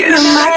Yes.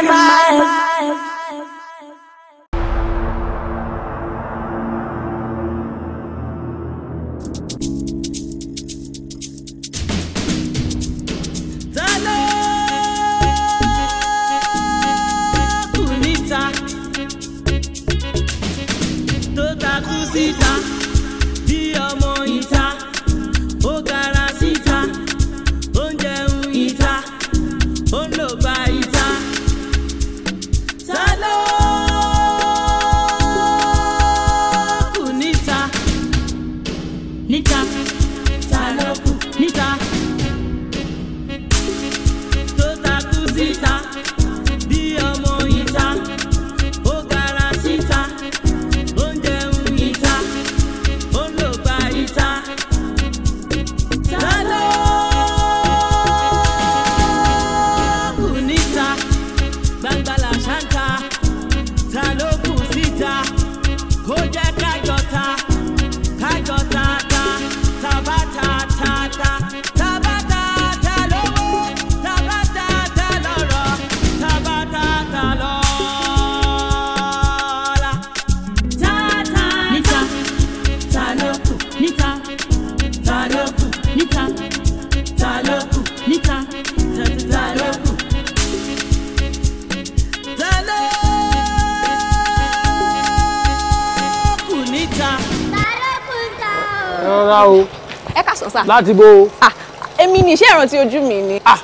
Ah. láti bo. Ah, èmi ni iṣẹ́ ìrántí ojú mi ni. ẹ ah,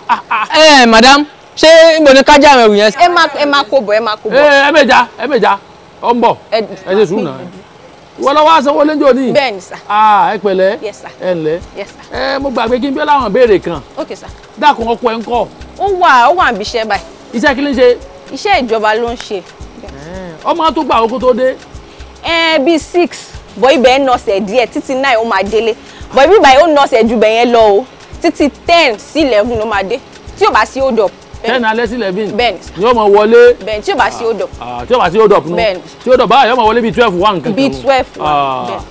ẹ eh, eh, madam ṣé mo ní kájà àwọn ẹrù yẹn. ẹ máa ẹ máa kó bọ̀ ẹ máa kó bọ̀. Eh, ẹ méjà ẹ méjà ọ ń bọ̀ ẹ ṣe sùn náà wọ́n lọ́wọ́ aṣọ wọlé ní òní. bẹ́ẹ̀ni sà. aa ẹ pẹ̀lẹ́ ẹ ǹlẹ́ ẹ mo gbàgbé kí n bí ọláwọn béèrè kan. ok sà. dákun ọkọ ẹ ń kọ́. ó wà ó wà níbi iṣẹ́ báyìí. iṣẹ́ kí ló ń ṣe. iṣẹ́ ìjọba ló ń ṣe. ọmọ tó gbà owó kó tó dé. ẹ bíi six bọ́ ibẹ̀ ń nọ̀sẹ̀ díẹ̀ títí náà ó máa délé but ibi ìbàyẹ̀ ó nọ ọ̀sẹ̀ ju bẹ̀yẹn lọ o títí ten si eleven ló máa dé tí ò bá sí hold up. ten alẹ́ sí eleven ni yóò mọ wọlé bẹ́ẹ̀ni tí ò bá sí hold up. Ah, tí ò bá sí hold up nù tí hold up báyà mọ wọlé bíi twelve one kankan. bíi twelve one ah,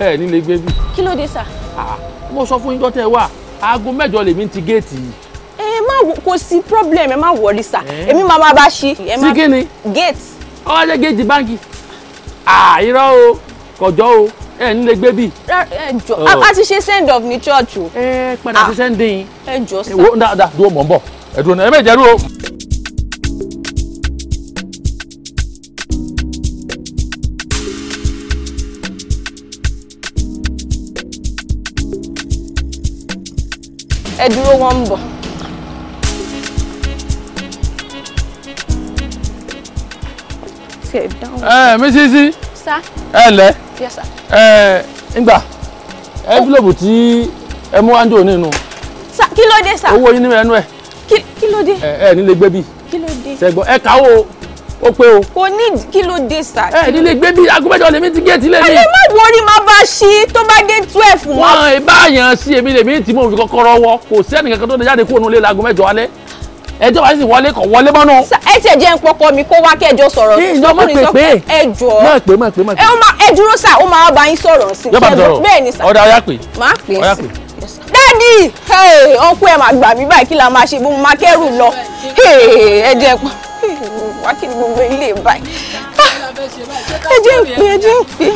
bẹ́ẹ̀. ẹ ní lè gbé bí. kí ló dé sà. Ah, mo sọ fún yín tọ́tẹ̀ wà aago mẹ́jọ lèmi ti géètì yìí ẹ má kò sí problem ẹ má wọrí sà eh? èmi máa ma bá ṣí. sí kí ni gate. ọwọ́ jẹ́ géètì báńkì. àìrọ́ o kọjọ́ o ẹ ń lè gbé bí. ẹ jọ oh. a ti ṣe send off ní church o. ẹ padà sí ah. sending. ẹ jọ sọ. wo dáadáa dúró mọ̀ ń bọ̀ ẹ dúró náà ẹ méje dúró. ẹ dúró wọn ń bọ̀. ẹ mísísí. ẹ lẹ́. Yes sir. ẹ ngbà envelope tí ẹ mú wájú òní nù. kí ló dé sà. owó yín nínú ẹnu ẹ. kí ló dé. ẹ ẹ nílé gbé bí. kí ló dé. sẹgbọn ẹ kà ó pé o. kò ní kí ló dé sà. ẹ nílé gbé bí agbẹ́jọ́ lèmi ti géètì lẹ́mí. àlẹ́ má wọrí máa bá a ṣí tó bá dé twelve. wọn ì bá yàn sí èmi lèmi tí mo fi kọ́kọ́rọ́ wọ kò sẹ́nìkankan tó lè jáde kúrò nílé láago mẹ́jọ alẹ́ ẹjọ́ wa sì wọlé kọ̀ wọlé mọ́nú. ẹ tiẹ̀ jẹ́ npọkọ mi kó wá kẹjọ sọ̀rọ̀ sí ọkùnrin sọ pé ẹ jọ ọ ẹ dúró sà ó máa bá yín sọ̀rọ̀ sí i bẹ́ẹ̀ ni sà ọ̀dà ọ̀yà pé máa pè é sí i dádì ọkọ ẹ máa gbà mí báyìí kí la máa ṣe bó máa kẹ́rù lọ ẹ jẹ́ pọ́ wá kí ni gbogbo ilé báyìí ah, ẹ jẹ́ pé ẹ jẹ́ pé.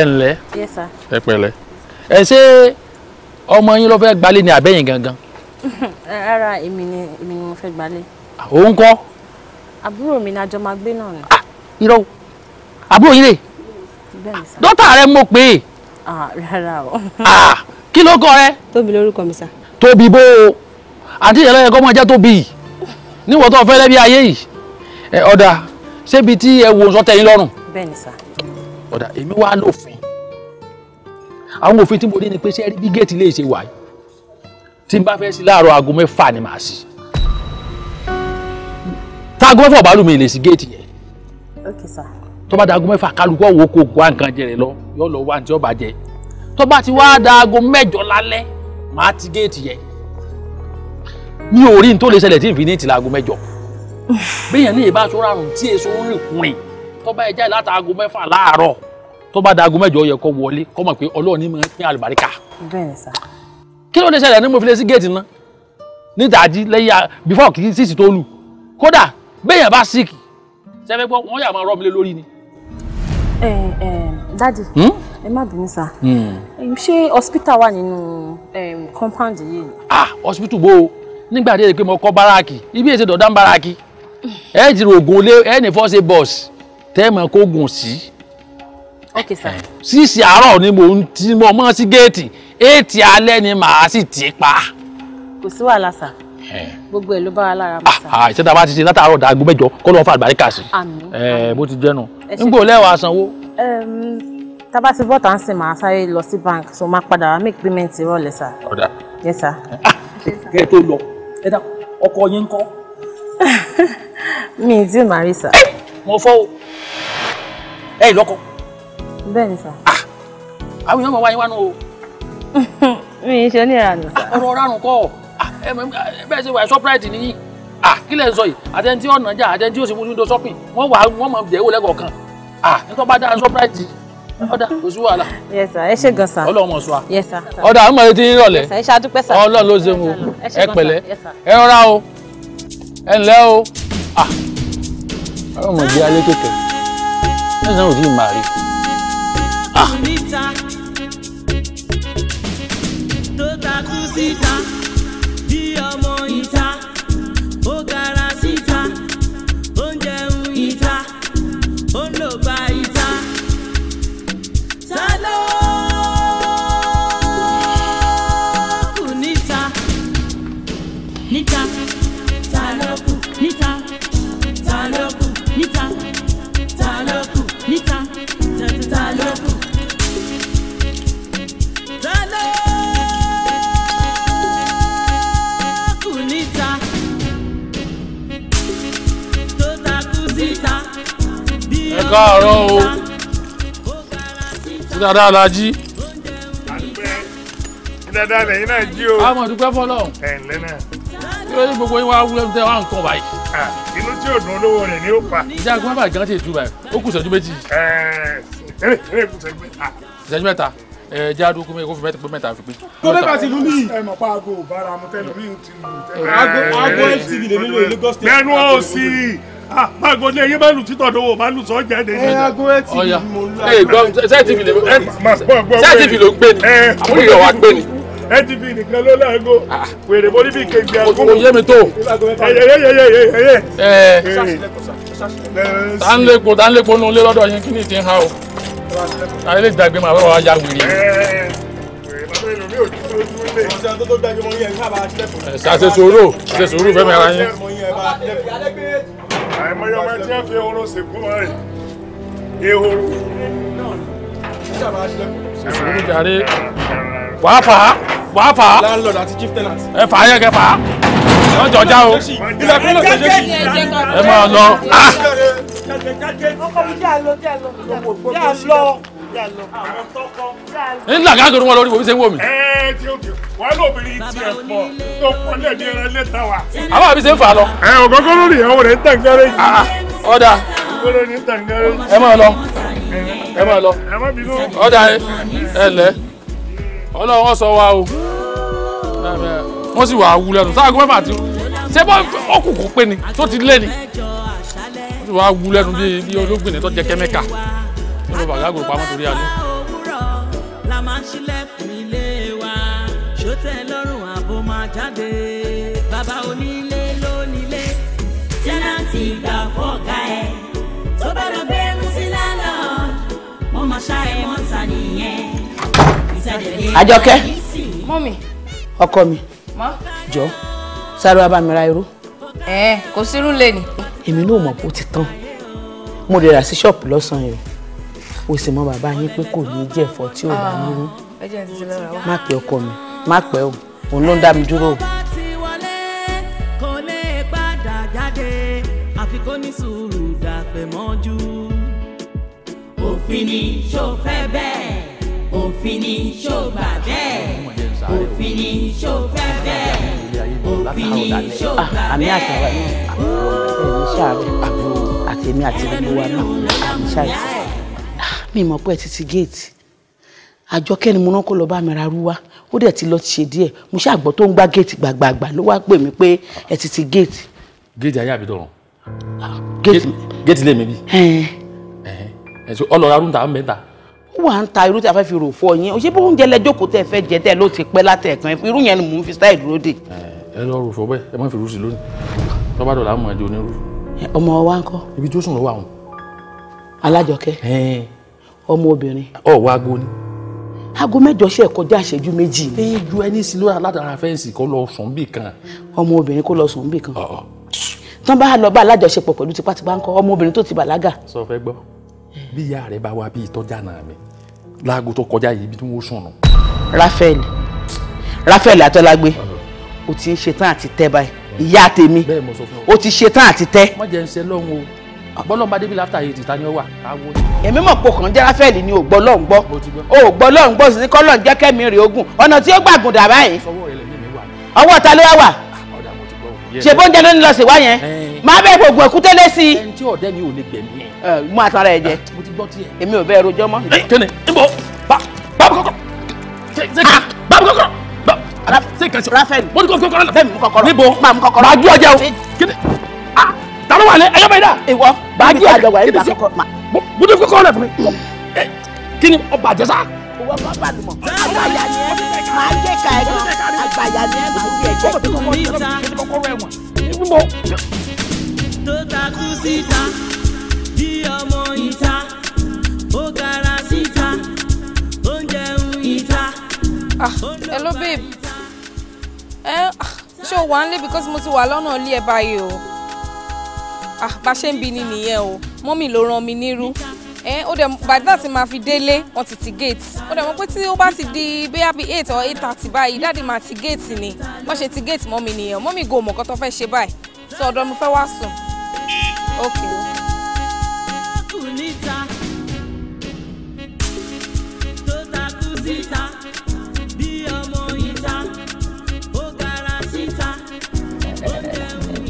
ẹ ǹlẹ́ ẹ pẹ̀lẹ́ ẹ ṣé ọmọ yín ló fẹ́ gbalé ní abẹ́yìn gangan. rárá èmi ni èmi ni mo fẹ́ gbalé. òun kọ́. àbúrò mi ni àjọ máa gbé náà ni. Ah, irọ́ àbúrò yín rè dọ́tà rẹ mo pè é. Ah, rárá o. Ah, kí ló kọ rẹ. tóbi lórúkọ mi sá. tóbi bó o àti ìyẹn lọ́yẹ̀ kọ́ mọ́ jẹ́ tóbi yìí níwọ̀n tó fẹ́ lẹ́bi ayé yìí ọ̀dà ṣébi tí ẹ wò sọ́tẹ̀ lọ́rùn. bẹ́ẹ̀ sá ọ̀dà èmi wá lófin àwọn òfin tí mo ní ni pé ṣé ẹ rí bí géètì lè ṣe wà yìí tí n bá fẹ́ sí láàárọ̀ aago mẹ́fà ni màá sí táago mẹ́fà ọ̀bá lè sí géètì yẹn tó bá da aago mẹ́fà kálukú ọ̀wọ́ kó gbọ́ nǹkan jẹrẹ lọ yóò lọ wá ní tí ó jẹ tó bá ti wá da aago mẹ́jọ lálẹ́ màá ti géètì yẹn mi ò rí n tó lè ṣẹlẹ̀ tí n fi ní ti laago mẹ́jọ bẹ́ẹ̀ yẹn ní ìbáṣọ́ rárùn tí èso ń rìn kùnrin tó bá ẹ jáde látàago mẹ́fà láàárọ̀ tó bá dagun mẹ́jọ yẹ kó wọlé kó mọ̀ pé Ọlọ́run ní pín àlùbáríkà. bẹ́ẹ̀ sà. kí ló dé ṣẹlẹ̀ ní mo fi lé sí géètì náà nídàájí lẹ́yìn before kì í sísì tó lù kódà béèyàn bá sick sẹ́fẹ́ gbọ́ wọ́n yà máa rọ́ mi lé lórí ni. ẹ ẹ dadi hmm? ẹ má bínú sá hmm. ṣé hospital wà nínú compound yìí. ah hospital bó o nígbà tí ẹ rí i pé mo kọ́ báràkì ibi èsì dọ̀dá ń báràkì ẹ ti rògùn lé ẹ ní okay sir. síìsì eh, àárọ̀ ni mò ń tí mo mọ́ sí géètì éètì alẹ́ ni màá sì tì í pa. kò sí wàhálà sà eh. gbogbo ẹ ló bá wa lára mọ ah, sà. Ah, ìṣẹ́ta bá ti ṣe látàárọ̀ dàgbọ́ mẹ́jọ kó lọ́ọ́ fà àlùbáríkà sí i eh, bó ti jẹ́nu nígbò lẹ́wàá sanwó. tábà ti bọ́ta ń sìn máa sáré lọ sí bank so máa padà wá make payment rọlẹ̀ sà. ọ̀dà yes sir. Ah, kẹ́ ẹ tó lọ ẹ dá ọkọ yín ń kọ́. mi ì tí ì máa rí sà. mo fọ́ ẹ ì lọ́kọ̀ọ́ bẹ́ẹ̀ ni sà. Ah! àwọn èèyàn mọ̀ wáyé wá o. mi ì ṣe oníranù sà. Ah, ọ̀rọ̀ ránù kọ́ ah, bẹ́ẹ̀ ṣe wà ṣọ́pìrìtì nìyí kí lẹ̀ ń sọ yìí àtẹ̀ntì ọ̀nà jà àtẹ̀ntì òsì wíńdò ṣọ́pìn wọ́n wà wọ́n mọ̀ jẹ́ ìwò lẹ́kọ̀ọ́ kan nítorí bá dáa ṣọ́pìrìtì ọ̀dà kò sí wàhálà. ẹ ṣe gan sir. ọlọ́run mọ̀ sọ wa. ọ̀dà àwọn ọmọdé ti ń rọ̀lẹ́. ẹ ṣe àdúpẹ́ sir. ọlọ́run ló ṣe mu ẹ pẹ̀lẹ́ ẹ rọra o ẹ ǹlẹ́ o. ọlọ́run mọ̀ jẹ́ alẹ́ kékeré ẹ sàn ò tí ì máa rí visita. káàárọ̀ o ṣe dáadáa la jí. dáadáa lẹ́yìn náà jí o. a mọ̀ dúpẹ́ fọlọ́. ẹ̀ ǹlẹ́ náà. kí ló ní gbogbo yín wá wúlò tẹ wá nǹkan báyìí. inú tí ò dùn olówó rẹ̀ ni ó pa. ìjà agbọ́n bá gan tètú báyìí ó kù sẹ́jú méjì. ẹ̀ẹ́d ìṣẹ́jú mẹ́ta ẹ jẹ́ àdúgbò mi kó fi mẹ́ta pé mẹ́ta fi pé. tó dẹ́ka sí ìlú mi. ẹ mọ̀ pa aago bára mu tẹ́lẹ̀ mi ti lù aago aago ftv lè nílò lagos state. mẹ́nu ò Ah, Màgò ní eyín mẹ́lù títọ̀ dòwò màlù sọ jáde ní. Ẹ ago ẹ ti mọ lára. Ẹ gbọ́ sẹ́ẹ̀tìfì ló sẹ́ẹ̀tìfì ló gbé ni àmúlò ìyọ̀ wa gbé ni. ATV nìkan ló láago ah. wèrè mo ní bí kejì àgbo. O yé mi tó. Tánlékun tánlékun nínú ilé lọ́dọ̀ yín kí ni ti ń ha o. Ayé lè gbàgbé màá bẹ́ẹ̀ wá ya wèrè. Ṣàṣe sòrò ṣe sòrò fẹ́mi ara yín àìmọye ọmọ tí wọ́n fi ehoro sìnkú wọn rè ehoro. sùúrù jàre wàá fà á wàá fà á ẹ fà á yẹ kẹ fà á wọ́n jọ já o ẹ máa lọ. ọkọ mi jẹ́ àlọ́ jẹ́ àlọ́ jẹ́ àlọ́ ń là gáàgò wọn lórí wo bí ṣe ń wò mí. ẹ ti o ti wọn lóbìnrin ti ẹ pọ tó pọnlẹ ní ẹran lẹta wa. àbá mi ṣe ń fà á lọ. ẹ ògógóró rè é òun rè ń tàn gẹrẹ yìí. Ah, ah, ọ̀dà ẹ máa lọ ẹ máa lọ ọ̀dà ẹ lẹ ọlọ́wọ́ sọ wa o wọ́n sì wà á wú lẹ́nu sáà gbọ́dọ̀ bá ti ṣe bọ́ ọkùnkùn pé ni tó ti lé ni wọ́n sì wà á wú lẹ́nu bí olóògbé ni tó jẹ kẹ́míkà lọ bàgá gòrò pamọ́ torí alẹ́. òwúrọ̀ la máa ń ṣílẹ̀kùn ilé wa ṣótẹ́ lọ́rùn ààbò máa jáde bàbá onílé lónílé tẹ́nàntì ìgbà fọ́ọ̀gá ẹ̀ tó bá lọ gbé mùsí lálọ́ mo máa ṣá ẹ mọ́ ta nìyẹn. àjọkẹ́ mọ́mì ọkọ mi jọ sáré wa bá mi ra irú. ẹ kò sírú lè ní. èmi náà mọ̀ bó ti tán mo lè rà sí ṣọ́ọ̀pù lọ́sàn-án yìí o sì mọ bàbá yín pé kò ní jẹ́ ẹ̀fọ́ tí ò bá nírú má pẹ́ ọkọ mi má pẹ́ o òun ló ń dá mi dúró òfin ni ṣó fẹ́ bẹ́ẹ̀ òfin ni ṣó gbà bẹ́ẹ̀ òfin ni ṣó fẹ́ bẹ́ẹ̀ òfin ni ṣó gbà bẹ́ẹ̀. àmì àtàwọn ẹ̀mí ṣáà àtẹ̀mí àti gbogbo wa náà àmì ṣáà ìsìn mi mọ̀ pé ẹ ti ti géètì àjọkẹ́ ni mo rán kó lọ bá mi ra rúwá ó dẹ̀ ti lọ ti ṣe díẹ̀ mo ṣàgbọ́ tó ń gbá géètì gbàgbàgbà ló wá pè mí pé ẹ ti ti géètì. géètì ayé àbí dọ̀rùn. géètì lè mi bí. ẹ ṣe ọlọ́ra rúntà ń bẹ́ ta. ó wà ń ta irú tí a fẹ́ fi rò fọ yín o ṣé bó oúnjẹ lẹ jókòó tẹ fẹ́ jẹ tẹ ló ti pẹ́ látẹ̀kan irú yẹn ni mò ń fi style dúró dè. ẹ lọ rò fọ bẹ́ẹ̀ ẹ má fi rú sí lónìí ọmọbìnrin. ọ wá aago ni. aago mẹ́jọ ṣe kọjá àṣẹjú méjì ni. èyí ju ẹni sí lóra aládàra fẹ́ǹsì kó lọ sùn bì kan. ọmọbìnrin kó lọ sùn bì kan. tán bá lọ bá alájọṣepọ̀ pẹ̀lú tipátipá ńkọ́ ọmọbìnrin tó ti bàlágà. sọ fẹ́ gbọ́ bí ìyá rẹ bá wá bí ìtọ́jà náà mi láago tó kọjá yìí ibi tí wọ́n sùn nù. Rafael Rafael Atọ́lágbé o ti ń ṣetán àti tẹ́ báyìí ìyá tèmi o ti ṣetán àti tẹ́. mọ̀jẹ̀ àbọ́lọ́mbà débi láfta yìí tìta ni ó wà káwọ́. èmi mọ̀ pé ọkàn jẹ́ráfẹ́ẹ̀lì ni ògbọ́ lọ́n gbọ́ ògbọ́ lọ́n gbọ́ sí kọ́ lọ́n jẹ́ kẹ́mi rè ogun ọ̀nà tí ó gbàgùn dà báyìí. ọwọ́ ta ló wá wà ah, ṣe bóúnjẹ ló ń lọ sí wá yẹn eh. máa bẹ gbogbo ẹkútẹ lé sí i. ẹni tí ọ̀dẹ́ mi ò lè gbẹ̀mí ẹ. mú àtàrà ẹ jẹ ah, èmi ò bẹ́ẹ̀ rojọ́ mọ́. Eh, kéne ibo bábù kọ́kọ́ ah. bábù kọ́kọ́ bábù kọ́kọ́ rafael mo ní kọ́kọ́rọ́ ta wà lẹ ẹyọ bẹ dà. ìwọ bàájì àjọwà yìí dàkọkọ ma. mo tún fún mi. kí ni ọba àjẹsà. ìwọ bá balùmọ̀ àgbàyà ni ẹ máa jẹ́ ka ẹ gan àgbàyà ni ẹ máa jẹ́ jẹ́ kí ni ìta tó takú síta bí ọmọ ìta ó gara síta ó jẹun ìta. Ah, hello babe eh, ah, ṣé o wà ń lé because mo ti wà lọ́nà ilé ẹ báyìí o ah bá ṣe ń bi ni nìyẹn o mọ́mì ló rán mi nírú ẹ ó dẹ̀ by that máa fi délé wọ́n ti ti gate ó dẹ̀ mọ̀ pé tí ó bá ti di bóyá bíi eight or eight thirty báyìí dáàdì máa ti gate ni wọ́n ṣe ti gate mọ́mì nìyẹn mọ́mì gò mọ̀ kọ́ tó fẹ́ ṣe báyìí sọ ọ̀dọ̀ mo fẹ́ wá sùn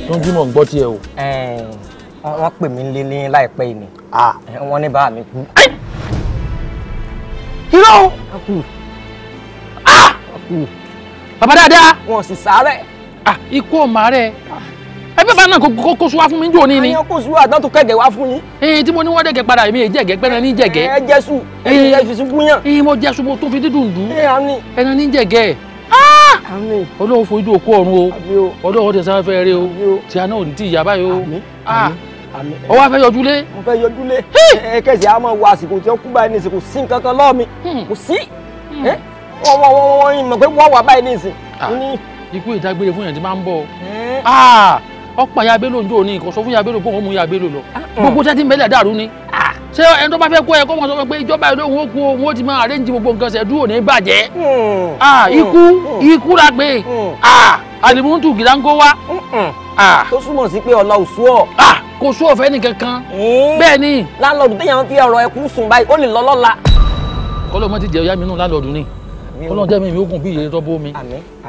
túnjí mọ̀ ń gbọ́ tiẹ̀ o. wọ́n pè mí lílé láìpẹ́ ìní wọ́n ní bá mi kú. irọ́ bàbá dáadáa. wọn ò sì sáré. ikú ò máa rẹ ẹ fẹ́ bá náà kó kó suwa fún mi jò ní ni. àyàn kó suwa àtàn tó kẹ̀gẹ̀ wá fún yín. ee tí mo ní wọ́n dẹ̀gẹ̀ padà èmi èjẹ̀ gẹ̀ pẹ́ẹ́nà ní jẹ̀gẹ̀. ẹ jẹ́sù ẹ jẹ́sù fún yàn. ee mo jẹ́sù mo tó fi dídùn dùn. ee àmì. ní jẹ̀gẹ̀. Ọlọ́run fojú òkú ọ̀run o Ọlọ́run tẹ̀sán fẹ́ rẹ o tí a náà ní tí ìyá báyìí o ọ ah. wá fẹ́ yọjú lé. mo fẹ́ yọjú lé kẹsì àmọ́ wo àsìkò tí ó kú báyìí nísìnyí kò sí nǹkan kan lọ́ọ̀ mi hmm. kò sí hmm. wọ́n wọ́n wọ́n wọ́n yín mọ̀ pé wọ́n wà báyìí nísìnyí. Ah. ikú ìdágbére fún yẹn ti máa ń bọ̀ ah. ọ̀pọ̀ yabelo ń jò ní ìkọ̀sọ́ fún yabelo pé òun mú yabelo lọ gbogbo tẹ́tí mẹ́lẹ̀ dàrú ni ṣé ẹni tó bá fẹ́ kó ẹ kó wọn sọ pé ìjọba ìlú òun ó kú òun ó máa arrange gbogbo nǹkan ṣe dúró ní bàjẹ́ hmm. ah, ikú hmm. ikú la pé hmm. ah, àlìmúntù gíláńgó wá. Ah. tó súnmọ̀ sí pé ọ̀la ò ọ̀. kò sú ọ̀fẹ́ nìkan kan bẹ́ẹ̀ ni. lálọ́ọ̀dù téèyàn fi ọ̀rọ̀ ẹkú sùn báyìí ó lè lọ kọ́lọ́ mọ́ ti jẹ́ ọ̀yá mi nù lálọ́ọ̀dù ni ọlọ́run jẹ́ mi mi ogun bí iye tó bómi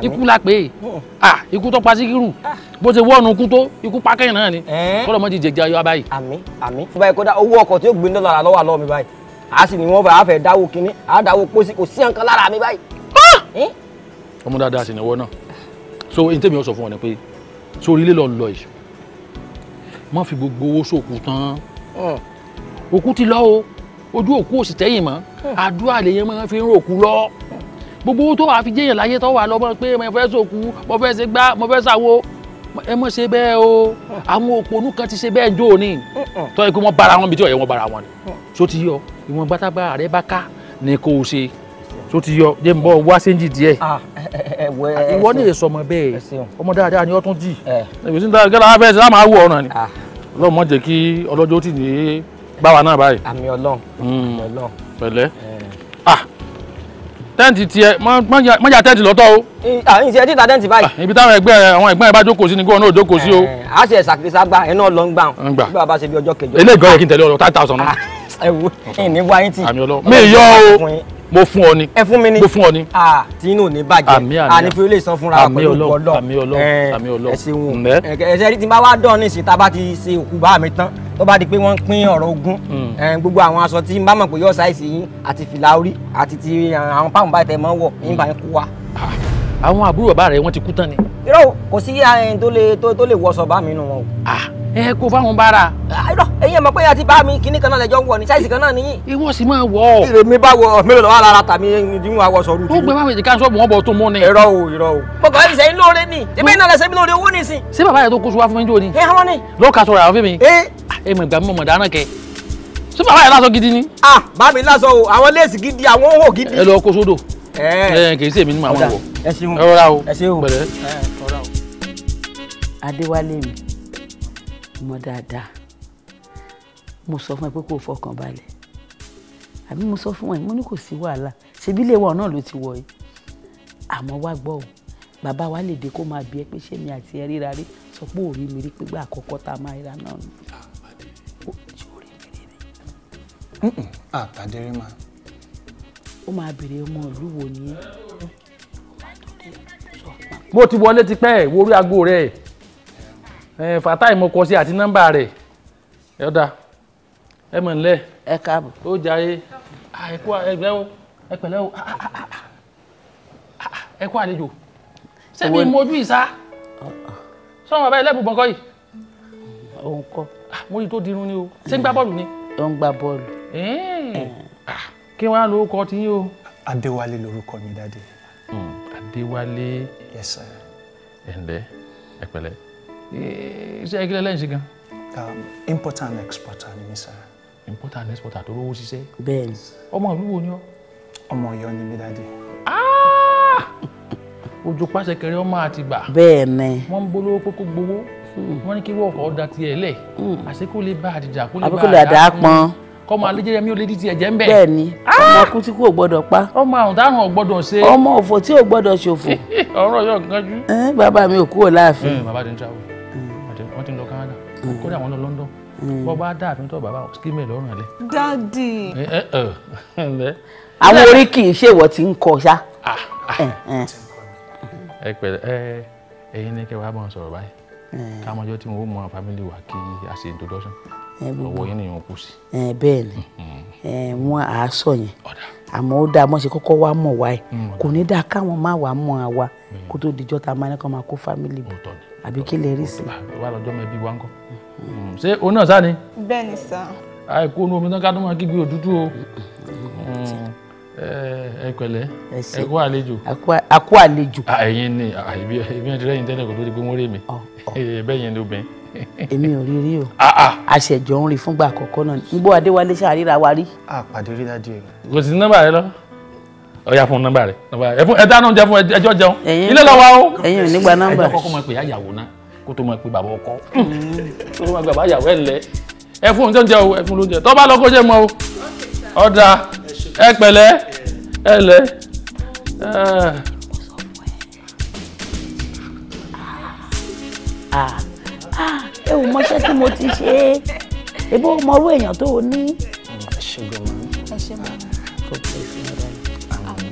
ikú la pé oh. ikú tó pa síkírù ah. bó ṣe wọ́ọ̀nù ikú tó ikú pa kẹ́yìn náà ni kọ́lọ́ mọ́ ti jẹ̀jẹ̀ ayọ́ báyìí. àmín àmín fún báyìí kódà owó ọkọ̀ tí ó gbé dọ́là lọ́wọ́ àlọ́ mi báyìí a sì ní wọ́n bá a dáwó kínní a dáwó pósí kò sí nǹkan lára mi báyìí. Ah! ọmọ dáadáa sì ni ìwọ náà so n tẹ́mi sọ fún ọ ni pé sórí ilé lọ yìí má fi gbogbo gbogbo tó wàá fi jẹ́yàn láyé tó wà lọ́mọ pé mo fẹ́ sòkú mo fẹ́ ṣe gbá mo fẹ́ ṣàwo ẹ mọ̀ ṣe bẹ́ẹ̀ o àwọn òpònú kan ti ṣe bẹ́ẹ̀ jó ni tó yẹ kí wọ́n bára wọn bí tí ọ̀yẹ́ wọn bára wọn ni so ti yọ ìwọ̀n gbátágbá rẹ bá ká ni kò ṣe so ti yọ jẹ́ n bọ́ wá séńjì díẹ̀ ah, ìwọ ní èso ọmọ bẹ́ẹ̀ ọmọ dáadáa ni ó jì ẹ̀gbẹ́ sí ní dáadáa gẹ́gẹ́ ṣe láà máa wù ni ah. ọlọ́run má jẹ́ kí ọlọ́jọ́ tẹ́ǹtì tiẹ̀ mọ́jà tẹ́ǹtì lọ́tọ̀ o. àyìn tí ẹ ti ta tẹ́ǹtì báyìí. Ah, ibi táwọn ẹgbẹ́ àwọn ẹgbẹ́ bá jókòó sí ni kóun náà jókòó sí o. a ṣe ṣàkíyèsí agbá ẹ náà lọ ń gbà wọn bí bàbá ṣe bí ọjọ́ kẹjọ. eléyìí gan-an kí n tẹ̀lé ọ̀rọ̀ five thousand náà. Ah, ẹ wo ẹ ní wáyé tì. àmì ọlọ mi yọ o mo fún ọ ni. ẹ fún mi ni mo fún ọ ni. a tí inú ní bàjẹ́ àmì àmì àní fún ilé ìsan fúnra pẹ̀lú ọlọ́ àmì ọlọ́ àmì ọlọ́ ẹ ṣeun ẹ ṣe rí tí bá wá dán nísìnyí tá a bá ti ṣe òkú bá mi tán tó bá di pé wọ́n pín ọ̀rọ̀ ogún hmm. gbogbo àwọn aṣọ tí n bá mọ̀ pé yóò ṣàìsí yín àti fìlà orí àti ti eh, àwọn páwọn báyìí tẹ̀ mọ́ wọ̀ nígbà yẹn kú wa àwọn àbúrò bàbá rẹ wọ́n ti kú tán ni. irọ́ kò sí ẹni tó lè tó lè wọṣọ bá mi nù wọn o. ẹ kó fáwọn bára. irọ́ ẹ̀yin mọ̀ pé àti bá mi kíní kan náà lẹ́jọ́ ń wọ̀ ní sáìsì kan náà nìyí. ìwọ sì máa wọ̀. ire mi bá wọ mélòó lọ́wọ́ ara tàmí ni wọ́n wọ sọ̀rọ̀. ó gbé báwo ìdíkà sọ́ọ̀bù wọn bọ̀ tó mọ́ ni. irọ́ o irọ́ o. mo kàn ṣe ń lóore ni ìbí iná lẹ́sẹ̀ mi lóore owó ní ìsìn. ṣé bàbá rẹ tó kó sọ wá fún mi jò ni. ẹ hàn ni. ṣé bàbá rẹ lásọ gidi ni. ah bá mi lásọ o àwọn léèsì gidi àwọn òhò gidi. ẹ lọ kó sódò ẹ eh. eh, kì í ṣèmi ní màmá wọ ẹ ṣeun o ẹ ṣeun pẹ̀lẹ́ eh, o. adéwálé mi mo dáadáa mo sọ fún ẹ pé kó o fọkàn balẹ̀ àbí mo sọ fún ẹ mo ní kò sí wàhálà ṣebí ilé wa náà ló ti wọ̀ ẹ́ àmọ́ wá gbọ́ o bàbá wa lè dé kó máa bí ẹ pé ṣé mi àti ẹ ríra rí sọ pé òrí mi rí pégbà àkọ́kọ́ tá a máa ríra náà ni. àtàdérí ah, máa ó máa béèrè ọmọ ìlú wo ni ẹ́ bó ti wọlé ti pẹ́ wo orí aago rẹ̀ ẹ̀ Fatai mo kọ sí àti nọ́mbà rẹ̀ ẹ̀ ọ̀dà ẹ mọ̀ nílẹ̀ ẹ káàbọ̀ ó jayé ẹ kú ẹgbẹ́ o ẹ pẹ̀lẹ́ o ẹ kú àlejò sẹ́mi mojú ìsá sọ́wọ́n bàbá ẹlẹ́bùn bọ́ńkọ́ yìí. òun kọ́. mo rí tó dirun ni o ṣé ń gbá bọ́ọ̀lù ni. ó ń gbá bọ́ọ̀lù kí wọ́n á lo orúkọ tí yín o. adéwálé lorúkọ mi dáadé. Hmm, adéwálé. yes sir. ẹ ǹlẹ́ ẹ pẹ̀lẹ́ eh, iṣẹ́ ìkílẹ̀ lẹ́yìn ṣe gan. Um, importer and exporter ni mi sir. importer and exporter tó lówó ṣiṣẹ́. bẹ́ẹ̀ni. ọmọ ìlú wo ni ọ. ọmọ Ọ̀yọ́ ni mi dáadé. Ah! ojú pàṣẹ kẹrẹ ọmọ àti gbà. bẹ́ẹ̀ni. wọ́n ń bolówó kókó gbowó hmm. wọ́n ní kí wọ́ọ̀kọ́ da tiẹ̀ lẹ̀ hmm. àṣekúlẹ̀ bá àdìjà kúlẹ̀ bá àdá pọn kọ́ máa lé jẹ́rẹ́ mi ò lé di ti ẹ̀jẹ̀ ń bẹ̀. bẹ́ẹ̀ni ah! ọmọ kú tí kò gbọ́dọ̀ pa. ọmọ àrùn táwọn ò gbọ́dọ̀ ṣe. ọmọ òfò tí ò gbọ́dọ̀ ṣòfò. ọ̀rọ̀ yóò kánjú. bàbá mi ò kúrò láàfin. Hmm, bàbá ti ń travel hmm. wọ́n ti ń lọ Canada hmm. kódà wọ́n lọ London bọ́ bá dá àfin tó bàbá skimẹ̀ lọ́rùn alẹ́. dádì. àwọn orí kì í ṣèwọ tí ń kọ ṣá. Ah, ah. ẹ pẹ̀lẹ́ ẹ ẹ̀yin ni kẹwàá bọ̀ sọ̀rọ̀ báyìí káwọn ọjọ́ tí mo mọ fámìlì wa kí a ṣe introduction ọwọ́ yẹn nìyẹn kù sí. bẹ́ẹ̀ ni wọn à á sọ yẹn àmọ́ ó dáa mọ́ ṣe kọ́kọ́ wá mọ̀ wá ẹ̀ mm, kò ní dáa káwọn má wàá mọ̀ àwa mm. kó tó dijọ́ ta máa ní kó máa kó fámìlì bọ̀ àbí kí lè rí sí. wà á lọ́jọ́ mọ ẹbí wa ń kọ́. Mm. ṣé o náà sáà ni. bẹ́ẹ̀ ni sà. àìkú omi omi tán ká tó máa kígbe òtútù o ẹ pẹ̀lẹ́ ẹ kú àlejò. a kú àlejò. ẹ̀yin ni ibi ẹ ti rẹ́yìn tẹ́lẹ̀ kó tó di pé wọ́n rí mi bẹ́ẹ̀ yẹn ni obìnrin èmi ò rí rí o àṣẹjọ ah, ah. ń rí fúngbà àkọ́kọ́ náà nígbó adéwálé ṣàríra wa rí. àpàdé rí dájú ẹ. kò sí nọ́mbà rẹ lọ ọyà fún nọ́mbà rẹ ẹ fún ẹdá náà jẹ fún ẹjọ jẹun ilé lọ wa o. ẹ̀yin ò ní gba nọ́mbà. ẹjọ kọ́kọ́ máa pè àyàwó náà kó tó máa pè bàbá ọkọ kó tó máa pè bàbá àyàwó ẹ ńlẹ ẹ fún oúnjẹ oúnjẹ o ẹ fún lóúnjẹ tó bá lọ kó jẹ mọ o ọ̀dà ẹ pẹ̀lẹ́ ẹ lẹ ah ẹ ò mọṣẹ́ tí mo ti ṣe é ebó mọrú èèyàn tó o ní. ṣùgbọ́n ẹ ṣe mọ́ kó pẹ́ sí ọ̀rọ̀ yìí. àmì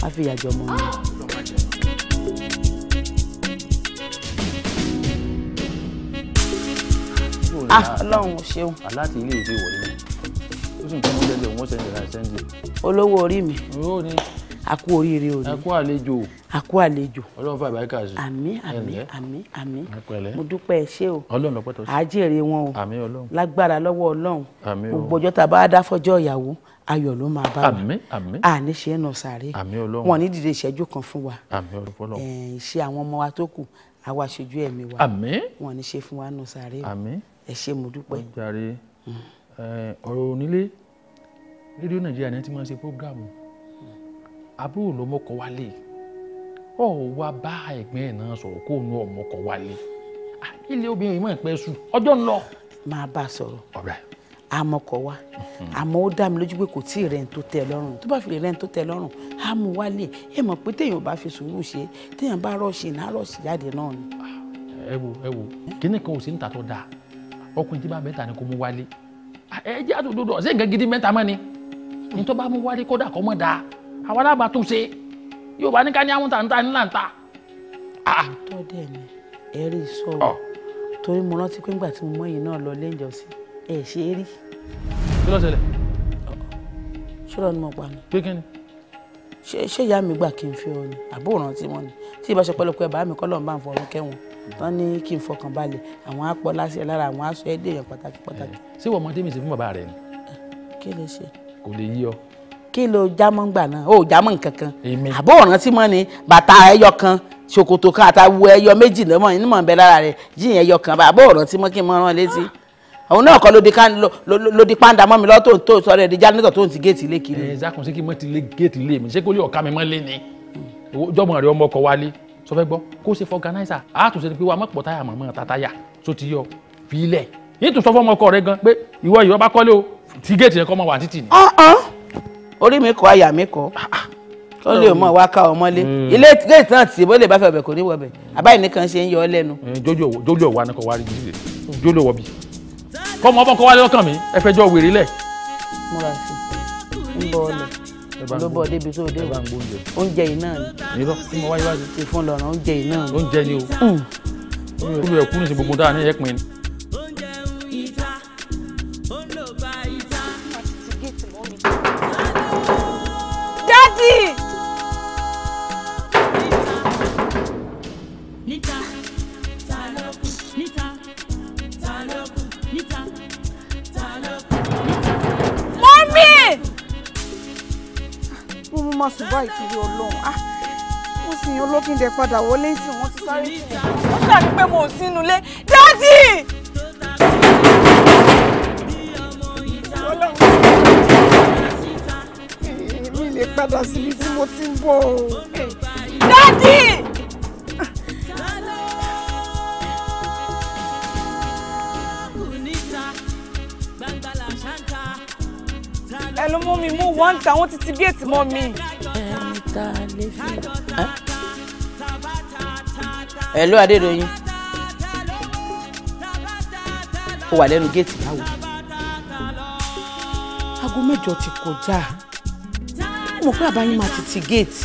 má fi ìyàjọ mọ́ mi. Ah, ọlọ́run ṣeun. aláàtì ilé ìwé wọlé ni ó sì ń tún mú lẹ́lẹ̀ wọ́n ṣẹ̀ṣẹ̀ ra ṣẹ́ńdì. olówó orí mi àkú oríire òní àkú àlejò àkú àlejò ọlọ́run fà báyìí kàṣí. àmín àmín àmín àmín mo dúpẹ́ ẹ ṣé o ọlọ́run lọ́pẹ́ tó ṣe àjèrè wọn o àmín ọlọ́run lágbára lọ́wọ́ ọlọ́run àmín o ògbọ́jọ́ tá a bá dá fọjọ́ ìyàwó ayọ̀ ló máa bá wa àmín àmín àní ṣe é nà sàré àmín ọlọ́run wọn ní dìde ìṣẹ́jú kan fún wa àmín ọlọ́run ṣe àwọn ọmọ wa tó kù àwa ṣojú ẹ̀mí wa àmín wọn ní ṣe fún wa nà sàré àmín ẹ ṣé mo dúpẹ́. Mm. ọ̀rọ̀ onílé rédíò nàìjíríà ni wọ́n ti máa ń ṣe fógráàmù àbúrò ló mọ́kọ wálé ọ̀ wá bá ẹ̀gbẹ́ ẹ̀ náà sọ̀rọ̀ kó nu ọmọkọ wálé ilé obìnrin mọ̀ pẹ́ sùn ọjọ́ ń lọ. máa bá a sọ̀rọ̀ àmọkọ wa àmọ́ ó dá mi lójú pé kò tí ì rẹ́ni tó tẹ́ lọ́rùn tó bá fi lè rẹ́ni tó tẹ́ lọ́rùn á mú wálé ẹ mọ̀ pé téèyàn bá fi sùúrù ṣe téèyàn bá rọ̀ṣì náà rọ̀ṣì jáde náà ni. ẹ wo ẹ wo kíní kan ò sí níta tó dáa ọkùnrin tí bá mẹ́ta ni kò mú wálé ẹ jẹ́ àtòdodo ọ̀sẹ̀ nǹkan gidi mẹ́ta mọ́ ni ní tó bá mú wálé kódà kọ́ mọ́ dáa àwọn alábàtúnṣe yóò bá ní ká ní àwọn tàǹtà ní làǹtà. tó ah. dẹ̀ ni ẹ rí i sọ̀rọ̀ oh. torí mo rántí pé ńgbà tí mo mọ yìí náà lọ lé ìjọsìn ẹ ṣe é rí. kí ló ṣẹlẹ̀. ṣúlọ ni mo pa ni. pé kí ni. ṣé ìyá mi gbà kí n fi ọ ni àbó rántí wọn ni tí ìbáṣe pẹ́lẹ́pẹ́ bàá mi kọ́ lọ́n bá ń fọ̀rọ̀ kẹ́wọ̀n tán ní kí n fọkàn balẹ̀ àwọn apọ̀ láṣẹ lára àwọn aṣọ ẹ̀dẹ̀ yẹn pàtàkì pàtàkì. ṣé wọ́n mọ tèmi ṣe fún bàbá rẹ ni. kí ló ṣe. kò lè yí ọ kí ló jámọ́ gbà náà ó jámọ́ nǹkan kan àbó ọ̀ràn tí mọ́ ni bàtà ẹyọ kan ṣòkòtò kan àtàwọ ẹyọ méjì lọ́mọ inú mọ̀ ń bẹ lára rẹ̀ jíyìn ẹyọ kan àbó ọ̀ràn tí mọ́ kí n mọ́ rán létí òun náà kọ́ ló di pàǹdà mọ́ mi lọ́tò tó sọ rẹ̀ di jánítọ̀ tó ń ti géètì ilé kiri. ẹ zákun ṣé kí mọ́ ti lé géètì ilé mi ṣé kó lè ọ̀ka mi mọ́ lé ni jọ́mọ̀ rẹ̀ ọmọ ọkọ̀ wálé sọ fẹ́ gbọ́ kó ṣe fọganáìsà àtúnṣe pé wa mọ̀ pọ̀ táyà mọ̀ mọ́ tataya tó ti yọ fi ilẹ̀ yìí tún sọ fọ́ ọkọ rẹ gan pé ìwọ ìwọ bá kọ́lé o ti géètì rẹ kọ́ mọ́ wà títì ni orí mi kọ́ àyà mi kọ́ ó lè mọ̀ wá ká ọmọlé hmm. ilé gate náà tì bó lè bá fẹ́ ọbẹ̀ kò ní wọbẹ̀ àbáyé nìkan ṣe ń yọ ọ lẹ́nu. Hmm, jójó wa ni kò wá rí jíjẹ jójó wọ bí kọ́mọ ọmọ kọ́ wá lọ́kàn mi ẹ fẹ́ jọ wèrè lẹ̀. múra sí i ń bọ ọlẹ ló bọ débi tó dé wa oúnjẹ yìí náà ni ìfúnlọ́run oúnjẹ yìí náà ni. oúnjẹ ni o hmm. olùyẹ̀kú ní ṣe gbogbo dáa ní ẹ̀pin ni. Daddy! Mommy! Mo mú máa sùn báyìí kiri ọlọ́run. Ah, mo sì yan olókìndẹ̀ padà wọlé tí wọ́n ti sáré sí. Ó dàbí pé mo ò sínú ilé. Daddy! lè padà síbi tí mo ti ń bọ̀ o. dádì. ẹ ló mú mi mú wọ́n ń ta wọ́n ti ti bí ètí mi. ẹni tá a lè fi. ó wà lẹ́nu géètì báwo aago mẹ́jọ ti kọjá mọ̀ pé àbáyín máa tètè géètì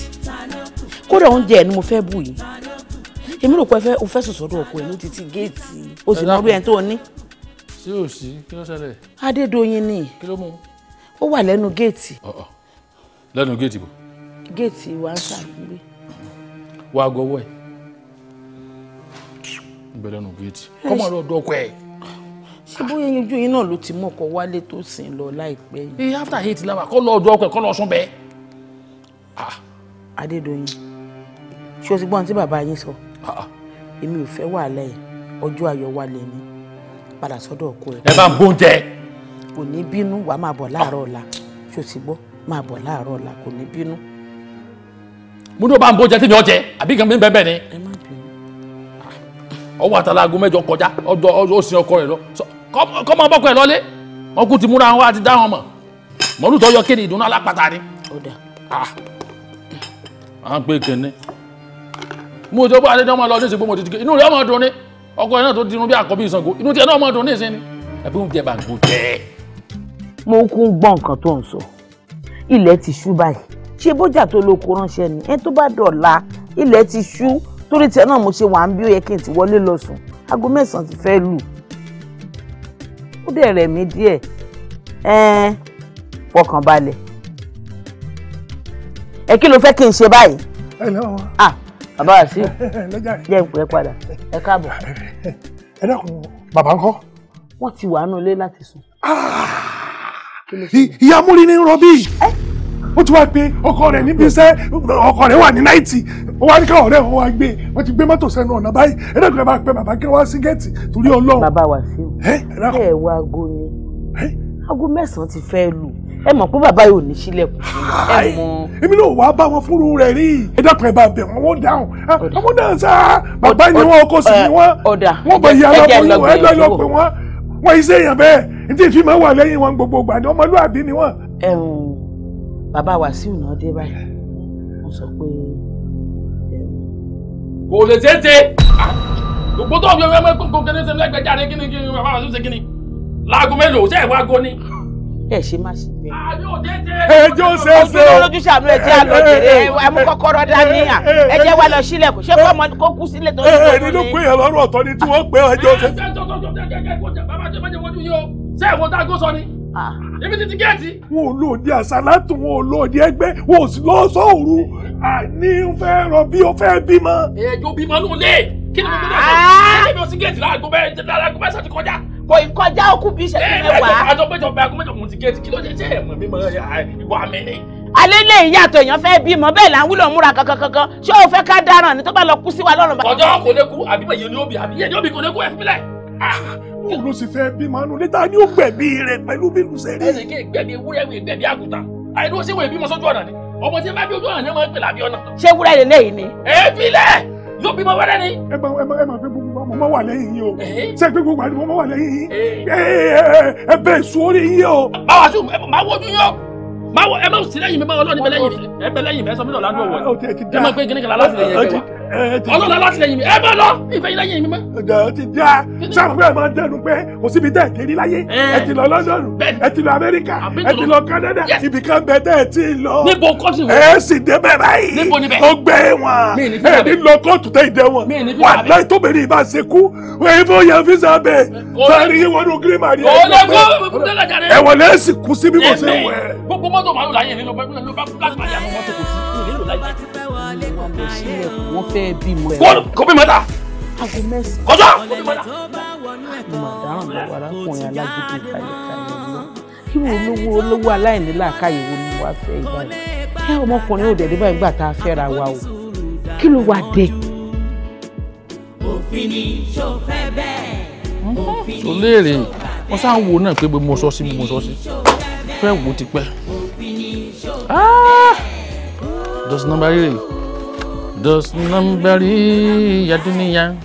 kódà oúnjẹ ẹ̀ ni mo fẹ́ bù yìí èmi rò pé o fẹ́ sùn sọ́dọ̀ ọkọ ẹ̀ ló tètè géètì o sì mọ bí ẹni tó ní. sí ò sí kí ló ṣẹlẹ̀. Adédoyin ni ó wà lẹ́nu géètì. lẹ́nu géètì bò. géètì wà ń sàgbé. wàá gọwọ́ ẹ̀ bẹ lẹnu géètì kọmọ lọ dọkọ ẹ. ṣé bóyá ojú yín náà ló ti mú ọkọ wálé tó sìn lọ láìpẹ́ yìí. Eh, after eight lawa kọ́ lọ́ọ́ dọkọ ẹ kọ́ lọ́ọ́ bẹ́ẹ̀. Ah. Adédoyin ṣé o ti gbọ́n tí bàbá yín sọ ah, ah. èmi ò fẹ́ wàhálà ẹ̀ ọjọ́ ayọ̀ wà lẹ́ni padà sọ́dọ̀ ọkọ ẹ̀. ẹ bá ń gbóúnjẹ. kò ní bínú wàá máa bọ̀ láàárọ̀ ọ̀la ṣé o ti gbọ́ máa bọ̀ láàárọ̀ ọ̀la kò ní bínú. mo ní o bá ń gbóúnjẹ tí mi ọ jẹ àbí kan mi bẹ́ẹ̀ bẹ́ẹ̀ ni. ẹ má bínú. ọwọ́ àtàlà aago mẹ́jọ kọjá ọjọ́ ó sin ọkọ rẹ̀ lọ kọ́ mọ bọ́kọ ẹ̀ lọ́lé wọn kú ti múra wọn àti dá wọn mọ̀ mọ́lútọ́ yọ kéde ìdùnnú alápàtà ni. ó dà à ń pè kìnní mo jọ bá adédọ́mọ lọ níṣẹ́ pé mo ti di inú rẹ̀ ọmọ dùn ní ọkọ rẹ̀ náà tó dirun bí àkọ́bí Ṣàngó inú tiẹ̀ náà ọmọ dùn ní ìsinmi ẹ̀bí oúnjẹ bá ń gbó jẹ́. mo kún gbọ́ nǹkan tó ń sọ ilẹ̀ ti ṣú báyìí ṣe bójà tó lóko ránṣẹ́ ni ẹ tó bá dọ̀la ilẹ̀ ti ṣú torí tiẹ̀ náà mo ṣe wà ń bí ó yẹ kí n ti wọlé lọ sùn aago mẹ́sàn-án ti fẹ́ lù ó dẹ̀ rẹ̀ mí díẹ̀ ẹ́ẹ́ fọkànbalẹ̀ ẹ kí ló fẹ́ kí n ṣe báyìí. ẹ lọ. ah bàbá wa sí jẹ́ n pè é padà ẹ káàbọ̀. ẹ dákun bàbá ńkọ́. wọ́n ti wà nù ilé láti sùn. Ah, ìyá múri ní rọbí ó ti wá pé ọkọ rẹ̀ níbi iṣẹ́ ọkọ rẹ̀ wà ní náìtì ó wá ní káwọn ọ̀rẹ́ wọn wá gbé wọ́n ti gbé mọ́tò sẹ́nu ọ̀nà báyìí ẹ dákun ẹ bá pẹ bàbá kí wọ́n wá sí gẹ̀ẹ́tì torí Ọlọ́run. bàbá wa sí o ẹ wá aago ni aago mẹ́sàn-án ti fẹ́ lù ẹ mọ̀ pé bàbá yìí ò ní sílẹ̀kùn ẹ mọ̀. èmi náà wàá bá wọn fúru rẹ̀ rí ẹ dákun ẹ bá bẹ̀ wọ́n wọ́n dáhùn ah, àwọn náà sá bàbá ni wọn kò sí ni wọn wọn bẹ yí aláboyún ẹ lọ lọ pé wọn wọn iṣẹ́ èèyàn bẹ́ẹ̀ ní tí ìfimọ̀ wà lẹ́yìn wọn gbogbo gbà ni ọmọlúwàbí ni wọn. ẹ ǹ bàbá Wàsíù náà dé báyìí wọn sọ pé. kò lè tètè gbogbo tó o fi ọmọ ẹgbẹ́ kókó kẹ́ni sẹ́mi lẹ́gbẹ̀ẹ́ jáde kíni kíni bàbá Wàsíù ṣe kíni láago mélòó ṣe é wá go ni ẹ ṣe má ṣe bẹ́ẹ̀. ẹjọ́ ṣe é ṣe o. ojú sàmú ẹ jẹ́ àlọ́ jèrè ẹmú kọ́kọ́rọ́ dání à ẹ jẹ́ wá lọ sílẹ̀ kò ṣé kọ́ ọmọ kó kú sílẹ̀ tó ń bọ̀ lónìí. ẹni ló pé yẹn lọ́rùn ọ̀tọ̀ ni tí wọ́n pè ẹjọ́ ṣe. ṣé ìwọ tá a gbó sọ ni ibi títí gẹ́ẹ̀tì. wọn ò lòdì àṣàlátù wọn ò lòdì ẹgbẹ́ wọn ò sì lọ sóòru àní fẹ́ rọ bí o fẹ́ bímọ. ẹjọ́ bímọ nù lé kí ni mo gbọ́dọ̀ sọ kí ni mo sì gẹ́ẹ̀tì láàgó bẹ́ẹ̀ láàgó bẹ́ẹ̀ sàtìkọjá kò ì kọjá ó kù bí ìṣẹ́jú mẹ́wàá. àjọ péjọ bá aago mẹ́jọ kùn ti géètì kí ló dé tí ẹ̀mọ̀ mi máa wà mí ni. alẹ́ lè yàtọ̀ èèyàn fẹ́ bímọ bẹ́ẹ̀ là ń wúlò múra kankan kankan ṣé o fẹ́ ká dáràn ni tó bá lọ kú sí wa lọ́rùn bá. ọjọ́ kò lè kú àbí bẹ̀yẹ ni ó bì àbí yẹ ni ó bì kò lè kú ẹ̀ fi lẹ̀ òun ló sì fẹ́ bí màánù níta ni ó gbẹ̀bí rẹ̀ pẹ̀lú bí lùsẹ̀ rẹ̀. ẹsẹ̀ kí gbẹ̀bí ewúrẹ́ wẹ̀ gbẹ̀bí àgùntàn àìdúró sí wo ìbímọ sójú ọ̀nà ni ọmọ tí bá bí ojú ọ̀nà ni ọmọ ìpìlẹ̀ àbí ọ̀nà. ṣé ewúrẹ́ lè léyìí ni. èébí lẹ̀ yóò bímọ wẹ́rẹ́ ni. ẹ máa ẹ máa ẹ máa fẹ́ gbogbo mo máa wà lẹ́yìn yín o eh? ṣe pé gbogbo àdìmọ́ máa wà lẹ́yìn yín eh? Eh, ẹ bẹ èso orí yín o. máa wá sí o máa wọ́jú yín o máa ẹ máa sí lẹ́yìn mi máa wọ lọ́ọ̀ni bẹ lẹ́yìn mi ẹ bẹ lẹ́yìn mi ẹ sọ mí lọ́ọ̀lá dùn ọ̀wọ́ ẹ máa gbé gíníkàlá láti lè yẹ ẹ ọlọ́run alátìlẹyìn mi ẹ bẹ́ẹ̀ lọ ìfẹ́ yín lẹ́yìn mi mọ́. ẹ ti já sáfù ẹ máa ń dẹnu pé kò síbi tẹ̀ kí ní láyé ẹ ti lọ London ẹ ti lọ Amẹ́ríkà ẹ ti lọ Canada ibì kan bẹ tẹ̀ ẹ ti lọ. níbo kóòtù wọn. ẹ sì débẹ̀ báyìí. níbo níbẹ̀. ó gbé wọn. mi ní fi bàbẹ̀. ẹ ní lọ kóòtù tẹ̀ ìdẹ wọn. mi ní fi bàbẹ̀. wàlá ìtòbìnrin ìbá ṣe kú wẹ́n fún yan fisa bẹ̀. sáré yín wọnú gírímà rí ẹ. ẹ wọlé ẹ sì kú síbí mo ṣe wẹ. gbogbo mọ́tò màlúù láyé nínú bá kú láti má wọ́n fẹ́ bímọ ẹ̀. kò bí mọ́tà. aago mẹ́sàn-án. kọjá kò bí mọ́tà. mo mà dáràn lọ́wọ́ arákùnrin alágídí kàyékàyé náà kí wọ́n olówó olówó aláìní làákàyè wo ni wàá fẹ́ ìgbà yìí. ẹ ọmọkùnrin ò dẹ̀dẹ̀ báyìí gbà tá a fẹ́ra wa o kí ló wàá dé. òfin ni ṣó fẹ́ bẹ́ẹ̀. Hm? sọ léèrè wọn sáà ń wo náà pé mo sọ sí mo sọ sí fẹ́ wo ti pẹ́. Ah! Does number really? Dosnan bari ya duniya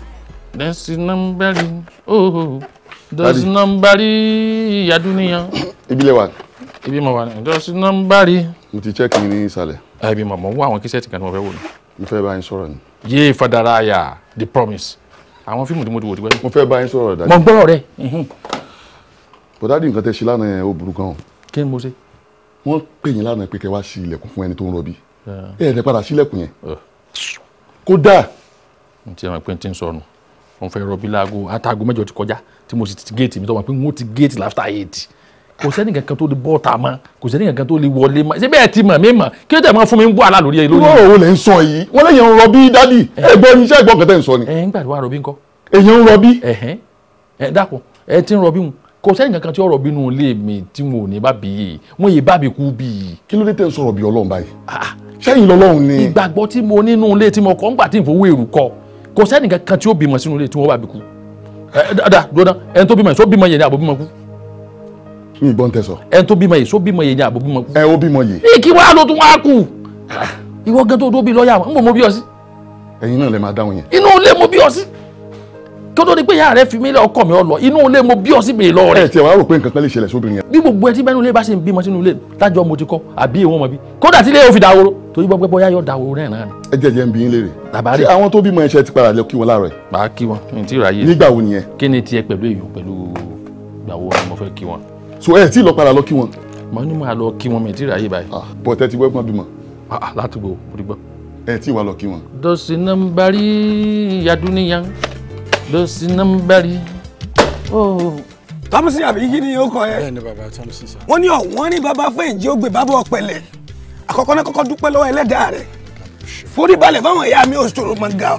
Dosnan bari oh Dosnan bari ya duniya Ibi lẹ wà Ibi mo wà ní Dosnan bari Mo ti check ní ìsàlẹ̀ Ah ibi mo mo wá àwọn cassette kan mo fẹ́ wò ni Mo fẹ́ bá yín sọ̀rọ̀ ni Ye Fadaraya The Promise Àwọn fíìmù tí mo ti wò ti pẹ́ Mo fẹ́ bá yín sọ̀rọ̀ dájú Mo gbọ́rọ̀ rẹ̀ Bọ̀dádì nǹkan tẹ́ ṣe lánàá yẹn ó burú gan o Kí ni mo ṣe Wọ́n pè yín lánàá pé kẹ́ wá ṣí ilẹ̀kùn fún ẹni tó ń rọbí ah. Ẹ̀ẹ́dẹ̀ padà sílẹ̀kùn yẹn ah kódà mo ti mọ̀ pé n ti ń sọnù mo fẹ́ rọbí láago àtàgò mẹ́jọ ti kọjá tí mo sì ti géètì mi tó mọ̀ pé n ó ti géètì láfta éèdì kò sẹ́ni kankan tó lè bọ́ ọ̀tà mọ́ kò sẹ́ni kankan tó lè wọlé mọ́ ṣé bẹ́ẹ̀ ti mọ̀ mí mọ̀ kí ló tẹ̀ mọ́ fún mi ń bọ́ àlá lórí ẹ lórí. wọ́n ò lè ń sọ yìí wọ́n lè yàn ń rọbí dádì ẹ gbọ́ iṣẹ́ ìgbọ́ kẹtẹ́ ń sọ ni. ẹ ń gbàdúrà rọbí ńkọ́. èèyàn ń rọbí. ẹ dákun ẹ ti ń rọbí wọn kò sẹ́yìn kankan tí ọ̀rọ̀ bínú ilé mi tí wọn ò ní bá bí yìí wọn yìí bá mi kú bí yìí. kí ló dé tẹ́ ń sọ̀rọ̀ bí ọlọ́run báyìí. Ah, sẹ́yìn lọ́lọ́run ni. ìgbàgbọ́ tí mo nínú ilé tí mo kọ́ ńgbà tí ìfowó èrú kọ kò sẹ́ni kankan tí ó bímọ sínú ilé tí wọ́n bá bí kú dada dúró ẹni tó bímọ yìí só bímọ yìí ni àbò bímọ kú. mi ìbọn tẹ sọ. ẹni tó bímọ yìí só bímọ yìí ni àbò bímọ kú. ẹ ó bímọ yìí. ní kí wàá ló tún wá kù ìwọ gan tó dóbi lọ́ọ̀yà ń bò mo bí ọ sí. ẹ̀yin náà lè máa dáhùn yẹn. inú ilé mo bí ọ sí kí ó tó di pé ìyá rẹ fi mí lé ọkọ mi ọlọ inú ilé mo bí ọ sí bèè lọ rẹ. ẹ tiẹ̀ wá rò pé nǹkan kan lè sóbìnrin yẹn. bí gbogbo ẹtí torí gbọ́ pé bóyá yóò dàwó rẹ̀ náà. ẹ jẹ́ jẹ́ ń bí yín léèrè. tàbá rẹ̀ àwọn tó bímọ ẹ̀ṣẹ̀ ti padà lọ kí wọn láàárọ̀ ẹ̀. mà á kí wọn n tí ì ráyè. nígbà wo nìyẹn. kí ni tiẹ̀ pẹ̀lú èyí pẹ̀lú ìgbàwó ni mo fẹ́ kí wọn. so ẹ tí ì lọ padà lọ kí wọn. mo ní máa lọ kí wọn mi tí ì ráyè báyìí. Ah, bọ̀tẹ́ ti wẹ́gbọ́n bímọ. Ah, ah, látùgbò mo ti gbọ́. ẹ tí ì wá lọ kí wọn. dọ̀sínàmbárí yadúníyàn dọ̀sínàmbárí oh. Thompson àbí yí ni ó kọ ẹ. bẹ́ẹ̀ni bàbá Thompson sá. wọ́n ní ọ̀wọ́n ní bàbá fún ìjì ó gbé bàbá ọ̀pẹ̀lẹ̀ àkọ́kọ́ náà kọ́kọ́ dúpẹ́ lọ́wọ́ ẹlẹ́dàá rẹ̀ forí balẹ̀ báwọn ìyá mi ò ṣòro mọ̀ ga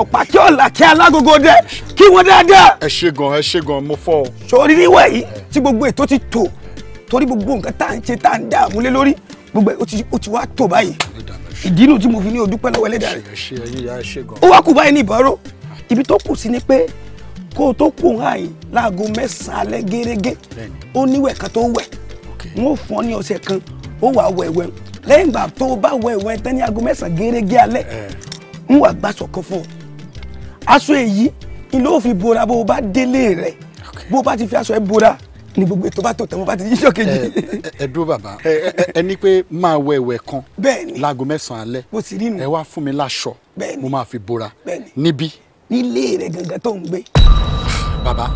ọ̀pá kí ọ̀la kí alágogo dẹ kí wọ́n dáadáa. ẹ ṣe gan ẹ ṣe gan mo fọ. sori níwẹ̀ yìí tí gbogbo ètò ti tò torí gbogbo nǹkan tá à ń ṣe tá à ń dààmú lé lórí gbogbo ó ti wá tò báyìí ìdí tí mo fi ní o dúpẹ́ lọ́wọ́ ẹlẹ́dàá rẹ̀ ó wá kù báyìí ní ìbọ̀rọ̀ ibi tó kù sí ni pé kó o tó kù hàn yìí láago mẹ́sàn-án alẹ́ gẹ́gẹ́ ó níwẹ̀ kan tó wẹ̀ wọ́n fọ́ ní ọ̀sẹ̀ kan ó wà wẹ̀wẹ̀ lẹ́yìn ìgbà tó o bá wọ ìwọ ẹ̀tẹ́ ní aago mẹ́sàn-án gẹ́gẹ́ alẹ́ eh. ń wà gbàsọ kan fún ọ aṣọ èyí ni ló fi bora bó o bá délé rẹ bó o bá ti fi aṣọ ẹ bora ni gbogbo ètò bá tó tẹ̀ wọ́n bá ti yíṣọ́ kejì. ẹ eh, eh, dúró bàbá ẹ ní pé máa wọ ẹ̀wẹ̀ kan láago mẹ́sàn-án alẹ́ ẹ wá fún mi láṣọ mo máa fi bora níbí. nílé rẹ gangan tó ń gbé. bàbá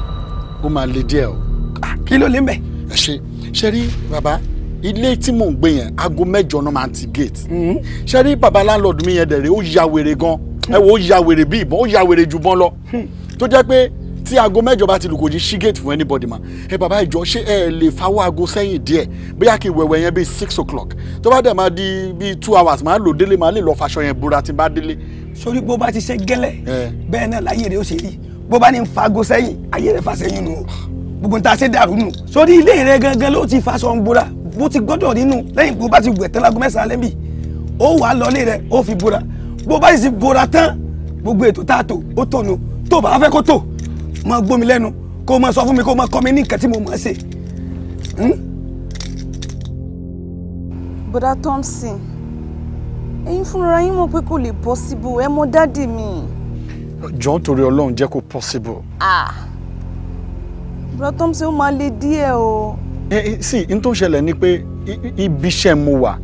ó máa le díẹ̀ o. Ah, kí ló lè mẹ́. ẹ ṣe ṣe rí bàbá ilé tí mò ń gbé yẹn aago mẹ́jọ náà máa ti gate hmm. ṣe rí baba landlord mi yẹn dẹ̀rẹ̀ ó ya wèrè gan hmm. ẹ wo ó ya wèrè bí ìbọn ó ya wèrè ju bọ́n lọ hmm. tó jẹ́ pé tí aago mẹ́jọ bá ti lù kò jí ṣí gate fún anybody ma ẹ baba ìjọ ṣé ẹ lè fawọ́ aago sẹ́yìn díẹ̀ bóyá kí wẹ̀wẹ̀ yẹn bíi six o'clock tó bá dẹ̀ máa di bíi two hours máa lò délé máa lè lọ faṣọ yẹn búra tí n bá délé. sórí bó bá ti ṣe gẹ́lẹ́ bẹ́ẹ̀ náà láyé rẹ̀ ó ṣe rí bó bá ní ń fa aago sẹ́yìn ayé rẹ̀ fà sẹ́yìn nù gbogbo nta ṣe dàrú nù sórí ilé rẹ gangan ló ti faṣọ ń bora bó ti gbọ́dọ̀ nínú lẹ́yìn bó bá ti wẹ̀ tán lágo mẹ́sàn-án lẹ́mì ó wà á lọ ilé rẹ ó fi bora bó bá sì bora tán gbogbo ètò tá a tò ó tò nù tó o bá fẹ́ kó tò mọ gbómi lẹ́nu kó o mọ sọ fún mi kó o mọ kọ́ mi ní nǹkan tí mo mọ̀ ṣe. Hmm? bọ́dá Thompson ẹ̀yin fúnra yín mọ̀ pé kò lè possible ẹ mọ̀ dáàdì mi. jọ̀ọ́ torí ọlọ́run jẹ́ kó possible. ah Bro Thompson ó máa le díẹ̀ o. ẹ sì n tó ṣẹlẹ̀ ni pé ibi iṣẹ́ mo wà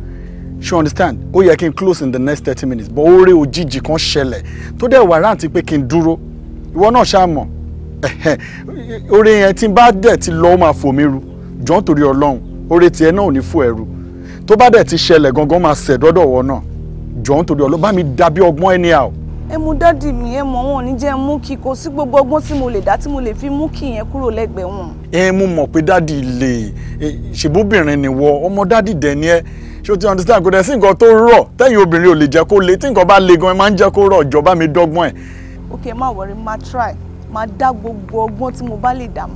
ṣe understand ó yẹ kí n close in the next thirty minutes but oore òjijì kan ṣẹlẹ̀ tó dẹ̀ wà rántí pé kí n dúró ìwọ náà ṣáà mọ̀ oore yẹn tí n bá dẹ̀ ti lọ ó máa fò mí ru jọ́n torí ọlọ́run oore tiẹ̀ náà ò ní fò ẹ̀rù tó bá dẹ̀ ti ṣẹlẹ̀ gangan máa ṣẹ̀ dọ́dọ̀ wọ náà jọ́n torí ọlọ́run bá mi dàbí ọgbọ́n anyhow ẹ mú dádì mi ẹ mọ̀ wọn ò ní jẹ́ mú kí kò sí gbogbo ọgbọ́n tí mo lè dá tí mo lè fi mú kí yẹn kúrò lẹ́gbẹ̀ẹ́ wọn. ẹ mú mọ̀ pé dádì lè ṣèbóbìnrin ni wọ ọmọ dádì dẹ̀ ni ẹ ṣé o ti understand kò dẹ̀ sí nǹkan tó rọ̀ tẹ́yìn obìnrin ò lè jẹ́ kó le tí nǹkan bá le gan ẹ máa ń jẹ́ kó rọ̀ ìjọba mi dọ́gbọ́n ẹ̀. ok má wọrí má try má dá gbogbo ọgbọ́n tí mo bá lè dá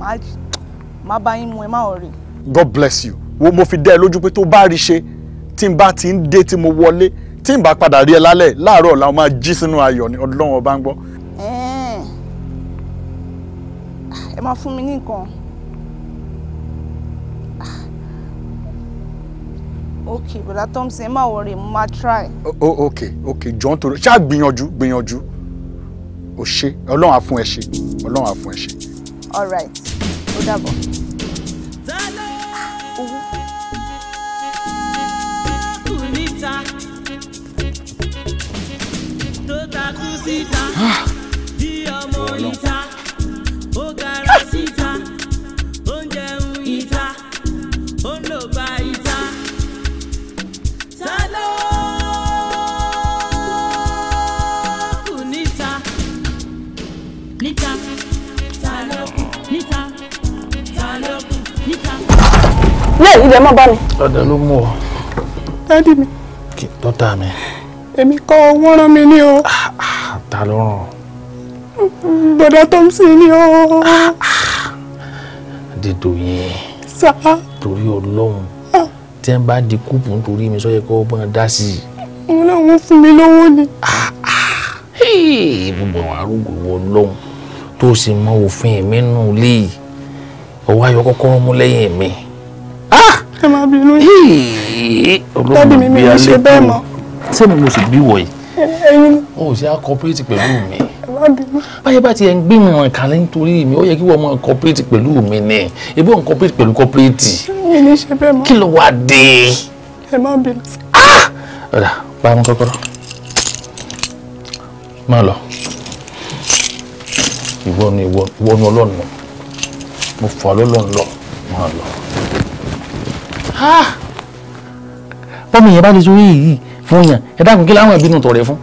má bá yín mu ẹ má wọrí. God bless you wo mo fi dẹ́ ẹ lójú pé tó bá rí ṣe tí n bá ti ń dé tí mo wọlé tí n bá padà rí ẹ lálẹ́ láàárọ̀ làwọn máa jí sínú ayọ̀ ni ọlọ́run ọba ń gbọ́. ẹ máa fún mi ní nǹkan. ok bọ̀dá thompson ẹ máa wọrí mo máa try. ok ok jọ̀ọ́ nítorí ṣáà gbìyànjú gbìyànjú o ṣe ọlọ́run á fún ẹ ṣe ọlọ́run á fún ẹ ṣe. all right ó dàbọ̀. bẹ́ẹ̀ ilẹ̀ mọ́ bá mi. ọ̀dọ̀ ló mú ọ. dádì mi. kì í dọ́tà mi. èmi kọ́ wọ́n rán mi ní o. Ah, ah, ta ló ràn. bọ̀dá Thompson ni o. Ah, dídò yẹn. sá. torí ọlọ́run tí wọ́n bá di kúùpù nítorí mi sọ́yẹ́ kọ́ bọ́n dá sí i. òun náà wọ́n fún mi lówó ni. gbogbo arúgbó wọ tó o sì mọ òfin mi nù lé ọwọ́ ayọ̀ kọ́kọ́rọ́ mú lẹ́yìn mi má bínú yìí dábì mi mi ò ṣe bẹ́ẹ̀ mọ́. sẹ́mi mo sì bí wọ̀ yìí o ò ṣe á cooperate pẹ̀lú mi báyẹ̀ bá ti ẹ̀ ń gbé mi ràn kálẹ̀ nítorí mi ó yẹ kí wọ́n máa cooperate pẹ̀lú mi ni ebi ò ń cooperate pẹ̀lú cooperate kí ló wá dé. ẹ má bínú. Ah! ọ̀dà bá a mú kọ́kọ́rọ́ máa lọ ìwọ ni ìwọ ni ọlọ́run mo fà lọ́lọ́run lọ máa lọ. Ah! bọ́mọ yẹn bá ti sórí yìí fún yàn ẹ dákun kí láwọn ìbínú tọrẹ fún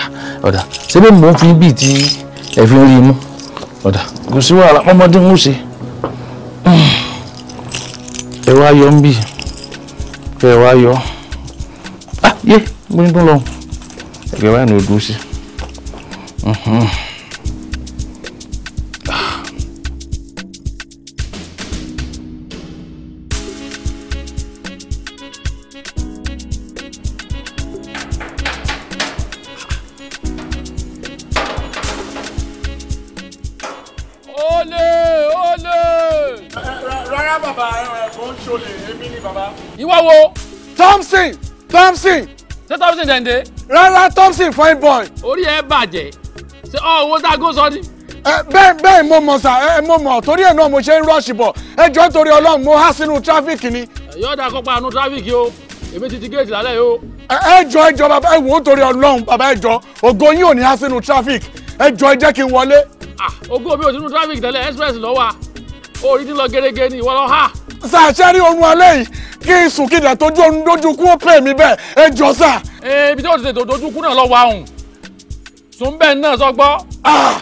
ah, ọ̀dà ṣébí mò ń fi bíi ti ẹ̀ fi ń rí imú ọ̀dà kò sí wàhálà ọmọdé ń ṣe hmm. ẹ wá yọ ń bì fẹ ẹ wá yọ ah, yé mo ń dún lọ ẹ wá ní odò sí. Mm-hmm. Sunday. rárá Thompson fine boy. orí ẹ bàjẹ́ ṣé ọ owó tá a gó sọ ni. ẹ bẹ́ẹ̀ bẹ́ẹ̀ mo mọ̀ sà ẹ mo mọ̀ torí ẹ̀ náà mo ṣe ń rọ́ọ̀ṣì bọ̀ ẹ jọ nítorí Ọlọ́run mo há sínú tráfíkì ni. yọ̀ọ́dà kọ́pa àánú tráfíkì o èmi ti ti géètì lálẹ́ yìí o. ẹ jọ ẹ jọ bàbá ẹ wò ó torí Ọlọ́run bàbá ẹ jọ ògo yín ò ní há sínú tráfíkì ẹ jọ ẹ jẹ́ kí n wọlé. ògo mi ò sínú tráfíkì tẹ́lẹ̀ express lọ́wọ́ orí ti lọ gẹ́gẹ́ ni ìwọ lọ ha. sà ṣe rí oorun alẹ́ yìí kí n sùn kí n sà ibi tí o ti tètè dojú kú náà lọ wá òun sùnbẹ́ náà sọ gbọ́. Ah!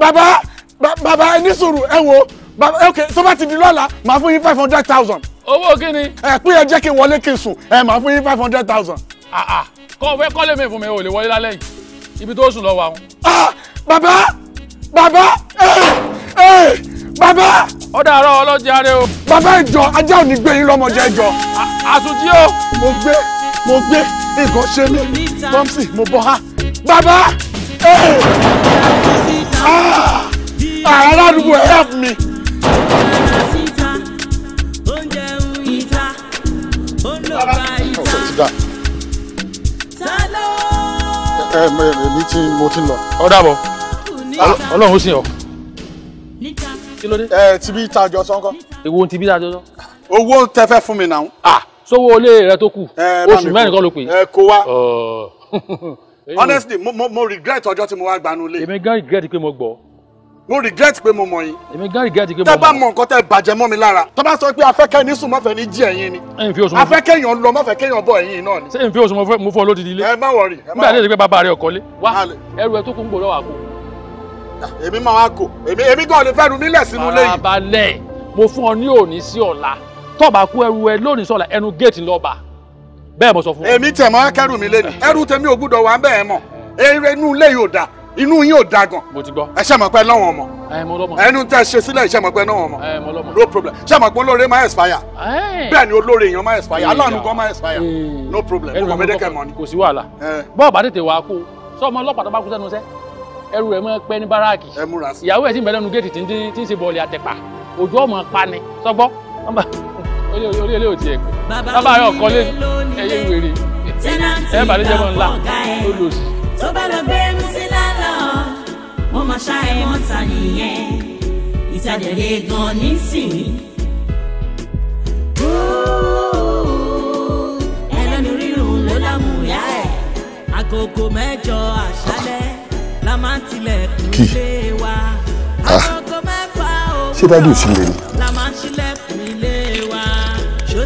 bàbá bàbá ẹ sùúrù ẹ wo bàbá ok tó bá ti di lọ́la màá fún yín five hundred thousand. owó kíni. ẹ pé ẹ jẹ́ kí n wọlé kí n sùn ẹ màá fún yín five hundred thousand. Ah, ah, kọ́ fẹ́ kọ́lé mi fún mi ò lè wọlé lálẹ́ yìí ibi tó sùn lọ wá òun. bàbá bàbá eh, eh, bàbá. ó dàárọ̀ ọlọ́jà rẹ o. bàbá ìjọ ajá ò ní gbé yín lọ́mọdé ìjọ. àsùnjí o. mo gbé mo gbé nǹkan ṣe mí pọ́ǹsì mo bọ́ ha bàbá ààrẹ àdúgbò ẹ̀ help me. èmi tí mo ti lọ ọ dàbọ̀ Ọlọ́run ó kí ló dé. ẹ tibí tajọ sọkọ. èwo tibí tajọ sọ. owó tẹ fẹ́ fún mi náà. Ah! sówó ilé rẹ tó kù oṣù mẹ́rin kọ́ ló pè. ẹ kó wa honestly mo mo mo regret ọjọ́ tí mo wá gbanú lé. èmi gan regret pé mo gbọ́. mo regret pé mo mọ̀ yín. èmi gan regret pé mo mọ̀. tẹ́ bá mọ nǹkan tẹ́ bàjẹ́ mọ́ mi lára tọ́ bá sọ pé afẹ́kẹ́ ní sùn mọ́fẹ́ ní jí ẹ̀yin ni afẹ́kẹ́ yàn lọ mọ́fẹ́ kéèyàn bọ̀ ẹ̀yin náà ni. ṣé n fi oṣù mo fọ́ lódìdí ilé. ẹ má wọrí ẹ má wọrí. nígbà tí ẹ ti pé bàbá rẹ ọkọ lé wá ẹrù ẹ tó kún gbòòrò wà kó. èmi máa wá kò èmi gan-an lè fẹ́ ru mílẹ̀ sínú mo fún ọ ní tọ́ba kú ẹrù ẹ lónìí sọ̀la ẹnu géètì lọ́ba bẹ́ẹ̀ mo sọ fún. èmi tẹ̀ mọ́ kẹ́rù mi lé ní ah. ẹrù tèmi ò gbúdọ̀ wà bẹ́ẹ̀ mọ̀ eré inú ilé yóò da inú yín ò da gan. mo ti gbọ́. ẹ ṣe mọ̀ pé lọ́wọ́n mọ̀. ẹ eh, mo lọ́mọ. ẹnu tẹ ṣe sílẹ̀ ṣe mọ̀ pé lọ́wọ́n mọ̀. ẹ eh, mo lọ́mọ. no problem ṣe mọ̀ pé olóore máa expire. Eh. bẹ́ẹ̀ ni olóore èèyàn máa expire aláàánú gan máa expire. no problem mo kàn fi dẹ́kẹ̀ mọ́ ni. kò sí wàhálà bọ́ọ̀ bá tètè wàá kó sọ́ọ̀mọ́ ọlọ́pàá tó bá kú sẹ́nu sẹ́ ẹrù rẹ̀ mọ́ pẹ́ ní báràkì. ìyàwó ẹ̀ sì ń bẹ lẹ́nu géètì tí ń ṣe bọ̀ọ̀lì àtẹ̀pà òjò ọmọ pa ni sọgbọ́ orí ilé ò tiẹ̀ pé bàbá yóò kọ́lé ẹyẹ wèrè ẹ bàdé jẹ́ wọn ńlá ó lò sí. tó bá lọ gbé mc lálọ́ wọ́n máa ṣá ẹ̀ ta nìyẹn ìtajà lè gan nísìnyí. ẹlẹ́nu rírun ló lámùyá ẹ̀ agogo mẹ́jọ àṣálẹ́ la máa ń tilẹ̀kùn lé wa ah. agogo mẹ́fà òwúrọ̀ la máa ń tilẹ̀kùn.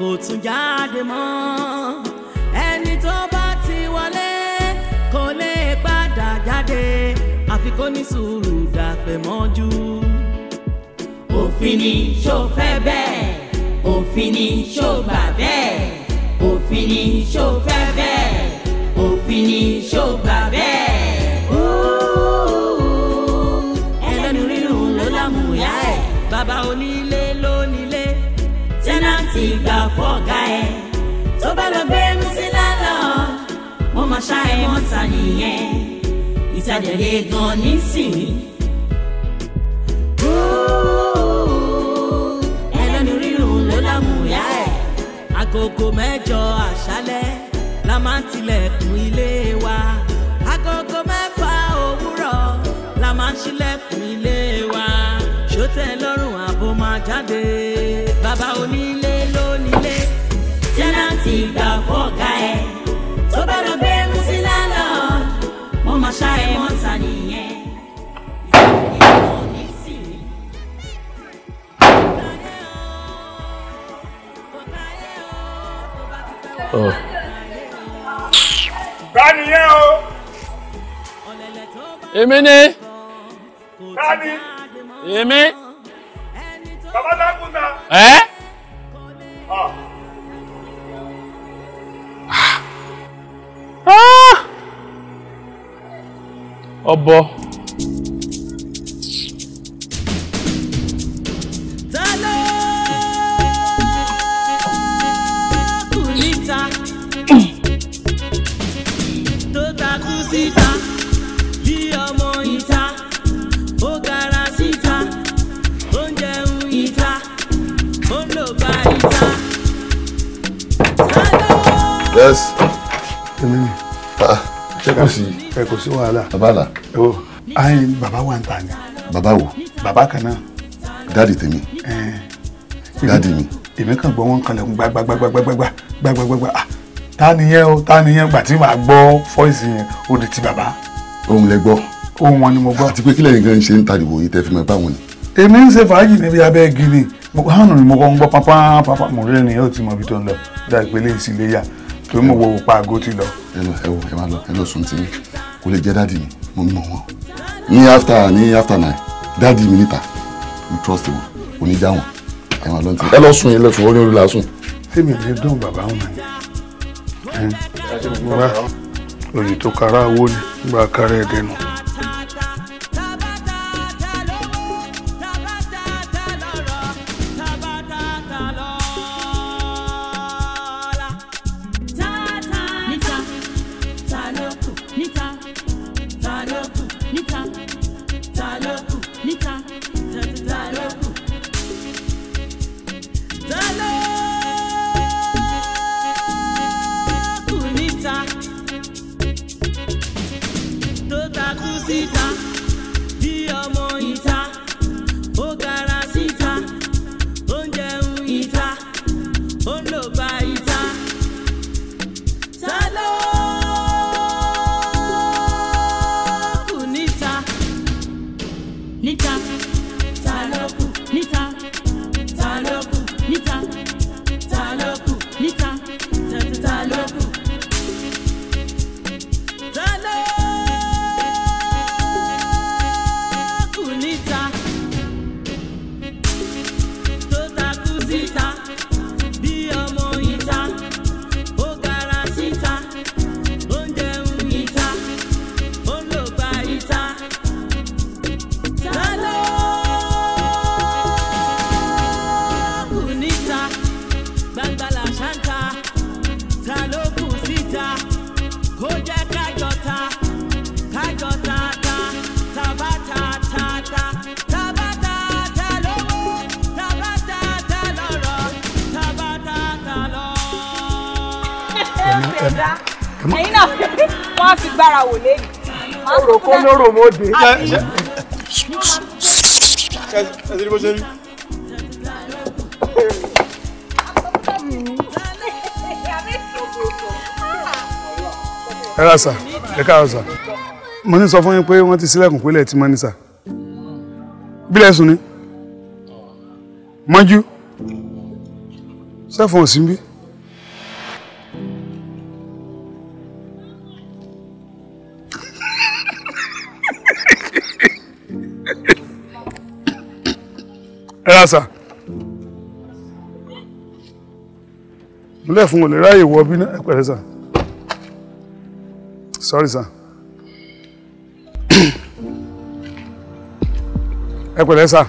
kò tún jáde mọ́ ẹni tó bá ti wọlé kò lè padà jáde àfi kó ní sùúrù dàfẹ́ mọ́jú. òfin ni ṣó fẹ́ bẹ́ẹ̀ òfin ni ṣó gbà bẹ́ẹ̀ òfin ni ṣó fẹ́ bẹ́ẹ̀ òfin ni ṣó gbà bẹ́ẹ̀. gbà fọ́gà ẹ̀ tó bá lọ gbé mùsí lálọ́ wọ́n máa ṣá ẹ̀ wọ́n ta nìyẹn ìtajẹ̀lẹ̀ gan nísìnyí. ẹlẹ́nu rírun ló lámùyá ẹ̀ agogo mẹ́jọ àṣálẹ́ la máa ń tilẹ̀kùn ilé wa agogo mẹ́fà òwúrọ̀ la máa ń ṣílẹ̀kùn ilé wa ṣó tẹ́ lọ́rùn àbò máa jáde. ìgbà fọ́ọ̀gá ẹ̀ tó bá lọ bẹ́ẹ̀ mú sí mo máa ṣá ẹ mọ́ oh. ta nìyẹn. o. Èmi ni. Bá Èmi. Bàbá Dákúndà. Ẹ́. ọbọ. ta ló kù níta tó takú síta bí ọmọ ìta ó gara síta ó ń jẹun ìta ó ń lò bá ìta. Yes. Èmi check Ẹ Check sí. Ẹ kò sí wàhálà. Bàbá àlà. Baba wa ń ta ni. Baba wo. bàbá kan náà. dáàdì tèmi. dáàdì mi. èmi kàn gbọ́ wọn kalẹ̀ ń gbàgbàgbàgbàgbàgbàgbàgbàgbà ah, ta nìyẹn o ta nìyẹn gbà tí màá gbọ́ fọ́ìsì yẹn ó di ti bàbá. ohun lẹ gbọ́. ohun wọn ni mo gbọ́. àti pé kílẹ̀ nǹkan ṣe ń tariwo yìí tẹ́ fi mọ báwọn ni. èmi ń ṣe fàájì níbi abẹ́ gidi hàn ni ah, mo kọ́ ń gbọ́ pápá pápá mo rí ẹni yẹn ò ti mọ ibi tó ń lọ dáa ìpele ìsìlẹ̀ yà torí mo wo òpá àgó ti lọ. ẹ lọ ẹ wọ ẹ máa lọ ẹ lọ sùn tì mí kò lè jẹ́ dáàdì mo mọ̀ wọn ní after ní after nine dáàdì mi níta we trust wọn kò ní já wọn àwọn àlọ́ ẹ lọ sùn yín lẹ́sùn orin orí la sùn. tèmi lè dán bàbá wọn ni bàbá òyìn tó kára owó ni gba kára ẹ̀yin náà wọ́n á fi gbára wò lẹ́yìn. ọ̀rọ̀ kó lóró mo dé. ẹ ti rí bó ṣe rí. ẹ ra sà ẹ káàárọ̀ sà mo ní sọ fún yín pé wọ́n ti ṣílẹ̀kùn pélé tí mo ní sà bílẹ̀ sùn ni mọ́jú sẹ́fọ̀n sí bíi. ẹ ra sà lẹ́ fún olè ráyè wọ bí náà ẹ pẹ̀lẹ́ sà sorry sà ẹ pẹ̀lẹ́ sà.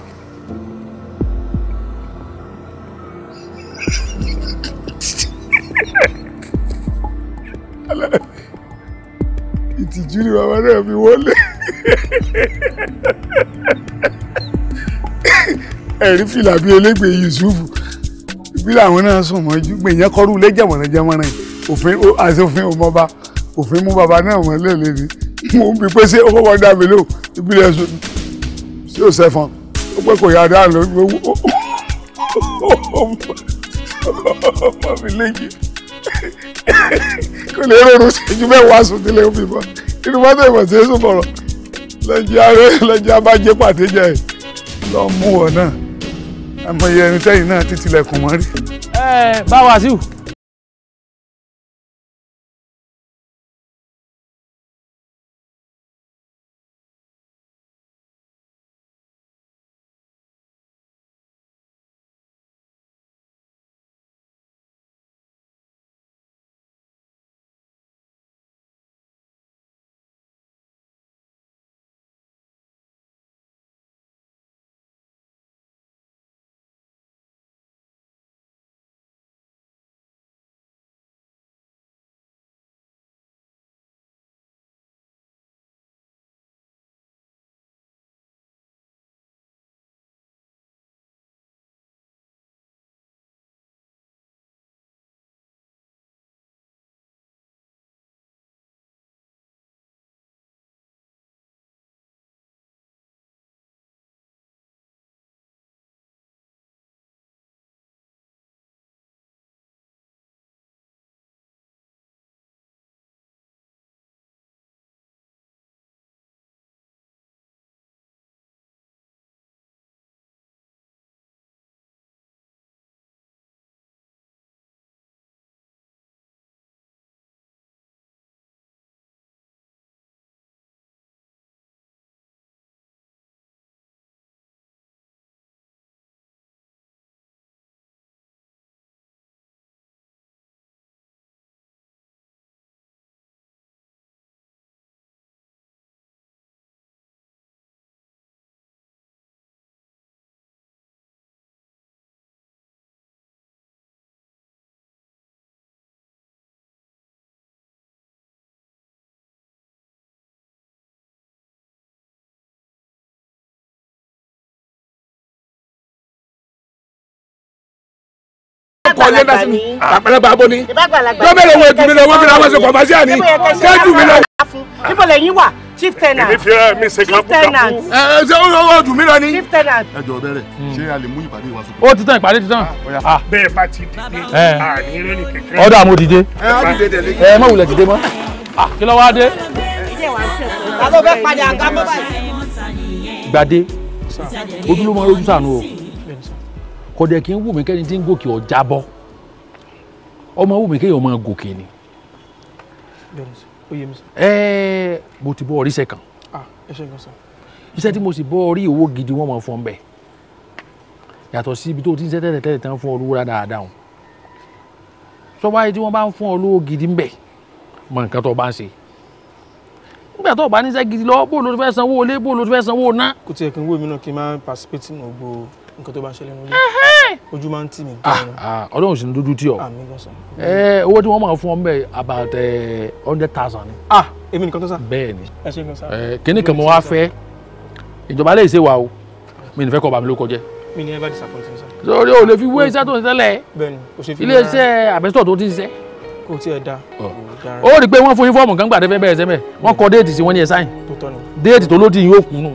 ìtìjú ni bàbá náà fi wọlé. ẹ̀rí fìlà bíi elégbè Yusuf bí làwọn náà sùn mọ́jú gbèyàn kọ́rù lé jẹ̀mọ̀rẹ̀ jẹ̀mọ̀rẹ̀ òfin àti òfin ò mọba òfin mú baba náà wọ́n lè lè ní mo ń bi pé ṣé owó wọn dá mi lò ìbílẹ̀ sùn sí òsèfọn ó pẹ́ kò yára dáhùn lórí ọmọ mi léyìí kò lè rọrùn ṣẹ́jú mẹ́wàá sùn tilẹ̀ òfin mọ́ inú mọ́tò ìmọ̀ sí èso bọ̀rọ̀ lọ́jọ́ abájẹ́ pàtẹ́jẹ́ lọ́ọ́ mú ọ náà àmọye ẹni tẹ́yìn náà ti tilẹ̀kùn mọ́rí. ẹ bá Wàsíù kọ́ ọ̀yẹ́ dá sí mi àgbàlagbà abo ni lọ́bẹ̀rẹ̀ wọn ètùmí lọ wọ́n fi làwọn chief tenant èmi fi ẹ mi ṣe kan bukaku. ẹ ṣe o o dùn mí lọ ni. chief tenant. ẹ jọ bẹ̀rẹ̀ hmm. ṣé a lè mú ìpàdé wa sókè. ó ti tán ìpàdé ti tán. Ah, ah. bẹ́ẹ̀ bá ti dìde àní eh. rẹ ní dìde. ẹ má wulẹ̀ dìde mọ́. Ah, kí ló wá dé. gbadé ojú sànú o kò dẹ̀ kí ń wù mí kẹ́ni tí ń gòkè ọjà bọ́ ọmọ wù mí kéèyàn máa gòkè ni. ẹ mo ti bọ́ ọrí sẹ́kàn. iṣẹ́ tí mo sì bọ́ ọrí owó gidi wọ́n máa fọ́ ń bẹ̀ yàtọ̀ sí ibi tó ti ń ṣe tẹ́lẹ̀ tẹ́lẹ̀ tán fún ọ lówó dáadáa o sọ wáyé tí wọ́n bá ń fún ọ lówó gidi ń bẹ̀ mọ nǹkan tó bá ń ṣe nígbà tó bá níṣẹ́ gidi lọ bó ló ti fẹ́ sanwó olé bó ló ti fẹ́ sanwó ná. kò tiẹ̀ kí n wó mi náà kí n máa participate nínú gbogbo nǹkan tó bá ń ṣẹlẹ̀ nílé ojú máa ń tì mí. Ah, ah, ọlọ́run sì ń dúdú tí ọ. owó tí wọ́n máa fún ọ mbẹ́ about eh, hundred thousand ni. Ah, èmi nìkan tó sá. bẹ́ẹ̀ ni kíní kan mo wá fẹ́ ìjọba lè ṣe wa o mi nìfẹ́ kọ́ bàmí ló kọjẹ́. mi ni ẹ bá disappointing sá. sori o lè fi wé iṣẹ́ tó ń tẹ́lẹ̀. bẹ́ẹ̀ni o ṣe fi ilé iṣẹ́ àbẹ́sítọ̀ tó ti ṣiṣẹ́. kò tiẹ̀ da. ó rí i pé wọ́n fún yín fọ́ọ̀mù kan gbàdẹ́fẹ́ bẹ́ẹ̀ sẹ́mẹ̀ wọ́n kọ déètì sí wọ́n ní ẹ sáyìn déètì tó ló dín yín ó kùnú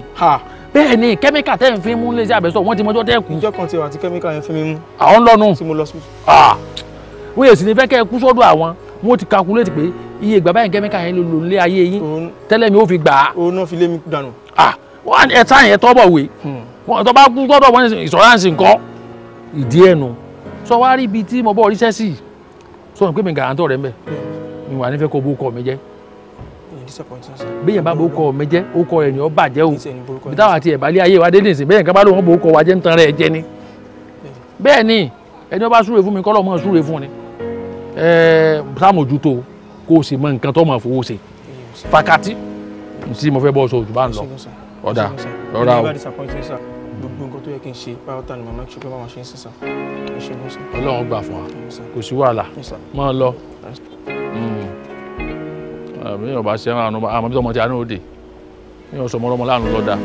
bẹ́ẹ̀ ni kẹ́míkà tẹ́ ń fi mú léṣe àbẹ̀sọ̀ wọ́n ti mọjọ́ tẹ́ kú. ìjọ kan ti wà tí kẹ́míkà yẹn fi mi mú. àwọn lọ́nu tí mo lọ sí. wọ́n ah! yẹ sì ni fẹ́ kẹ́ ẹ kú sọ́dọ̀ àwọn wọ́n ti calculate pé iye ìgbà báyìí kẹ́míkà yẹn lò lé ayé yín tẹ́lẹ̀ mi ò fi gbà á. òun náà fi lé mi dànù. Ah! wọ́n ẹ̀ tá yẹn tọ́ bọ̀ wé hmm. tó bá kú sọ́dọ̀ wọ́n ìṣọ́ránsì nǹkan ìdí ẹ̀ nu sọ wá rí ibi tí mo bọ́ ríṣẹ́ sí sọ pé bẹ́ẹ̀ bá bókọ mi jẹ́ ó kọ ẹ̀yìn ọ bàjẹ́ o bí táwọn àti ẹ̀bálẹ̀ ayé wa dédé sìn bẹ́ẹ̀ nǹkan bá lóun bókọ wa jẹ́ ń tan rẹ̀ jẹ ni bẹ́ẹ̀ ni ẹni ọba súre fún mi kọ́ lọ́mọ súre fún ni sàmójútó kó o sì mọ nǹkan tó máa fowó ṣe fakati tí mo fẹ́ bọ́ sọ òjùbá ń lọ ọ̀dà ọ̀dà o. gbogbo nǹkan tó yẹ kí n ṣe pàrọ̀tà ni màmá ṣe pé mi ò bá ṣe ẹran àánú àmọ́ bí tọmọ ti àánú òde mi ò sọ ọmọ ọlọ́mọ láàánú lọ́dà.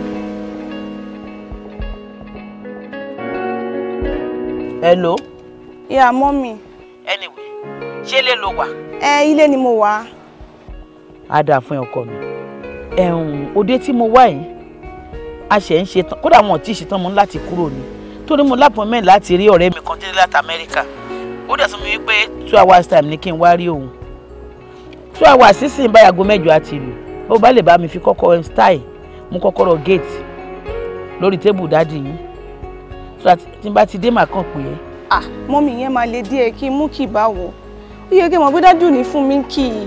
hello. ìyá mọ́mì. anyway ṣé ilé lo wà. ẹ ilé ni mo wà. a dà fún ọkọ mi òde tí mo wá yìí a ṣe ń ṣetán kódà wọn ò tí ì ṣetán mo ní láti kúrò ni torí mo lápọn mẹ́rin láti rí ọ̀rẹ́ mi kan délé láti amẹ́ríkà ó dẹ̀ sọ mi wípé two hours time ni kí n wá rí òun so àwa sísìn báyà aago mẹ́jọ àti ìlú ó bá lè bá mi fi kọ́kọ́ style mú kọ́kọ́rọ́ gate lórí tébù dáàdì yín so that tí n bá ti dé màá kàn pé. ah mommy, yẹn máa lè díẹ̀ kí n mú kí bá wọ̀ ó yẹ kí n mọ̀ pé dájú ní fún mi kí i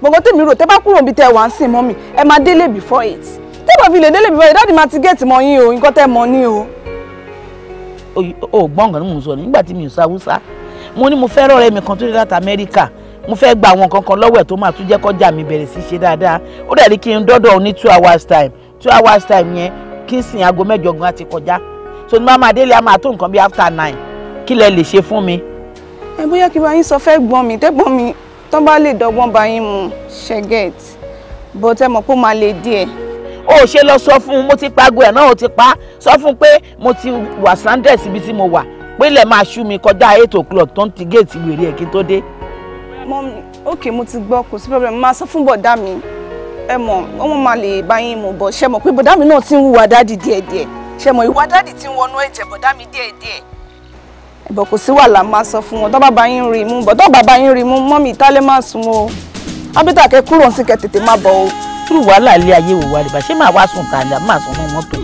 gbogbo tèmi rò tẹ́ bá kúrò níbi tẹ́ wà ń sìn mọ́mì ẹ máa before it. tẹ́ bá fi lè délé before eight dáàdì máa ti gate mọ́ yín o nǹkan tẹ́ mọ́ ní o. o gbọ́n nǹkan ni mò ń sọ nígbà tí mi ò sá haúsá mo ní mo fẹ́ràn ọ̀rẹ́ mi kan tó dé láti amẹ́ríkà mo fẹ́ gba àwọn kankan lọ́wọ́ ẹ̀ tó máa tún jẹ́ kọjá mi bẹ̀rẹ̀ sí ṣe dáadáa ó dẹ̀ ní kí n dọ́dọ̀ ní two hours time two hours time yẹn kí n sìn aago mẹ́jọ gan ti kọjá so ní mama délé a máa tó nǹkan bí after nine kí lẹ lè ṣe fún mi. ẹ bóyá kí báyìí sọ fẹ́ gbọ́n mi tẹ́gbọ́n mi tó bá lè dọ́gbọ́n báyìí mu ṣẹ́gẹ̀t bó tẹ́ mọ̀ pé ó máa le díẹ̀. ó ṣe lọ sọ fún un mo ti pa ago ẹ̀ náà ó ti pa sọ fún un pé mo ti wà sanders ibi tí mo wà pé ilẹ̀ máa ṣú mi kọjá eight o'clock tó ń ti géètì wèrè ẹ̀ kí n tó dé mọ ok mo ti gbọ́ kò sí problem máa sọ fún bọ̀dá mi ẹ mọ̀ ọmọ máa lè bá yín mú bọ̀ ṣe mọ̀ pé bọ̀dá mi náà ti ń hùwà dáàdì díẹ̀díẹ̀ ṣe mọ̀ ìwà dáàdì ti ń wọnú ẹ̀jẹ̀ bọ̀dá mi díẹ̀díẹ̀ ẹ̀bọ̀ kò sí wàhálà máa sọ fún wọn tó bá bá yín rí mú bọ̀ tó bá bá yín rí mú mọ́ mi ìtálẹ́ máa sùn o ábítà kẹ kúrò sí kẹ tètè má bọ̀ o. irú wàhálà ilé ayé wò wá rè bá ṣé máa wá sùn tààlà máa sùn mọ́ mọ́tò.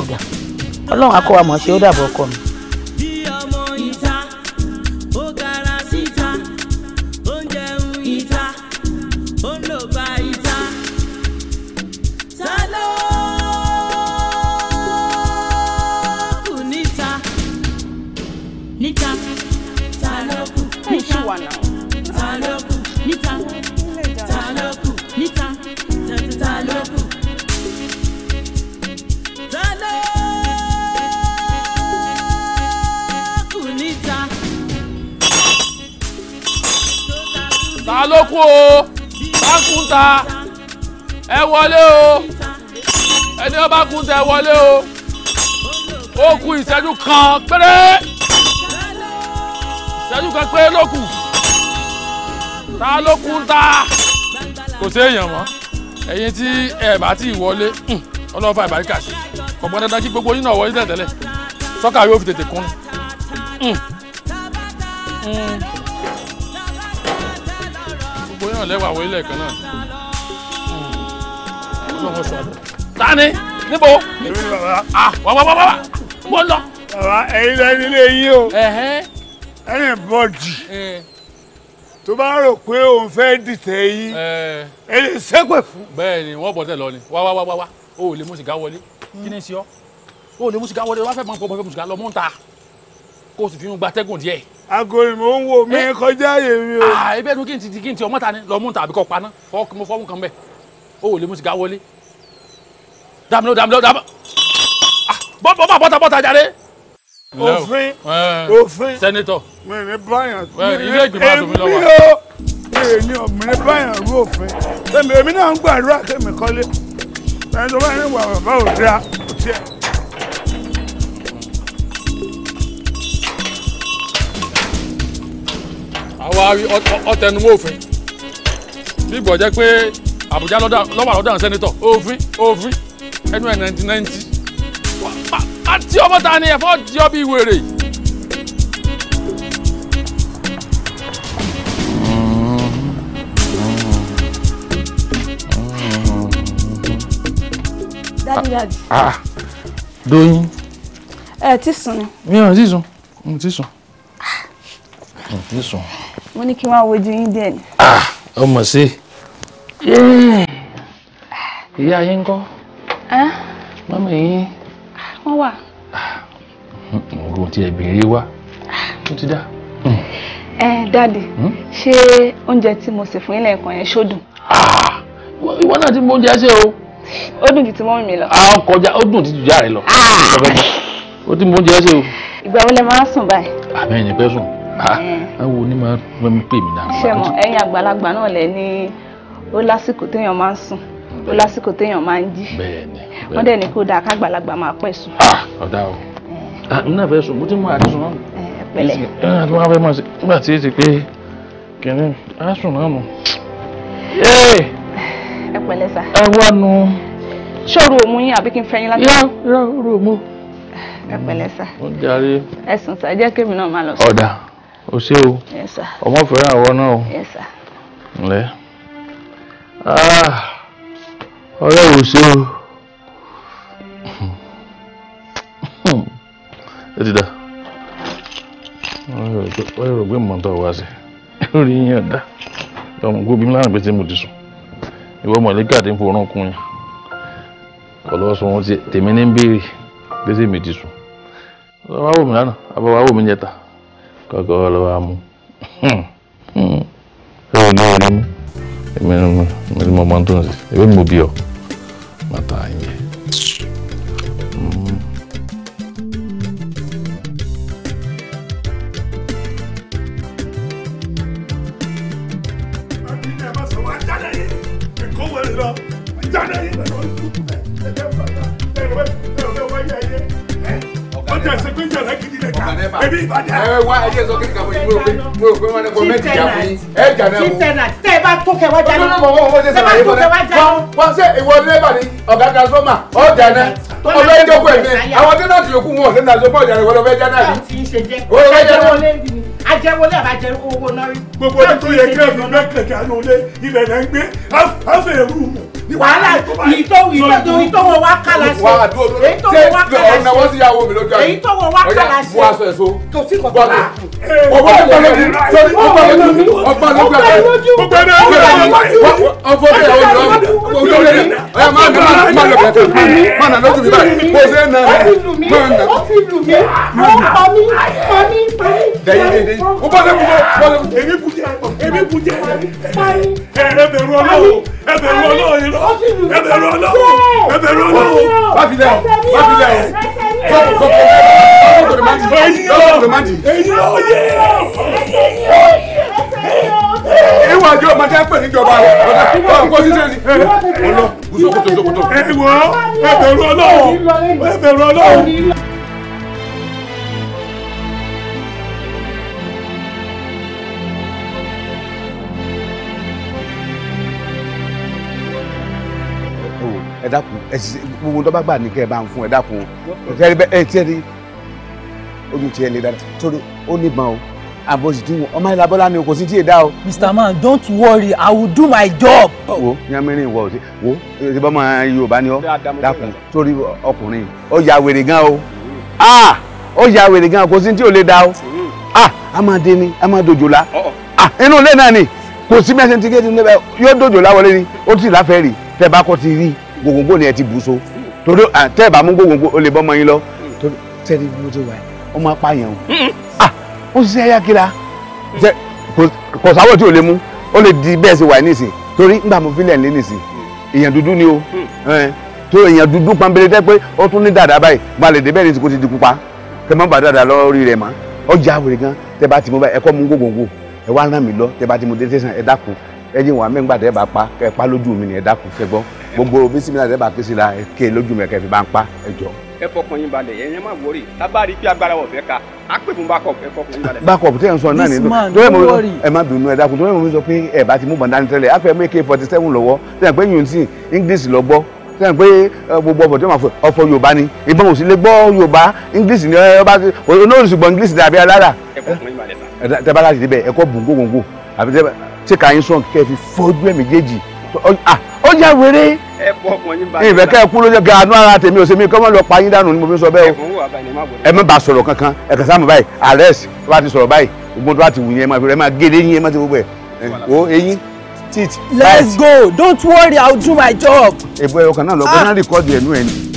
ọ̀gá ọlọ́run akọ́wàmọ̀ ṣe ó dàbọ̀ ọkọ mi. ta ló kú o bákùn ẹ wọlé o ẹni ó bá kún wọlé o ó kù ìṣẹ́jú kan péré ìṣẹ́jú kan péré ló kù ta ló kún ta kò séèyàn mọ́ ẹ̀yin tí ẹ bá ti wọlé ọlọ́fà ìbáríkà sí ọ̀gbọ́n dandan kí gbogbo yín náà wọlé tẹ̀tẹ̀lẹ̀ sọ́kà yóò fi tètè kún un náà lẹ́wà wọ ilé kan náà. Hmm. ọlọ́run sọ àdó. tani níbo. èmi ni bàbá. wà wà wà wà mo lọ. bàbá ẹ̀yin lẹ nílé yín o. ẹnì bọ́ọ̀dì eh. tó bá rò pé òun fẹ́ dìtẹ̀ yín eh. ẹ lè ṣépè fún. bẹ́ẹ̀ ni wọ́n bọ̀ tẹ̀ lọ ni wá wá wá wá o ò lè mú sìgá wọlé kí ni ṣe ọ́ o ò lè mú sìgá wọlé o wá fẹ́ mọ̀ pọ̀ mọ̀ fẹ́ mú sìgá lọ mọ́ ń ta kó o sì fi irun gbatẹ́gùn díẹ̀. aago ìmọ̀ ń wo mi eh. kọjá èmi o. àà ah, ibẹ̀ tún kí n ti kí n ti ọmọ ta ni lọ mú tàbí kọ paná mo fọ́ mú kan bẹ́ẹ̀ o ò lè mú sìgá wọlé. dàmínú dàmínú dàmínú ah, bọ́ bá bọ́ta bọ́ta jáde. òfin eh. òfin sẹ́nitọ̀. mi ni báyàn eh, ilé ìgbìmọ̀ àtòmí lọ́wọ́. èmi o èmi ò mi ni báyàn rú òfin èmi náà ń gbàdúrà kémi kọ́lé ẹni tó bá ní wà bàbá òde àwa ọtẹnumọ́ òfin bí ìbọ̀ jẹ́ pé àbújá lọ́wọ́ àlọ́dọ̀ àwọn sẹ́nitọ̀ òfin òfin ẹnu ẹ̀ nàìjíríà nàìjíríà àti ọmọ ni ẹ̀fọ́ di ọ bí wèrè. dádìdádì. Ah, ah, ah. Doyin. ẹ ti sùn ni. mi ò ti sùn mo ti sùn mo ti sùn mo ní kí wọ́n wojú yín díẹ̀ ni. ọmọ ah, sí ìyá yín kọ́ mọ́mọ́ yín. wọ́n wà. oògùn tí ẹ̀bìnrin wá ó ti dá. Hmm. ẹ dáàdì hmm? ṣé oúnjẹ tí mo sè fún yín lẹ́ẹ̀kan yẹn ṣó dùn. Ah, ìwọ náà ti mú oúnjẹ ṣe o. ó dùn ju ti mọ́mí mi lọ. a kọjá ó dùn ti ju ìyá rẹ lọ. Ah! ó ti mú oúnjẹ ṣe o. ìgbà wo lẹ máa ń sùn báyìí. àmì ẹ̀yìn pẹ́ sùn báwo ni màá fẹ́ mi pè mí náà. ṣé mo ẹ̀yin àgbàlagbà náà lẹ ní ó lásìkò téèyàn máa ń sùn ó lásìkò téèyàn máa ń jí wọ́n dẹ̀ ní kó dáa kágbàlagbà máa pẹ̀ sùn. ọ̀dà o n ah, náà fẹ́ sùn mo ti mú àdìsùn náà. pẹ̀lẹ́ ẹ ló wá fẹ́ mọ̀ sí nígbà tí ti pé kìnìún á sùn náà nù. ẹ pẹ̀lẹ́ sà. ẹ wá nu. ṣòro òmu yín àbí kí n fẹ́ yín látọ̀. yọ yọ òru òmu. ẹ pẹ̀lẹ́ sà. ó jàre. ẹ sùn sà jẹ́ kémi náà máa lọ sùn. ọ̀dà o seu, o ọmọ fẹ́ràn àwọ não? o ah, olha o seu. ti dá wọ́n rò pé mọ̀tọ́ wá sí lórí yín ọ̀dá ọmọ gbóbi ńlá àgbẹ̀ tí mo ti sùn ìwọ mọ̀lẹ́kà tí ń forún kún yín kọ̀ lọ́wọ́ sọ wọn tèmi ní ń béèrè gbèsè mi ti sùn lọ́wọ́ wò mí lánàá kọ́kọ́rọ́ ló wá mú ṣé o ní orí mú èmi ni mo mọ ohun tó ń ṣe èmi ni mo bí ọ màtá yẹn. mẹ́fà. ebi ìbàdàn. ẹ wá ẹ yẹ sọ kí ni kàwé mo rò pé mo rò pé wọn kọ mẹ́tì jà fún yín. ẹ jà àbájẹ owó náà gbogbo ẹni tó yẹ kí ẹ fi mẹ́kẹ̀kẹ́ àná olé ibẹ̀ náà ń gbé á fẹ́ wàhálà ìtọ́ ìtọ́ ìtọ́ wọn wá kálá sí èyí tó wá kálá sí èyí tó wá kálá sí kò sí kò tó bá. ọgbà ló gbẹ lójú ọgbà ló gbẹ lójú ọgbà ló gbẹ lójú ọgbà ló gbẹ lójú ọfọ bẹẹ o lọ o lọ rẹ ẹ má nà má nà bàtà má nà lójú mi báyìí kò sí ẹ nà rẹ má nà. ó fi lù mí ó pa mí pa mí pa mí. dẹyìn dẹyìn ó bá lẹ́kùn bọ́ bọ́ lẹ́kùn. èmi kú jẹ́ èmi kú jẹ́ ẹ̀rẹ́ bẹ̀rù ọlọ́wọ́ ẹ bẹ̀rù Ọlọ́run irọ́ ẹ bẹ̀rù Ọlọ́run ẹ bẹ̀rù Ọlọ́run. má fi lẹ o má fi lẹ o kọ́kọ́ kọ́kọ́ kọ́kọ́ tomati kọ́kọ́ tomati. èyí ò yẹ ìwà àjọ ọmọdé pè níjọba rẹ ọ̀dà púpọ̀ ọ̀pọ̀ ṣíṣe ni. ọlọ gúúsù kòtò kòtò. ẹ wọ ẹ bẹ̀rù Ọlọ́run ẹ bẹ̀rù Ọlọ́run. ẹsì gbogbo tó bá gbà ní kẹ ẹ bá ń fún ẹ dákun ìtẹ́rí bẹ́ẹ̀ ẹ tiẹ́ rí ojú tiẹ̀ lè dára torí ó ní ìbọn o àbòsí wọn ọmọ ìlà bọ́lá ni kò sí tí ì dá o. Mr. Man don't worry I will do my job. wo yamirin wọ ọsẹ wo ṣe bọ́ máa Yorùbá ni ọ dákun torí ọkùnrin ó ya wèrè gan o ó ya wèrè gan kò sí tí ò lè dá o a máa ni a máa inú ilé náà ni kò sí mẹsẹ̀ tí kéde yóò dojo wọlé ni ó ti láfẹ́ rí tẹ̀ bá kọ́ ti rí gbogbogbò ni ẹ ti bù so torí tẹ́ ẹ bá mú gbogbogbò o lè bọ́ ọmọ yín lọ hmm. torí tẹ́ ẹ ti bù so wáyé ọmọ apáyàn o hmm, hmm. ah ó ṣiṣẹ́ yákìlá kò sáwọ́ tí o lè mú ó lè di bẹ́ẹ̀ ṣe wà nísìn torí nígbà mo fi lẹ̀ lé nísìn èèyàn dúdú ni o tó èèyàn dúdú pambele tẹ́ pé ó tún ní dàda báyìí balẹ̀ débẹ̀ ní kò ti di pupa kẹ́ mọ́ bá dàda lórí rẹ̀ mọ́ ọjà àwòrán gan tẹ́ bá ti mú báyìí ẹ̀kọ́ mú gbogbogbò ẹ wá ràn mí lọ tẹ́ bá ti mú dé tẹ̀sán ẹ dákun ẹ̀yin wà mẹ́ngbà tẹ́ bá pa kẹ́ pa lójú mi ni ẹ dákun fẹ́ gbọ́ gbogbo bísímìlà tẹ́ bá ké sí la ké lójú mi kẹ́ fi bá ń pa ẹ jọ. ẹ fọkàn yín balẹ̀ ẹ̀yin má wọrí tábà rí pé agbára wọ̀ fẹ́ ka á pè fún backup ẹ fọkàn yín balẹ̀. backup tẹ́ ń sọ náà nínú tóyẹ mo ẹ má bínú ẹ dákun tóyẹ mo sọ pé ẹ bá ti mú bọ̀ǹda ní tẹ́lẹ̀ á fẹ́ mú ak forty seven lọ́wọ́ tẹ́lẹ̀ pé yóò ti english lọ gbọ́ sẹ́yìn pé gbogbo ọ̀bọ̀ tí wọ́n máa fọ ọ̀fọ̀ yorùbá ni ìbọn ò sì lè gbọ́ yorùbá english ni ọba olóòrùn ṣùgbọ́n english dàbí alára ẹ tẹ́ bá láti débẹ̀ ẹ̀kọ́ bùn gbogbo àbí tẹ́ bá tí kàyín sàn kẹ́ fi fojú ẹ̀ méjèèjì ah, ó jẹ́ wéré ìfẹ́ kẹ́ ẹ kú lójú gaanu ara tèmi ò sèmi kọ́mọ́ lọ pa yín dànù ni mo fi sọ bẹ́ẹ̀ ẹ má ba sọ̀rọ̀ kankan ẹ kà sáàmù báyìí àrẹ́s tó bá ti sọ̀rọ̀ báyìí ogun tó bá ti wù yẹn ẹ má fi rẹ má gédé yín ẹ má ti gbogbo ẹ eyín let's go don't worry i will do my job. èbó ẹ̀ ọkàn náà lọ bọ́ná ah. rìkọ́dì ẹ̀nu ẹ̀ ni.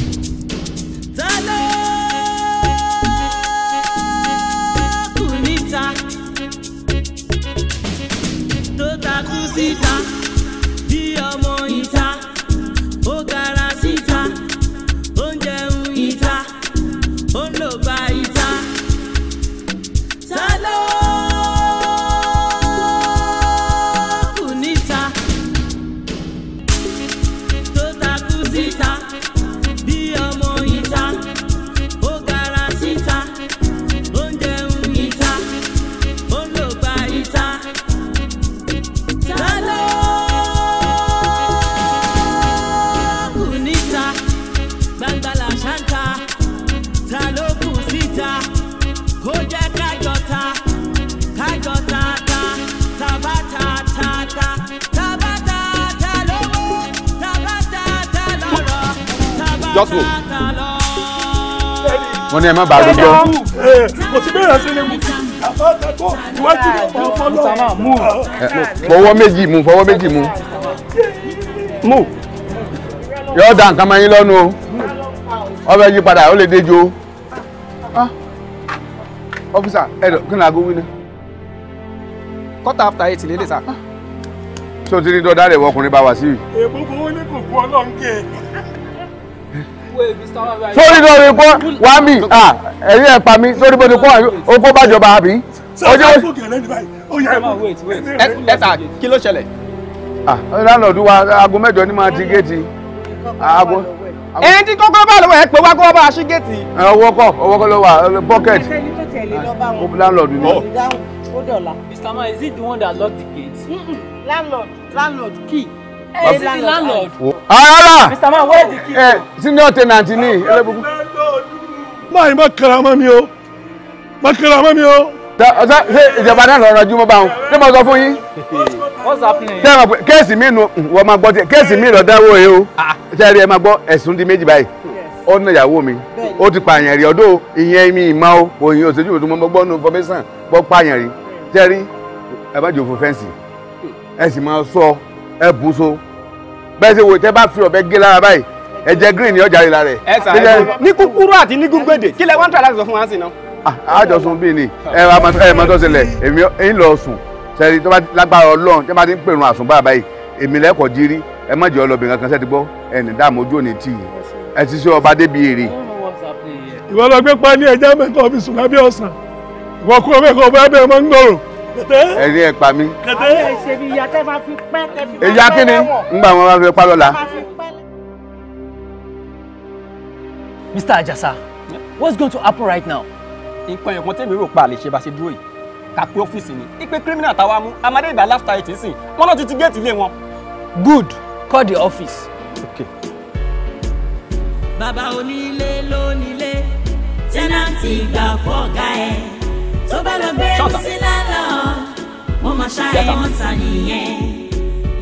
just go. wọ́n ní ẹ má bàa rojọ́. kò sí bẹ́ẹ̀ ṣe lè mú iwájú rẹ̀ kọ́ fọ́lọ́. fọwọ́ méjì mú fọwọ́ méjì mú. mú. yọ̀ọ́ da nǹkan máa yín lọ́nu o ọbẹ̀ yí padà ó lè déjo. Ah. ọ́fíìsà ẹ̀dọ̀ kí ni aago wí ni. quarter after eight lélẹ̀ sá. ṣé o ti ní dọ́dá rẹ̀ wọkùnrin bá wá sí i. èèbù fowó ní kò kú ọlọ́run kẹ́ ẹ̀ sórí lórí pọ́ wá mi ẹ̀yìn ẹ̀ pa mi sórí bó ti pọ́ okó bàjọba àbí. ojú ẹ̀ta kí ló ṣẹlẹ̀. láńlọ́ọ̀dù wa aago mẹ́jọ ni máa ti géètì aago. ẹni tí kókó bá lọ́wọ́ ẹ pé wá kó wá bá a ṣí géètì. ọwọ́ kọ́ ọwọ́ kọ́ ló wà pocket láńlọ́ọ̀dù náà. Mr. Man, is it the one that locked the gate? landlord landlord key. Hey, landlord. Ara! Oh. Ah, Mr. Man, where is the key? Eh, senior tenant ni. Ah, Elebuku. Máa ní má kara mọ́ mi o. Má kara mọ́ mi o. Ṣé ìjọba náà lọ rọjú mọ́ bá wọn? Ṣé mo sọ fún yín? What's happening? Ṣé ẹ máa pẹ́ kéèsì mi nu wọ́n máa gbọ́ tiẹ̀ kéèsì mi lọ dáwọ́ yìí o. Ah. Ṣé ẹ rí ẹ máa gbọ́ ẹ̀sùn di méjì báyìí? Ó ná ìyàwó mi. Ó ti pààyàn rí ọdún ìyẹn mi ìmọ̀ o. Òyìn òṣèjú òṣèjú mo gbọ́ nu information gbọ́ pààyàn rí. Ṣé rí ẹ bá jòfó fẹ́ǹsì? Ẹ sì máa sọ ẹ bùn so bẹ́ẹ̀ ṣe wò tẹ́ bá fi ọ̀bẹ gé lára báyìí ẹ̀jẹ̀ green ni ọjà ìlà rẹ̀. ẹ sà ẹ ní kúkúrú àti ní gúngbèdè kí lẹ wọn tà láti sọ fún wa sí náà. àjọsùn ah, bíi ni ẹ ẹ mọ tó ṣẹlẹ̀ èmi ń lọ sùn sẹ́ni tó bá lágbára ọlọ́run tí wọ́n bá ti ń pèrún àsùnbà báyìí èmi lẹ́kọ̀ọ́ jírí ẹ má jẹ́ ọlọ́bìnrin kankan sẹ́ni gbọ́ ẹni dáàmú ojú òní tì í ẹ ti ṣe ọba débi èrè. ìwọ lọ gbé pa ní ẹja mẹ́ta ọfíìsì lábẹ́ ọ̀sán ìwọ kúrò mẹ́kọ̀ọ́ bá bẹ́ẹ̀ mọ́ ń gbòòrò ẹ̀rí ẹ̀ pa mí. ìyá kí ngbà wọn bá fi pa lọ́la. Mr. Ajasa what's going to happen right now. nǹkan ẹ̀yọ̀kan tẹ́mi rò pa àlè ṣe bá ṣe dúró yìí kàpé ọ́fíìsì ni ipe criminal táwa mú amadé ìgbà láfta ẹ̀ tí ń sìn wọn náà ti ti géètì ilé wọn. good call the office. okay. bàbá onílé lónílé tẹ́nàntì gbà fọ́ọ̀gá ẹ̀ tó bá lọ gbé sí lálọ́ wọ́n máa ṣá ẹ̀wọ̀n ta nìyẹn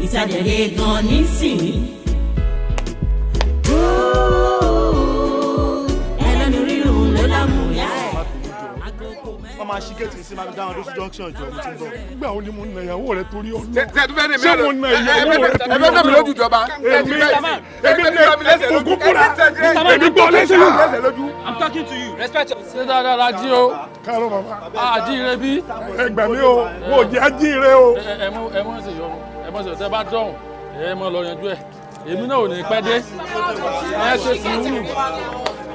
ìtajà lè gan nísìnyí. kan máa ṣí sí máa dáhùn lóṣù junction jọ mo ti ń bọ̀. nígbà wo ni mo na ìyàwó rẹ torí ọ̀nà. ṣé mo na ìyàwó rẹ torí ọ̀nà. ẹgbẹ́ mi lójú ìjọba. èmi èmi lè fògùn kúra èmi gbọ́ lẹ́sẹ̀ lójú. I'm talking to you. respect ẹ gbà mí o mo ẹ mọ ẹ mọ ṣe ẹ mọ ṣe ọ̀sẹ̀ bá ẹ mọ lọ yanjú ẹ èmi náà ò ní pẹ́ dé ẹ ṣe sùúrù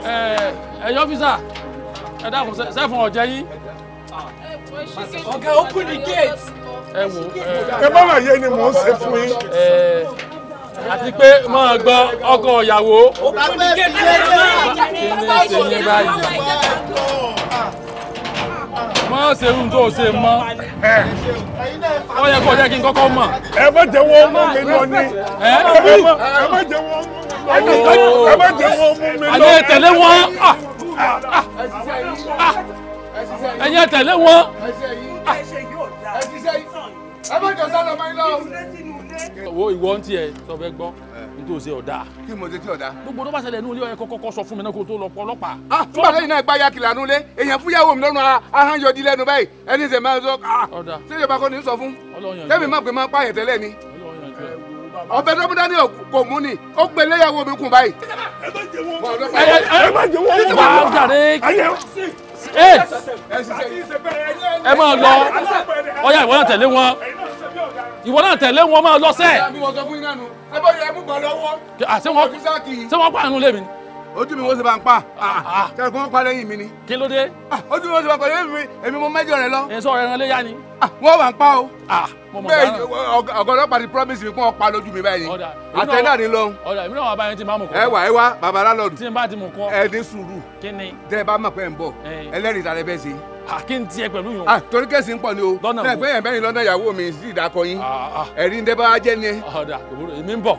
ẹ fisa ẹ dákun sẹ́fún ọ̀jẹ̀ yín ọ̀gá open the gate. ẹ wo ẹ bá wà yé ni mò ń ṣe fún yín. àti pé máa gbọ́ ọkọ ìyàwó. open the gate kí ni ṣe ní báyìí. má ṣe irun tó ṣe mọ́ ó yẹ kó jẹ́ kí n kọ́kọ́ mọ̀. ẹ má jẹ́ wọ́n mú mi lọ ní. ẹ má jẹ́ wọ́n mú mi lọ. ẹ má jẹ́ wọ́n mú mi lọ. àlẹ́ tẹ̀lé wọn ẹ̀yin ẹ tẹ̀lé wọn. ẹ má jọ sálọ máa ń lọ. owó ìwọ ń tiẹ̀ sọ fẹ́ gbọ́ n tó ṣe ọ̀dà. kí mo ṣe tí ọ̀dà. gbogbo tó bá ṣẹlẹ̀ nínú ilé ọ̀yẹ́ kọ́kọ́ sọ fún mi náà kó tó lọ pọ̀ ọlọ́pàá. Ah, a fún àlẹ́ yìí náà gba yakìlá nulẹ̀ èèyàn fúyàwó mi lọ́nu ara ahọ́n yọdí lẹ́nu báyìí ẹni ṣe máa ah, ń sọ ọ̀dà ṣé ìjọba kò ní sọ fún. tẹ́mi má pè má pààyàn tẹ́lẹ̀ ni. ọbẹ̀ tó múdání kò mú ni ó gbé léyàwó mi kù báyìí. ẹ má jẹ wọn. ẹ má jẹ wọn eight ẹ máa lọ ọyá ìwọ náà tẹ̀lé wọn ìwọ náà tẹ̀lé wọn máa lọ sẹ́ẹ̀. àti wọn pa àánú ni ojú mi wọ́n ṣe bá ń pa kẹ́rù kí wọ́n pa lẹ́yìn mi ni. kí ló dé. Ah, ojú mi wọ́n ṣe bá ń pa lẹ́yìn mi èmi mo mẹ́jọ rẹ lọ. èso ọ̀rẹ́ rán léyà ni. Ah, wọ́n bá ń pa o. Ah, bẹ́ẹ̀ ọ̀gá ọlọ́pàá ti promise mi kí wọ́n pa lójú mi báyìí. àtẹ náà ni lọ. ọ̀dà èmi náà wà báyìí tí n bá mọ̀ kọ́. ẹ wà ẹ wá bàbá lálọ́ọ̀dù. tí n bá ti mọ̀ kọ́. ẹ ní sùúrù. kí ni. tẹ́ ẹ bá mọ̀ pé ń bọ̀ ẹlẹ́rìí ta lẹ fẹ́ ṣe kí n tiẹ̀ pẹ̀lú yòó. torí kẹ́sì ń pọ̀ ni o lọ́nà wo bẹ́ẹ̀ bẹ́ẹ̀ ni lọ́nà ìyàwó mi sì dákọ yín ẹ̀rí ń dẹ́bàá jẹ́ ni. ọ̀dà èmi ń bọ̀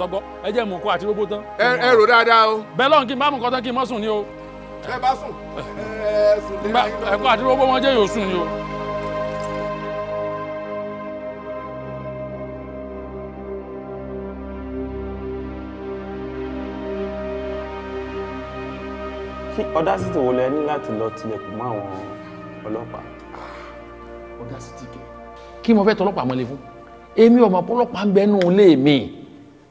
sọgbọ ẹ jẹ mú kó àti rógbó tán. ẹ ẹ rò dáadáa o. bẹ́ẹ̀ lọ́run kí n bá mú nǹkan tán kí n mọ́ sùn ni o. ẹ bá sùn ẹ sùn lé. ẹ kó àti rógbó wọn jẹ́ yóò sùn ni o. kí ọdásítì wo lẹ ní láti lọ tilẹ̀kùn mọ́ àwọn ọlọ́pàá. ọdásítì kẹ. kí mo fẹ́ tọlọ́pàá mọ́lẹ̀ fún èmi ọmọ ọlọ́pàá ń bẹ́ẹ̀ nù lé mi.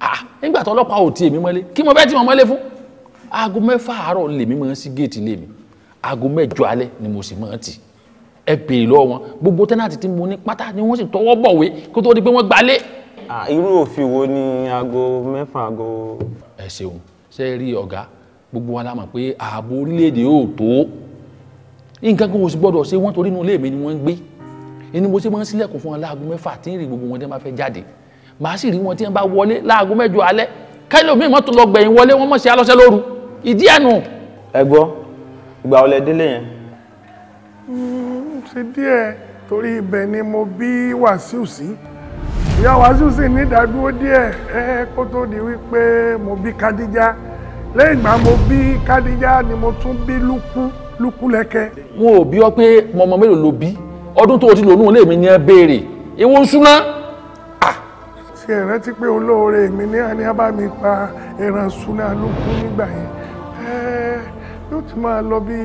Ah, nígbà tó ọlọ́pàá ò tí èmi mọ́lé kí mo fẹ́ tí mo mọ́lé fún aago mẹ́fà àárọ̀ lèmi máa ń sí géètì lèmi aago mẹ́jọ alẹ́ ni mo sì máa ń tì ẹ béèrè lọ́wọ́ wọn gbogbo tẹ́nàtì tí mo ní pátá ni wọ́n sì tọwọ́ bọ̀wé kó tó di pé wọ́n gbalé. irú òfin wo ni aago mẹ́fà aago. ẹ ṣeun ṣe rí ọ̀gá gbogbo wa la mọ̀ pé ààbò orílẹ̀-èdè yóò tó nǹkan kan oṣù gbọ́dọ̀ ṣe wọ́n torí inú ilé mi ni wọ́n gbé ẹni mo ṣe máa ń ṣílẹ̀kùn fún wọn mẹ́fà tí ń rí gbogbo wọn dé máa fẹ́ jáde màá sì rí wọn tí wọ́n bá wọlé láago mẹ́jọ alẹ́ kẹ́lẹ́ omi mọ́tò lọ gbẹ̀yìn wọlé wọ́n mọ̀ sí alọ́sẹ́ lóru ìdí ẹnu. ẹ gbọ́ ìgbà ọlẹ délé yẹn. Hmm, ṣe díẹ̀ torí ibẹ̀ ni mo bí Wàsíù sí ìyá Wàsíù sì ní ìdádúró díẹ̀ ẹ kó tó di wípé mo bí Kádíjà lẹ́yìn ìgbà mo bí Kádíjà ni mo tún bí Lúkú Lúkú lẹ́kẹ́. wọn ò bí ọ pé mọmọ mélòó ló bí ọdún tó o ti lò nù lèmi ni ẹ béèrè ìwọ ń súná ti ẹ̀ rántí pé olóore mi ní àní á bá mi pa ẹran súná lókun nígbà yẹn yóò ti máa lọ bí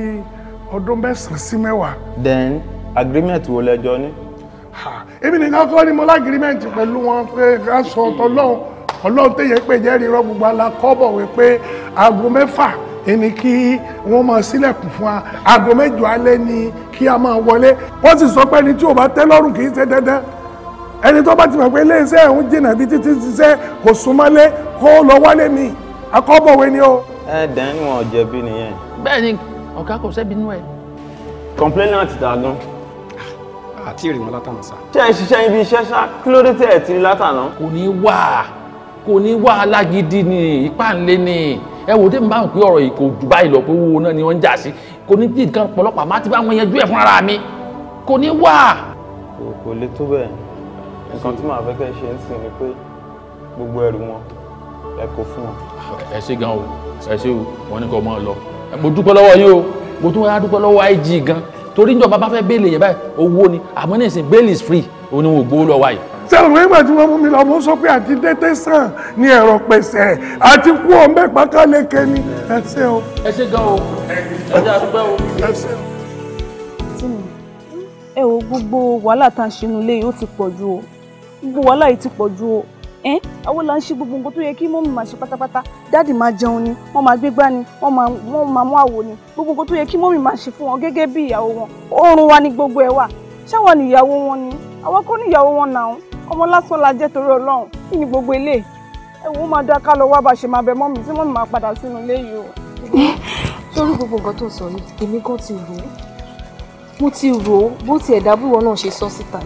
ọdún mẹ́sàn-án sí mẹ́wàá. then agreement wo lẹjọ ní. èmi nìkan kọ́ ni mo lá agreement pẹ̀lú wọn pé ká sọ ọ̀tọ̀ lọ́hùn ọlọ́run tẹ̀yẹ pé jẹ́rìí rọ gbogbo alakọ́bọ̀ wí pé aago mẹ́fà ẹni kí wọ́n máa sílẹ̀kùn fún wa aago mẹ́jọ alẹ́ ni kí a máa wọlé wọ́n sì sọ pé ẹni tí ò bá tẹ́ lọ́rùn kì í ṣe dandan ẹni tó bá ti mọ̀ pé iléeṣẹ́ òun jìnnà bí títí ṣiṣẹ́ kò súnmọ́lé kó lọ wálé mi akọ́bọ̀wé ni o. ẹ dẹ́n wọn jẹ̀bi nìyẹn. bẹ́ẹ̀ni ọ̀gá kò sẹ́bi nú ẹ. complainant ta gan. àti ìrìn wọn látàná sá. ṣé ẹ ṣiṣẹ́ ibi iṣẹ́ ṣá kí ló dé tẹ̀ ẹ̀ ti rí látàná. kò ní wà kò ní wà alágídí ni ìpàǹlẹ̀ ni ẹ wò dé mi báwọn pé ọ̀rọ̀ yìí kò jù báyìí lọ pé owó náà ni wọ́n ń jà sí kò ní tí nǹkan pọ̀lọpàá má ti bá wọn yanjú ẹ̀ fúnra mi kò ní wà. kò lè tó bẹ́ẹ̀ nǹkan tí màá fẹ́ kẹ́ ṣe ń sìn ni pé gbogbo ẹrù wọn ẹ kó fún wọn. ẹ ṣe gan o ẹ ṣe o wọn ní kò mọ ọ lọ mo dúpẹ́ lọ́wọ́ yín o mo tún wá dúpẹ́ lọ́wọ́ IG gan torí ìjọba bá fẹ́ béèlì yẹn báyìí owó ni àmọ́ ní ìsìn bail is free òun ni wọn ò gbowó lọ́wọ́ yìí. sẹ́wọ̀n nígbà tí wọ́n mú mi lọ mo sọ pé àti dété sàn ní ẹ̀rọ pẹ̀sẹ̀ àti kú ọ̀mẹ́ pákáleke ni ẹ ṣe o. ẹ ṣe gan o ẹ jẹ́ àdúgbò o. ẹ ṣe o. ẹ wo gbogbo wàhálà tá a ṣe nílé yìí ó ti pọ̀ ju o gbogbo wàhálà yìí ti pọ̀ ju o ẹ́n àwọn là ń ṣe gbogbo nǹkan tó yẹ kí mọ́mí máa ṣe pátápátá dáàdì máa jẹun ni wọ́n máa gbégbá ni wọ́n máa mú àwo ni gbogbo nǹkan tó yẹ kí mọ́mí máa ṣe fún wọn gẹ́gẹ́ bí ìyàwó wọn oorun wa ni gbogbo ẹ̀ wà ṣáwọn ni ìyàwó wọn ni àwọn kọ́ ni ìyàwó wọn náà ọmọ lásán la jẹ́ torí ọlọ́run kí ni gbogbo eléyìí ẹ̀wọ̀n máa dá ká lọ wá bá ṣe máa bẹ mọ́mí tí mọ́mí máa padà sínú ilé yìí o. sórí gbogbo nǹkan tó sọ yìí èmi gan ti rò ó mo ti rò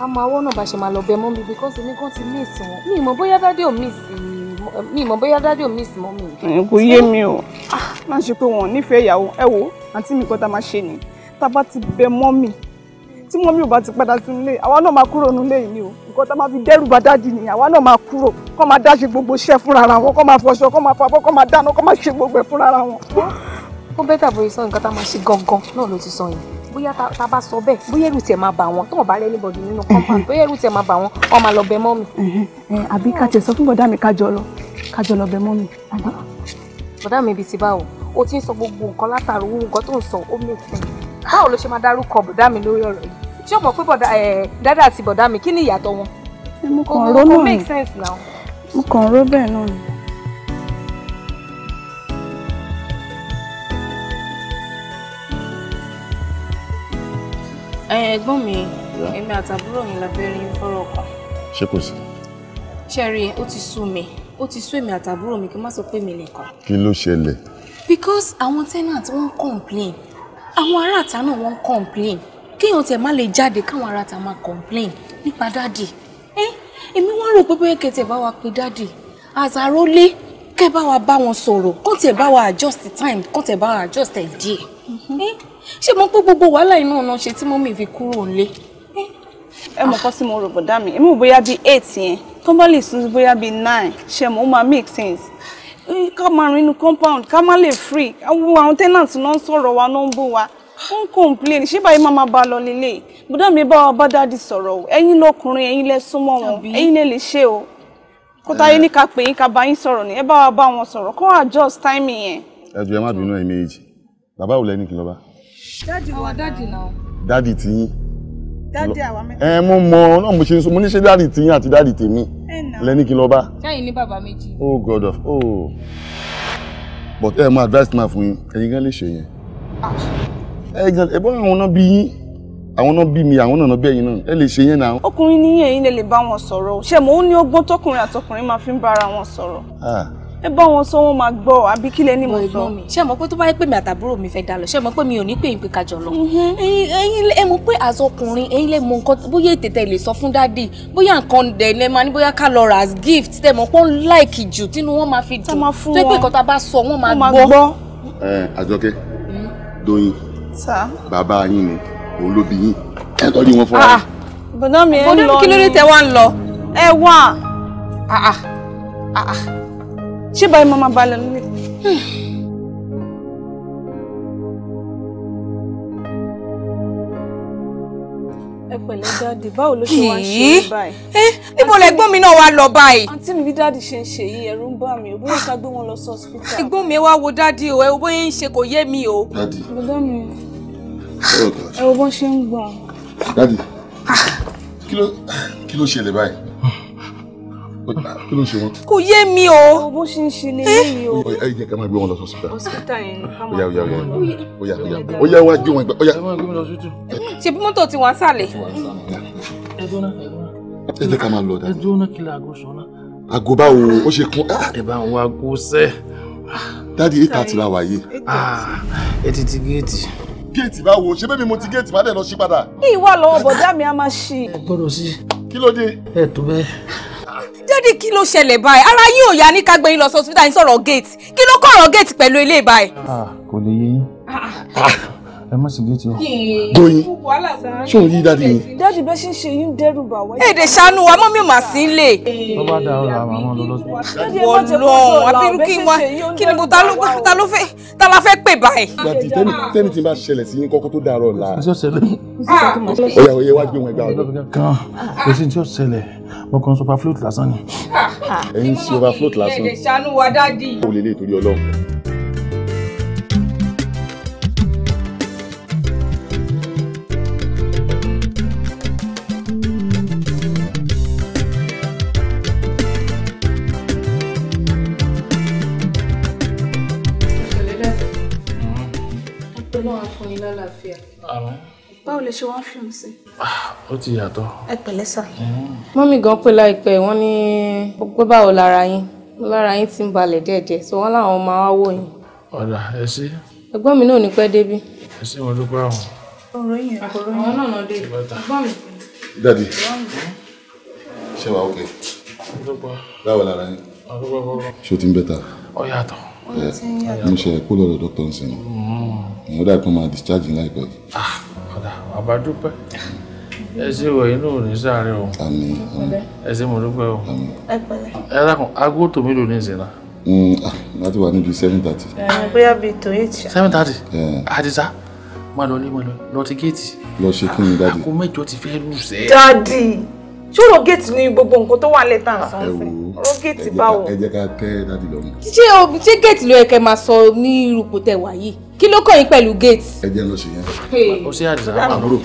a máa wọ́n náà bá ṣe máa lọ bẹ mọ́mí because èmi kan ti miss wọn mi ìmọ̀ bóyá dádì ò miss mi ìmọ̀ bóyá dádì ò miss mọ́mí. kò yé mi o ah, má ṣe pé wọn ò nífẹ̀ẹ́ ìyàwó ẹ wo àǹtí mi kan tá a máa ṣe ni tá a bá ti bẹ mọ́mí tí mọ́mí ò bá ti padà sí ilé àwa náà máa kúrò nílé yìí ni o nǹkan tá máa fi dẹ́rù bá dádì nìyẹn àwa náà máa kúrò kọ́ máa dá ṣe gbogbo iṣẹ́ fúnra wọn kọ́ máa fọṣọ kọ́ máa fabọ́ kọ́ máa dáná kọ́ máa ṣe gbogbo ẹ̀ fúnra wọn. ó bẹ́tà bóyá sọ nǹkan tá máa ṣe gangan náà ló ti sọ yìí bóyá tá a bá sọ bẹ́ẹ̀ bóyá ẹrù tiẹ̀ máa bà wọ́n tó ọ̀bá rẹ níbọ̀dì nínú compound bóyá ẹrù tiẹ̀ máa bà wọ́n wọ́n máa lọ bẹ mọ́ mi. àbí ká tiẹ̀ sọ fún bọ̀dá mi kájọ lọ kájọ lọ bẹ mọ́ mi. bọ̀dá mi ibi ti bá o o ti ń sọ gbogbo nǹkan látàrí owó nǹkan tó ń sọ ó make sense báwo ló ṣe máa dárúkọ bọ̀dá mi lórí ọ̀rọ̀ yìí ṣé o mọ̀ pé bọ̀dá dádà bọ̀dá mi kí ni ìyàtọ̀ wọn. mo kàn ró náà bẹ́ẹ̀ náà ni. ẹ̀gbọ́n mi èmi àtàbúrò yìí la fẹ́ẹ́ rí fọ́rọ̀ kan. ṣé kò sí. ṣẹ́rí ó ti sú mi ó ti sú èmi àtàbúrò mi kí n má sọ pé mi nìkan. kí ló ṣẹlẹ̀. because àwọn tenant wọ́n ń complain àwọn aráàta náà wọ́n ń complain kéèyàn tiẹ̀ má lè jáde káwọn aráàta máa complain nípa dáàdì. èmi wọ́n rò pé bóyá kẹtẹ̀ bá wa pe dáàdì àzàrò lé kẹ́ bá wa bá wọn sọ̀rọ̀ kọ́tẹ̀ bá wa adjust time kọ́tẹ̀ bá wa adjust ẹ̀ díẹ̀. Mm-hmm ṣé mo pé gbogbo wàhálà iná ọ̀nà ṣe tí mọ́mì fi kúrò nílé. Eh, ẹ mọ̀ kọ́ sí mo rò bọ̀dá mi èmi ò bóyá bíi eight yẹn tó bá lè sùn bóyá bíi nine ṣe mo máa make sense eh, ká máa rìn inú compound ká má lè free àwọn àwọn tenant náà ń sọ̀rọ̀ wa náà ń bó wa ń complain ṣé báyìí máa máa bá a lọ lélẹ̀ bọ̀dá mi bá wa bá dáàdi sọ̀rọ̀ o ẹ̀yin lọkùnrin ẹ̀yin lẹ súnmọ́ wọn ẹ̀yin lè lè ṣe o kó táyé ní ká pè yín ká bá yín sọ̀rọ̀ ni ẹ bá wa bá wọn sọ̀rọ̀ kó adjust timing yẹn. ẹ jọ̀ọ́ ẹ má bínú ẹ méjì bàbá ò lẹni kí n lọ bá dáàdì wa dáàdì náà. dáàdì tí yín. dáàdì àwa mẹ́ta. ẹ mo mọ náà mo ṣe ń sọ mo ní ṣe dáàdì tí yín àti dáàdì tèmi lẹ́ni kí n lọ bá. sẹ́yìn ní bàbá méjì. oh god of oh but ẹ mo advice máa fún yín ẹ̀yin gan lè ṣe yẹn. Ah. ẹ gan ẹ bọ́ àwọn náà bí yín àwọn náà bí mi àwọn náà bí ẹ̀yin náà ẹ lè ṣe yẹn náà. ọkùnrin ní ẹ̀yin lè bá wọn sọ̀rọ̀ ṣe mò ń ní ọgbọ́n tọkùnrin àtọkùnrin máa fi ń bára wọn sọ̀rọ̀. Ah ẹ bá wọn sọ wọn máa gbọ́ àbí kílẹ̀ ni mo sọ. ṣé mo pé tó bá yẹ pé mi àtàbúrò mi fẹ́ dá lọ ṣé mo pé mi ò ní pè é pé kájọ lọ. Mhm. ẹ̀yin ẹ mọ̀ pé àṣọ ọkùnrin ẹ̀yin lẹ mọ̀ nǹkan bóyá tètè lè sọ fún dáàdì bóyá nǹkan dẹ̀ lẹ máa ní bóyá ká lọ rà as gift tẹ mọ̀ pé ó ń láìkì jù tínú wọn máa fi dùn tó pé nǹkan tá a bá sọ wọn máa gbọ́. ẹ àjọkẹ́ hmm? Dóyin bàbá yín ni òun ló bí yín ẹ tọ́jú wọn fún wa. bọ̀dọ̀ mi ẹ ń lọ ni bọ̀dọ̀ mi kí ṣé báyìí mo máa balẹ̀ nílé. ẹ pẹ̀lẹ́ dáàdì báwo ló ṣe wá ṣe é báyìí. níbo lẹ̀gbọ́n mi náà wá lọ báyìí. àǹtí mi bí dáàdì ṣe ń ṣe yìí ẹ̀rù ń bà mí ò bóyá ká gbé wọn lọ sí hospital. ẹ̀gbọ́n mi wá wo dáàdì o ẹ wo bóyá ń ṣe kò yé mi o. dáàdì oh, ẹ wo bó ṣe ń gbọ̀n. dáàdì ah. kí ló ṣẹlẹ̀ báyìí. Ah, kí ló ṣe wọn. kò yé mi o. bó ṣe ń ṣe lélẹ́yìí eh? o. ẹ jẹ́ ká máa gbé wọn lọ hospital. hospital yẹn ká máa gbé wọn lọ. ó yá ó yá ó yá wá gbé wọn gbé ó yá. ṣe bí mọ́tò ti wà sálẹ̀. ẹ jẹ́ ká máa lọ dáadáa. ẹ jóná kí la aago sọ náà. aago báwo ó ṣe kún. Ah! ẹ bá wọn aago sẹ. dáàdi eight thirty la wà yìí. Ah, ẹ ti ti géètì géètì bá wo ṣe bẹ́ẹ̀ mi mo ti géètì má dẹ̀ lọ sí padà. ìwà lọ́wọ́ bọ̀dá mi a máa ṣí. ẹ gbọ́dọ̀ sí. kí ló dé. ẹ tó bẹ́ẹ̀ dáàdi kí ló ṣẹlẹ̀ báyìí ara yín ò yá ní ká gbé yín lọ sí hospital yín sọ̀rọ̀ gate kí ló kọ̀rọ̀ gate pẹ̀lú ilé báyìí. Ah, kò lè yé yín. Ah, ah ẹ má sì géètì o. Doyin ṣé òun yí dáàdi mi. dáàdi bẹ́ẹ̀ ṣe ń ṣe yín dẹ́rù bà wá. èdè ṣàánú wa mọ́ mi mà sí lè. tó bá dà ọ́ la àwọn ọmọ lọ lọ́sibítù. wọ́lọ́ abiru kí wọn kí ni mo ta ló ta ló fẹ́ ta la fẹ́ pè báyìí. dadi tẹ́ni tẹ́ni tí n bá ṣẹlẹ̀ sí yín kọ́kọ́ tó dàrọ̀ la. kò sí ọ̀sẹ̀lẹ̀. ọ̀yà ah. òye wá gbé wọn ẹgbàá ọ̀dọ́. kan kò sí ti ọ̀sẹ̀lẹ̀ mo kàn sọ pa lásán ni. ẹ̀yin sí over float lásán. èdè ṣàánú wa dáàdi. kò lè lè torí Ọlọ́run. àrùn. báwo lè ṣe wá fi hàn sí. Ah, ó ti yàtọ̀. ẹ pẹ̀lẹ́ sà. mọ́mí gan pé láìpẹ́ wọ́n ní pé báwo lára yín lára yín ti ń balẹ̀ díẹ̀díẹ̀ sọ wọ́n láwọn máa wá wò yín. ọ̀dà ẹ sí. ẹ̀gbọ́n mi náà ní pẹ́ débí. ẹ sí wọn dúpẹ́ àwọn. ọ̀rọ̀ yẹn ọ̀rọ̀ yẹn náà náà dé ẹ̀gbọ́n mi. dadi ṣé wàá ok báwo lára yín ṣé o ti ń bẹ́ta. ó yàtọ̀ mo ṣe kó lọ́dọ̀ dókítà ń sìn mm. ìyẹn ó dà pé máa discharge láìpẹ́. ọ̀dà ah, bàbá dúpẹ́ ẹ ṣe wọ̀ inú ò ní sáré o àmín ẹ ṣe mo dúpẹ́ o ẹ dákun aago tó mélòó ní ìsìn náà. láti mm, ah, wà níbi seven thirty. bóyá bíi tó eight. seven thirty àdìsá máa lọ lé máa lọ lọ ti géètì. lọ ṣe kí ni ah, dáàdi. aago mẹ́jọ ti fẹ́ lù sẹ́ẹ̀. dáàdi ṣòro géètì ní gbogbo nǹkan tó wà lẹ́tà ń sọ fún ọ̀rọ̀ báwo. ẹ jẹ́ ká tẹ́ dáàdì lọ́rùn. ṣé o ṣé géètì ló yẹ kẹ́ máa sọ ní irúpò tẹ wà yìí kí ló kàn yín pẹ̀lú géètì. ẹ jẹ́ lọ ṣe yẹn. ó ṣe àdìsá àbúrò.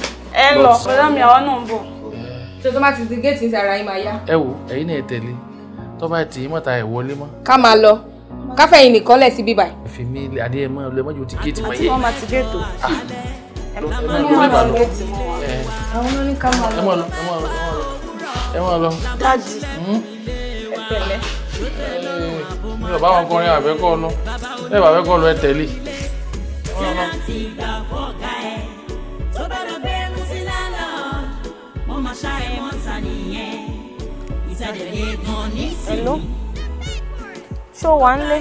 ẹ lọ bọ́dá mi àwọn náà ń bọ̀. ṣé tó bá ti di géètì ní ara yín máa yá. ẹ wo ẹ̀yin náà ẹ tó bá ti mọ̀ta ẹ̀ wọlé mọ́. ká máa lọ káfẹ́ yìí nìkan lẹ̀ sí bíbá. fi mi adé ẹ máa lọ ẹ mọ́jú ti géètì mọ́ o. ẹ ẹ máa lọ. dáàdì hmm? ẹ tẹ̀lé. mi ò bá wọn kọrin àbẹ́kọ́ nu ẹ bá àbẹ́kọ́ lu ẹ tẹ̀lé. Hello? Ṣé o wà ń lé?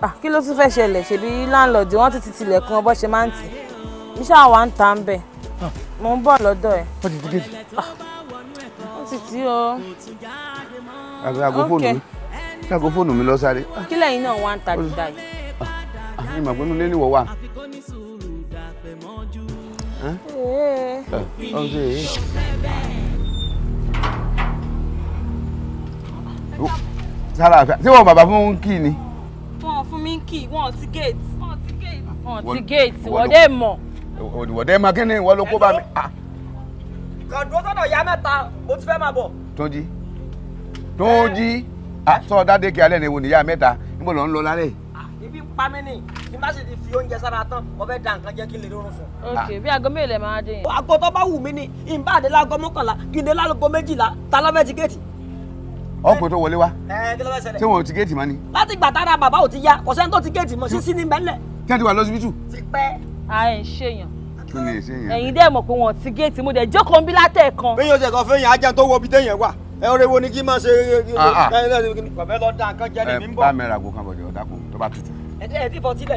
Ah, kí ló tún fẹ́ ṣẹlẹ̀? Ṣèbí láńlọ́ọ̀dì wọ́n ti ti tilẹ̀kùn ọbọ̀ ṣe máa ń tì. Iṣẹ́ àwa ń ta ń bẹ̀. Ah. Mo ń bọ̀ lọ́dọ̀ ẹ̀ títí o. àgọ́ fóònù mi àgọ́ fóònù mi lọ sáré. Ah, kí lẹ́yìn náà wá ń ta dídá yìí. àwọn ah, ah, ìmọ̀ pé inú ilé nìwọ eh. eh, oh, sára àfẹ́ tí wọ́n bàbá fún kí ni. wọ́n fún mi kí wọ́n ti gate wọ́n ti gate wọ́n ti gate wọ́n dé mọ̀. wọ́n dé ló kó bá mi kàn dúró sọ́dọ̀ ìyá mẹ́ta o ti fẹ́ máa bọ̀. tóji tóji sọ dáadé kí alẹ́ ni wo níyà mẹ́ta níbo ló ń lọ lálẹ́. ibi pami ni bí má sì ti fi oúnjẹ sára tán ọbẹ̀ da nǹkan jẹ́ kí n lè rọrùn sùn. ok bí aago mélòó lẹ máa dé yẹn. aago tó bá wù mí ni ìbá àdé láago mọ́kànlá kí n dé láago méjìlá ta lọ́fẹ̀ẹ́ ti géètì. ọkùnrin tó wọlé wa ṣé wọn ò ti géètì mọ́ ni. láti gbà tára bàbá ò ti ya kò sẹ́ni tó ti géètì mọ́ sísí ni mẹ́lẹ̀. kí kí ni èsì yẹn. ẹ̀yin dẹ́ mọ̀ pé wọ́n ti géètì mo dẹ̀ jókòó ń bí látẹ̀ kan. bí yóò ṣe kàn fẹ́yìn ajá tó wọ bí téèyàn wà ẹ ọ̀rẹ́ wo ni kí n máa ṣe. Ah, ah. bàbá lọ dá nǹkan jẹ́ ní mímbọ̀. bá mi ra àgbo kan bọ̀dọ̀ ọ̀dà kù tó bá tutù. ẹ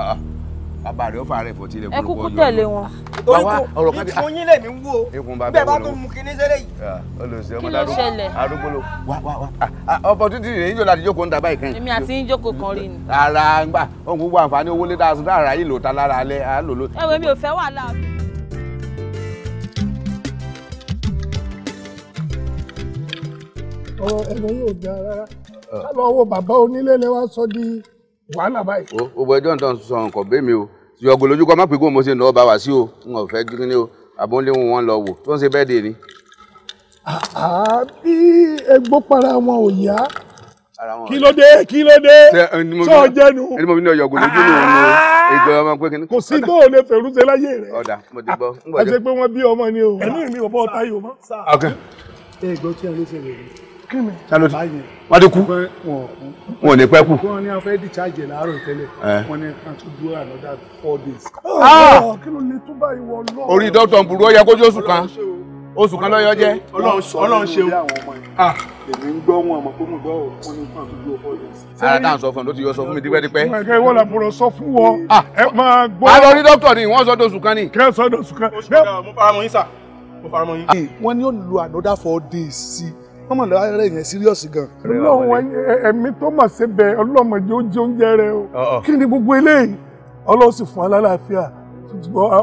ah, bàbá rẹ̀ ó fà rẹ̀ fọ́tí rẹ̀ kúrò kó tẹ̀lé wọn. orúkọ ìtumọ̀ yín lèmi wò ó bẹ́ẹ̀ bá tó mú kinní sẹ́lẹ̀ yìí. Ah, olùsí ọmọ dáró arúgbó ló wá wá wá ah, ah, opportunity rẹ̀ yín jọ láti jókòó ń ta báyìí kan yìí. èmi àti yín jókòó kan rí ni. ara ń gbà ohun gbogbo àǹfààní owó lé dáhùn dáhùn ráyè lò ta lára alẹ́ àlò ló. ẹ̀wẹ̀ mi ò fẹ́ wàhálà. ọ̀rọ̀ ẹ̀rọ yóò dáa rárá ká lọ bàbá onílé lè sọ di wàhálà báyìí. o gbọ́dọ̀ ń tọ́ sọ nǹkan bẹ́ẹ̀ mi o yọ̀gò lójú kọ́ má pé kó mo ṣe nà ọ́ bá wá sí o n ò fẹ́ gírí ní o àbọ̀nlé wọn wọn lọ wò tó ń ṣe bẹ́ẹ̀ dè ni. àbí ah, ah, egbò para wọn ò yá kí ló dé kí ló dé sọ jẹnu. ẹni mo fi ní ọyọgò lójú ní òun o ah! ìgbà ọmọ pé kí ni. kò sí tó lè fẹ̀rù ṣe láyé rẹ. ọ̀dà mo ti gbọ́. àti pé wọ́n bí ọmọ ni o ẹ̀mí mi ò bọ́ ọ táyò mọ́. ẹ̀gbọ́n tí a lè ṣe lè ṣáàló tí wọ́n ti kú wọn ò ní pẹ́ kú. wọ́n ní a fẹ́ discharge láàárọ̀ tẹ́lẹ̀ wọ́n ní kan tún dúró another four days. Ah! Ah! Ah! kí ló lè tún báyìí wọ lọ. orí dọ́tọ̀ nburu ó kó jẹ́ oṣù kan oṣù kan lọ́yọ́ jẹ́. ọlọ́run ṣeun èmi ń gbọ́ wọn àmọ́ pé mo gbọ́ ò ní fún àdúgbò four days. ara tá sọ fún un ló ti yọ sọ fún mi tipẹ́tipẹ́. ẹ̀ka ìwọ la bọ̀rọ̀ sọ fún wọn. ẹ máa gbọ́ wọ́n mọ̀ lọ́wọ́ rẹ̀ yẹn síríọ̀sì gan. ọlọ́run ẹ̀mí tó mà ṣe bẹ̀ ọlọ́mọ yóò jẹ oúnjẹ rẹ o kí ni gbogbo eléyìí ọlọ́run sì fún alálàáfíà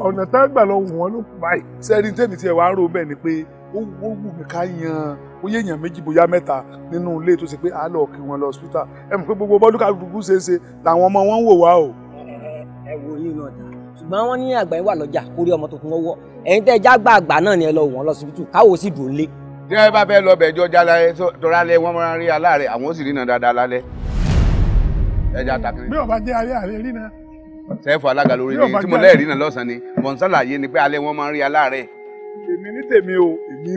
ọ̀nà tá a gbà lọ wọ̀n ló kù báyìí. sẹ́ni tèmi tiẹ̀ wá rò bẹ́ẹ̀ ni pé ó wù mí ká yan oyè èèyàn méjì bóyá mẹ́ta nínú ilé tó ṣe pé a lọ kí wọn lọ ọ̀sìpítà ẹ mọ̀ pé gbogbo bọ́dún kàdúgbù ṣe é ṣe làwọn ọmọ wọn ń wò wá o. ẹ wo yín náà dá ṣùgbọ́n wọ́n ní àgbà yín wà lọ́jà kórí ọmọ tuntun wọ́wọ́ ẹ̀yin tẹ́ ẹ já gbàgbà náà ni ẹ lọ wọ̀n lọ́sibítù káwọ́ sì dùn lé tí wọ́n bá fẹ́ lọ bẹ̀ jọjà lálẹ́ tọ́ra lẹ́ wọ́n máa rí aláàrẹ̀ àwọn ó sì rìnà dáadáa lálẹ́ ẹja takiri. bí ọba jẹ́ alẹ́ àlẹ́ rìnà. sẹ́fù alága lórí ni tí mo lẹ́ẹ̀ rìnà lọ́sàn-án ni mò ń ṣàlàyé ni pé alẹ́ wọ́n máa rí aláàrẹ̀. èmi ní tèmi o èmi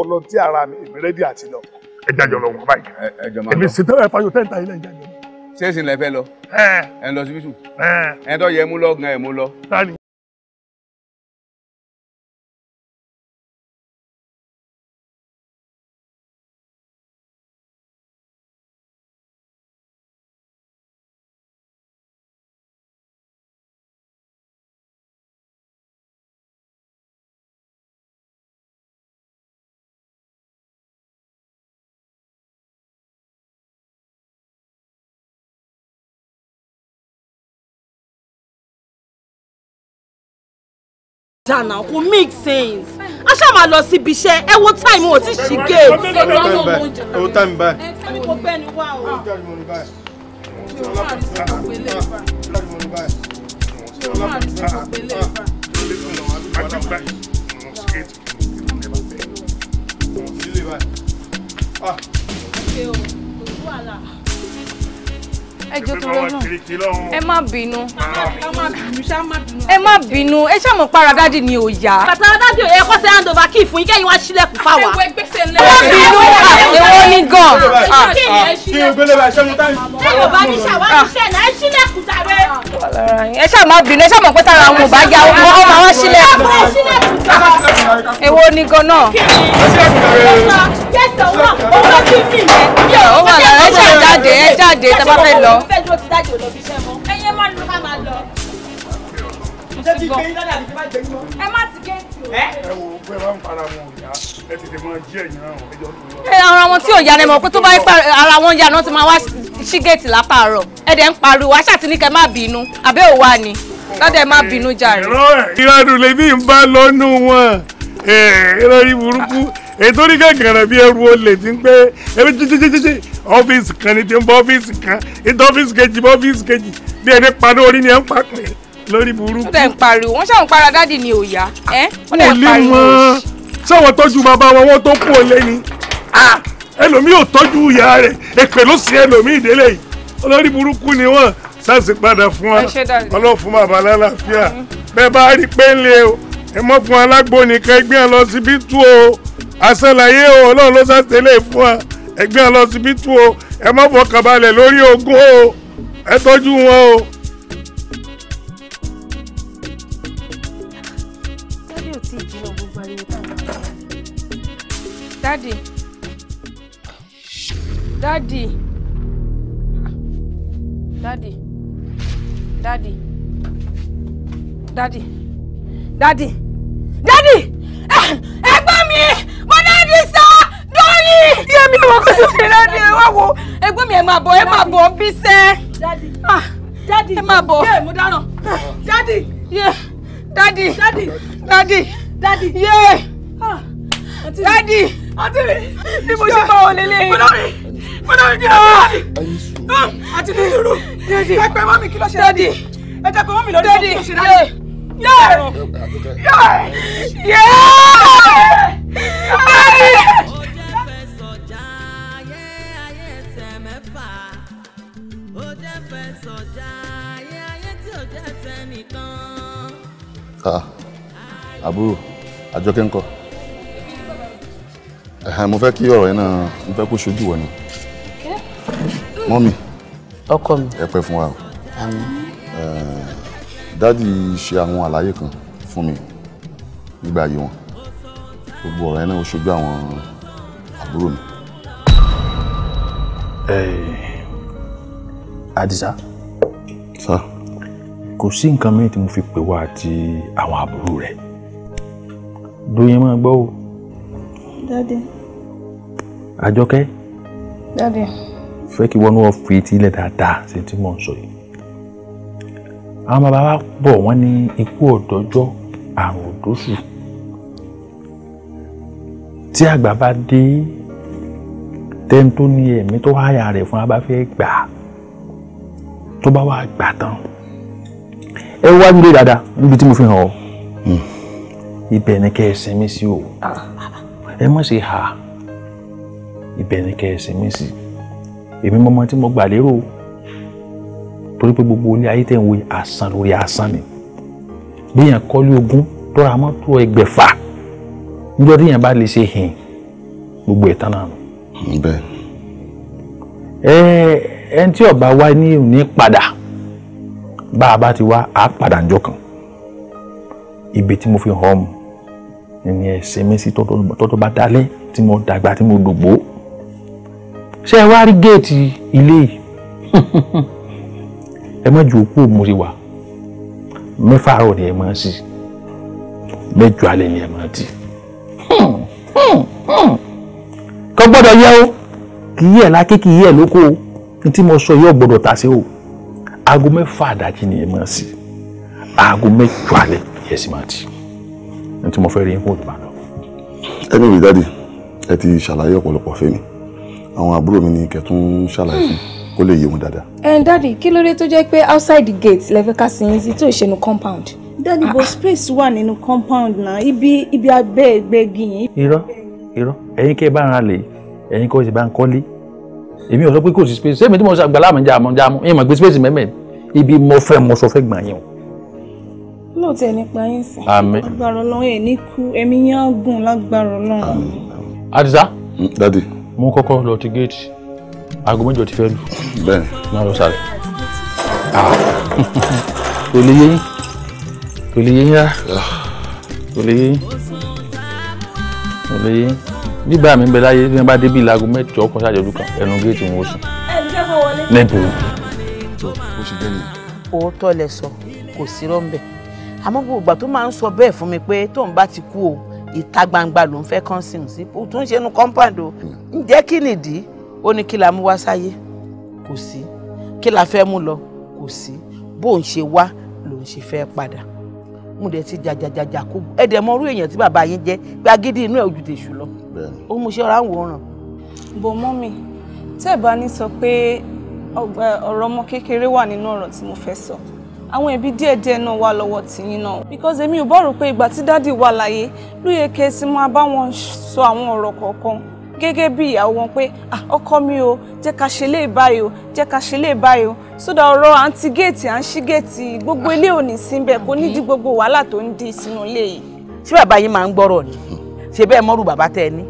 ọlọ́tí ara mi èmi rẹ́dí àti lọ. ẹ jàjọ lọ wọn báyìí. ẹ jọ máa lọ èmi sì tẹ́wọ̀ ẹ fayọ tẹ́ǹtà ilẹ̀ ìjàjọ. ṣé èsì lẹ fẹ́ lọ. ẹ ẹ lọ síbísù. now kò make sense a ṣáà máa lọ síbi iṣẹ́ ẹ wo time wọn ti ṣì gé e. o time báyìí. ẹ tẹ́lẹ̀ mo bẹ́ẹ̀ ni wá o. Ah. Okay o, kò sí wàhálà ẹjọ́ tó rẹ náà ẹ má bínú ẹ má bínú ẹ ṣàmọ̀ paradádì ni ò yá. paradádì ò yẹ kó hand over key fún yín kẹ́yìn wá sílẹ̀kùn fáwa. ẹ má bínú èwo ni gan. kí o gbélé bá ṣẹ́nu táyì. táyọ̀ bá ní ṣàwárí iṣẹ́ náà ẹ sílẹ̀kùn sáré. ẹ ṣàmọ̀ bínú ẹ ṣàmọ̀ pé tára àwọn ò bá yá owó ọmọ àwọn sílẹ̀kùn. èwo ni gan náà. kí ni ìṣẹ́ ìṣẹ́ ìṣẹ́ ìṣẹ́ ìṣẹ́ ìṣẹ́ ìṣẹ́ ìṣẹ́ ìṣẹ́ ìṣẹ́ ó wà lára ẹ ṣáà jáde ẹ jáde tá a bá fẹ́ lọ. ẹyẹ má lọ ká máa lọ. ara wọn tí ò yára ẹ pé tó bá ń pa ara wọn yára wọn máa wá sí géètì lápàárọ̀ ẹ dẹ̀ ń pariwo aṣáà ní kẹ́ má bínú àbẹ́ ò wá ni lọ́dẹ̀ má bínú jàre. ìrọ̀rùn lèmi ń bá wọn ìrọ̀rùn burúkú ètò orí kankan rẹ bí ẹrù olè ti ń pé ebi jíjíjíjí ọ́fíìsì kan ni ti ń bọ́ ọ́fíìsì kan ìtọ́ ọ́fíìsì kejì bọ́ ọ́fíìsì kejì bí ẹni parí orí ni ẹ ń papẹ̀ lórí burúkú. wọ́n tẹ̀ ń pariwo wọ́n ṣàwọn para dáàdì ni òòyà ẹ́ wọ́n tẹ̀ ń pariwo. ṣáwọn tọ́jú bàbá wọn wọ́n tó kú olé ni ẹlòmíì ò tọ́jú ìyá rẹ̀ èpè ló sí ẹlòmíì délé yìí olórí burúkú ni wọ́n sàṣì padà fún wa ọlọ́run fún bàbá lálàáfíà bẹ́ẹ̀ bá rí pé ń lé o ẹ mọ́ fún alágbóni kẹgbẹ́ lọ síbí tú o àṣàlàyé o ọlọ́run ló ṣàtẹ̀lé e fún wa ẹgbẹ́ ọlọ́sibítù o ẹ má fọkàn balẹ̀ lórí ogún o ẹ tọ́jú wọn o. dádì ò tí ì jìnnà gbogbo ariwo tá a máa ń bá dádì dádì dádì dádì dádì dádì dádì ẹ gbọ́ mi yìí ìyá mi àwọn kò sì ṣe dáadé ẹ wá wo ẹgbẹ́ mi ẹ máa bọ̀ ẹ máa bọ̀ bí sẹ́. dadi ah, dadi ẹ máa bọ̀. yé mo dáná dadi yé dadi dadi dadi dadi yé dadi ah, àti mi ni mo ṣe bá wọn lélẹ̀ yìí. olórí olórí kí ló ṣe ah. dadi àti mi irú ẹ pẹ́ mọ́ mi kí ló ṣe dadi ẹ jẹ́ pé mọ́ mi lọ́dún tó kí ló ṣe dadi. yé yé yé. ta àbúrò àjọkẹ́ ńkọ́ mo fẹ́ kí ọ̀rọ̀ yẹn náà mo fẹ́ kó ṣojú wọ̀ ni mọ́mì ọkọ mi ẹ pẹ́ fún wa o dádì ṣe àwọn àlàyé kan fún mi nígbà ayé wọn gbogbo ọ̀rọ̀ yẹn náà ó ṣojú àwọn àbúrò mi. Adisa. Sir kò sí nǹkan mìíràn tí mo fi pè wá àti àwọn àbúrò rẹ̀ Dóyin máa gbọ́ o. dáadé. Àjọkẹ́. dáadé. fẹ́ kí wọnú ọ̀fìn etí ilẹ̀ dáadáa ṣe tí mò ń sọ yìí. àwọn bàbá wa bọ̀ wọ́n ní ikú ọ̀dọ́jọ́ àrùn òdòṣù tí àgbà bá dé tẹ́ni tó ní ẹ̀mí tó háyà rẹ̀ fún abáfẹ́ gbà tó bá wà gbà tán ẹ wá nílé dáadáa níbi tí mo fi hàn ọ́ hmm. ibẹ̀ ni kẹ́ ẹ sinmi sí o ah. ẹ má ṣe hà ibẹ̀ ni kẹ́ ẹ sinmi sí èmi mọ́mọ́ tí mo gbà lérò torí pé gbogbo ilé ayé tẹ̀ ń wo àsan lórí àsan ni bíyàn kọ́lé ogún tọ́ra mọ́tò ẹgbẹ̀fà níjọ́ tíyàn bá lè ṣe hìn gbogbo ẹ̀ tán náà nù. ẹ ẹ ẹni tí ọba wa ní òní padà bá a bá ti wá a padà ń jọ kan ibi tí mo fi hàn mu ní ẹsẹ̀ mi sí tọ́tọ́ bá dalẹ̀ tí mo dàgbà tí mo dògbò ṣé ẹ wá rí géètì ilé yìí ẹ má ju òkú mo ti wà mẹ́fà àárọ̀ ni ẹ máa ṣí mẹ́jọ alẹ́ ni ẹ máa tì kò gbọ́dọ̀ yẹ o kì í yẹ lákè kì í yẹ lóko o ní tí mo sọ yóò gbọ́dọ̀ tà sí o aago mẹ́fà àdájí ni ẹ máa sí aago mẹ́jọ alẹ́ yẹ sì máa tì ní tí mo fẹ́ rí yín fún ìbàdàn. ẹni mi dáàdi ẹ ti ṣàlàyé ọ̀pọ̀lọpọ̀ fẹ́mi àwọn àbúrò mi ni kẹtún ṣàlàyé fún kó lè yé wọn dáadáa. ẹ eh, dáàdi kí ló dé tó jẹ́ pé outside the gate lẹ fẹ́ ká sin yín sí tó ìṣẹ́nu compound. dáàdi bo ah, ah. space wà nínú compound náà ibi ibi abẹ́ ẹgbẹ́ gíyìn. irọ́ irọ́ ẹ̀yin kẹ́ ẹ bá ń ra lè ẹ̀yin kọ́ ẹ bá ń kọ́lé èmi ò sọ pé kò sí space sẹ́mi tí mo sọ àgbàlá mi jáàmú jáàmú ìmọ̀ gbé space mẹ́mẹ́ ibi mo fẹ́ mo sọ fẹ́ gbà yín o. lóòótọ́ ẹni pa yín sí. àmín agbára ọlọ́run ẹ̀ ní kú ẹ̀mí yín á gùn lágbára ọlọ́run. àdìsá. Mm, dadi. mo kọ́kọ́ lọ ti géètì aago mẹ́jọ ti fẹ́ lù. bẹ́ẹ̀ni. má lọ sáré. Ah. kò lè yé yín kò lè yé yín rárá ah. kò lè yé yín kò lè yé yín nígbà mi bẹ láyé ní bá débi ìlago mẹ́jọ ọkọ̀ ṣàjọjú kan ẹnu géètì wọn ó sùn. ẹni jẹ́ kó wọlé. lẹ́bù. ó ṣe nìyẹn. òótọ́ lẹ sọ kò sí rọ́ńbẹ́ àmọ́ gbogbo tó máa ń sọ bẹ́ẹ̀ fún mi pé tóun bá ti kú o ìta gbangba ló ń fẹ́ kán sí òun sí o tún ṣe nu compound o hmm. ǹjẹ́ kí nìdí ó ní kí la mú wá sáyé kò sí kí la fẹ́ mú lọ kò sí bó ń ṣe wá ló ń ṣe fẹ́ padà mo dẹ̀ ti jàjàjàjà kó ẹ dẹ̀ mọ orú èèyàn tí bàbá yín jẹ́ pé agídí inú ẹ̀ ojú tèṣù lọ ó mú iṣẹ́ ọ̀rá ń bò mọ́ mi tẹ́ ẹ̀ bá ní sọ pé ọ̀rọ̀ ọmọ kékeré wà nínú ọ̀rọ̀ tí mo fẹ́ sọ àwọn ẹbí díẹ̀díẹ̀ náà wà lọ́wọ́ tìyín náà because èmi ò bá rò pé ìgbà tí dádì wà láyé ló yẹ kẹ́ ẹ máa bá wọn sọ àwọn ọ̀rọ̀ kọ̀ọ̀kan gẹ́gẹ́ bí ìyàwó wọn pé ah, ọkọ mi o jẹ́ ká ṣe lè báyìí o jẹ́ ká ṣe lè báyìí o sódà ọ̀rọ̀ à ń ti géètì à ń ṣí géètì gbogbo ilé ò ní sí bẹ́ẹ̀ kó ní di gbogbo wàhálà tó ń di sínú ilé yìí. ṣé bàbá yín máa ń gbọ́rọ̀ ni ṣe bẹ́ẹ̀ mọ́rù bàbá tẹ́ ẹ ní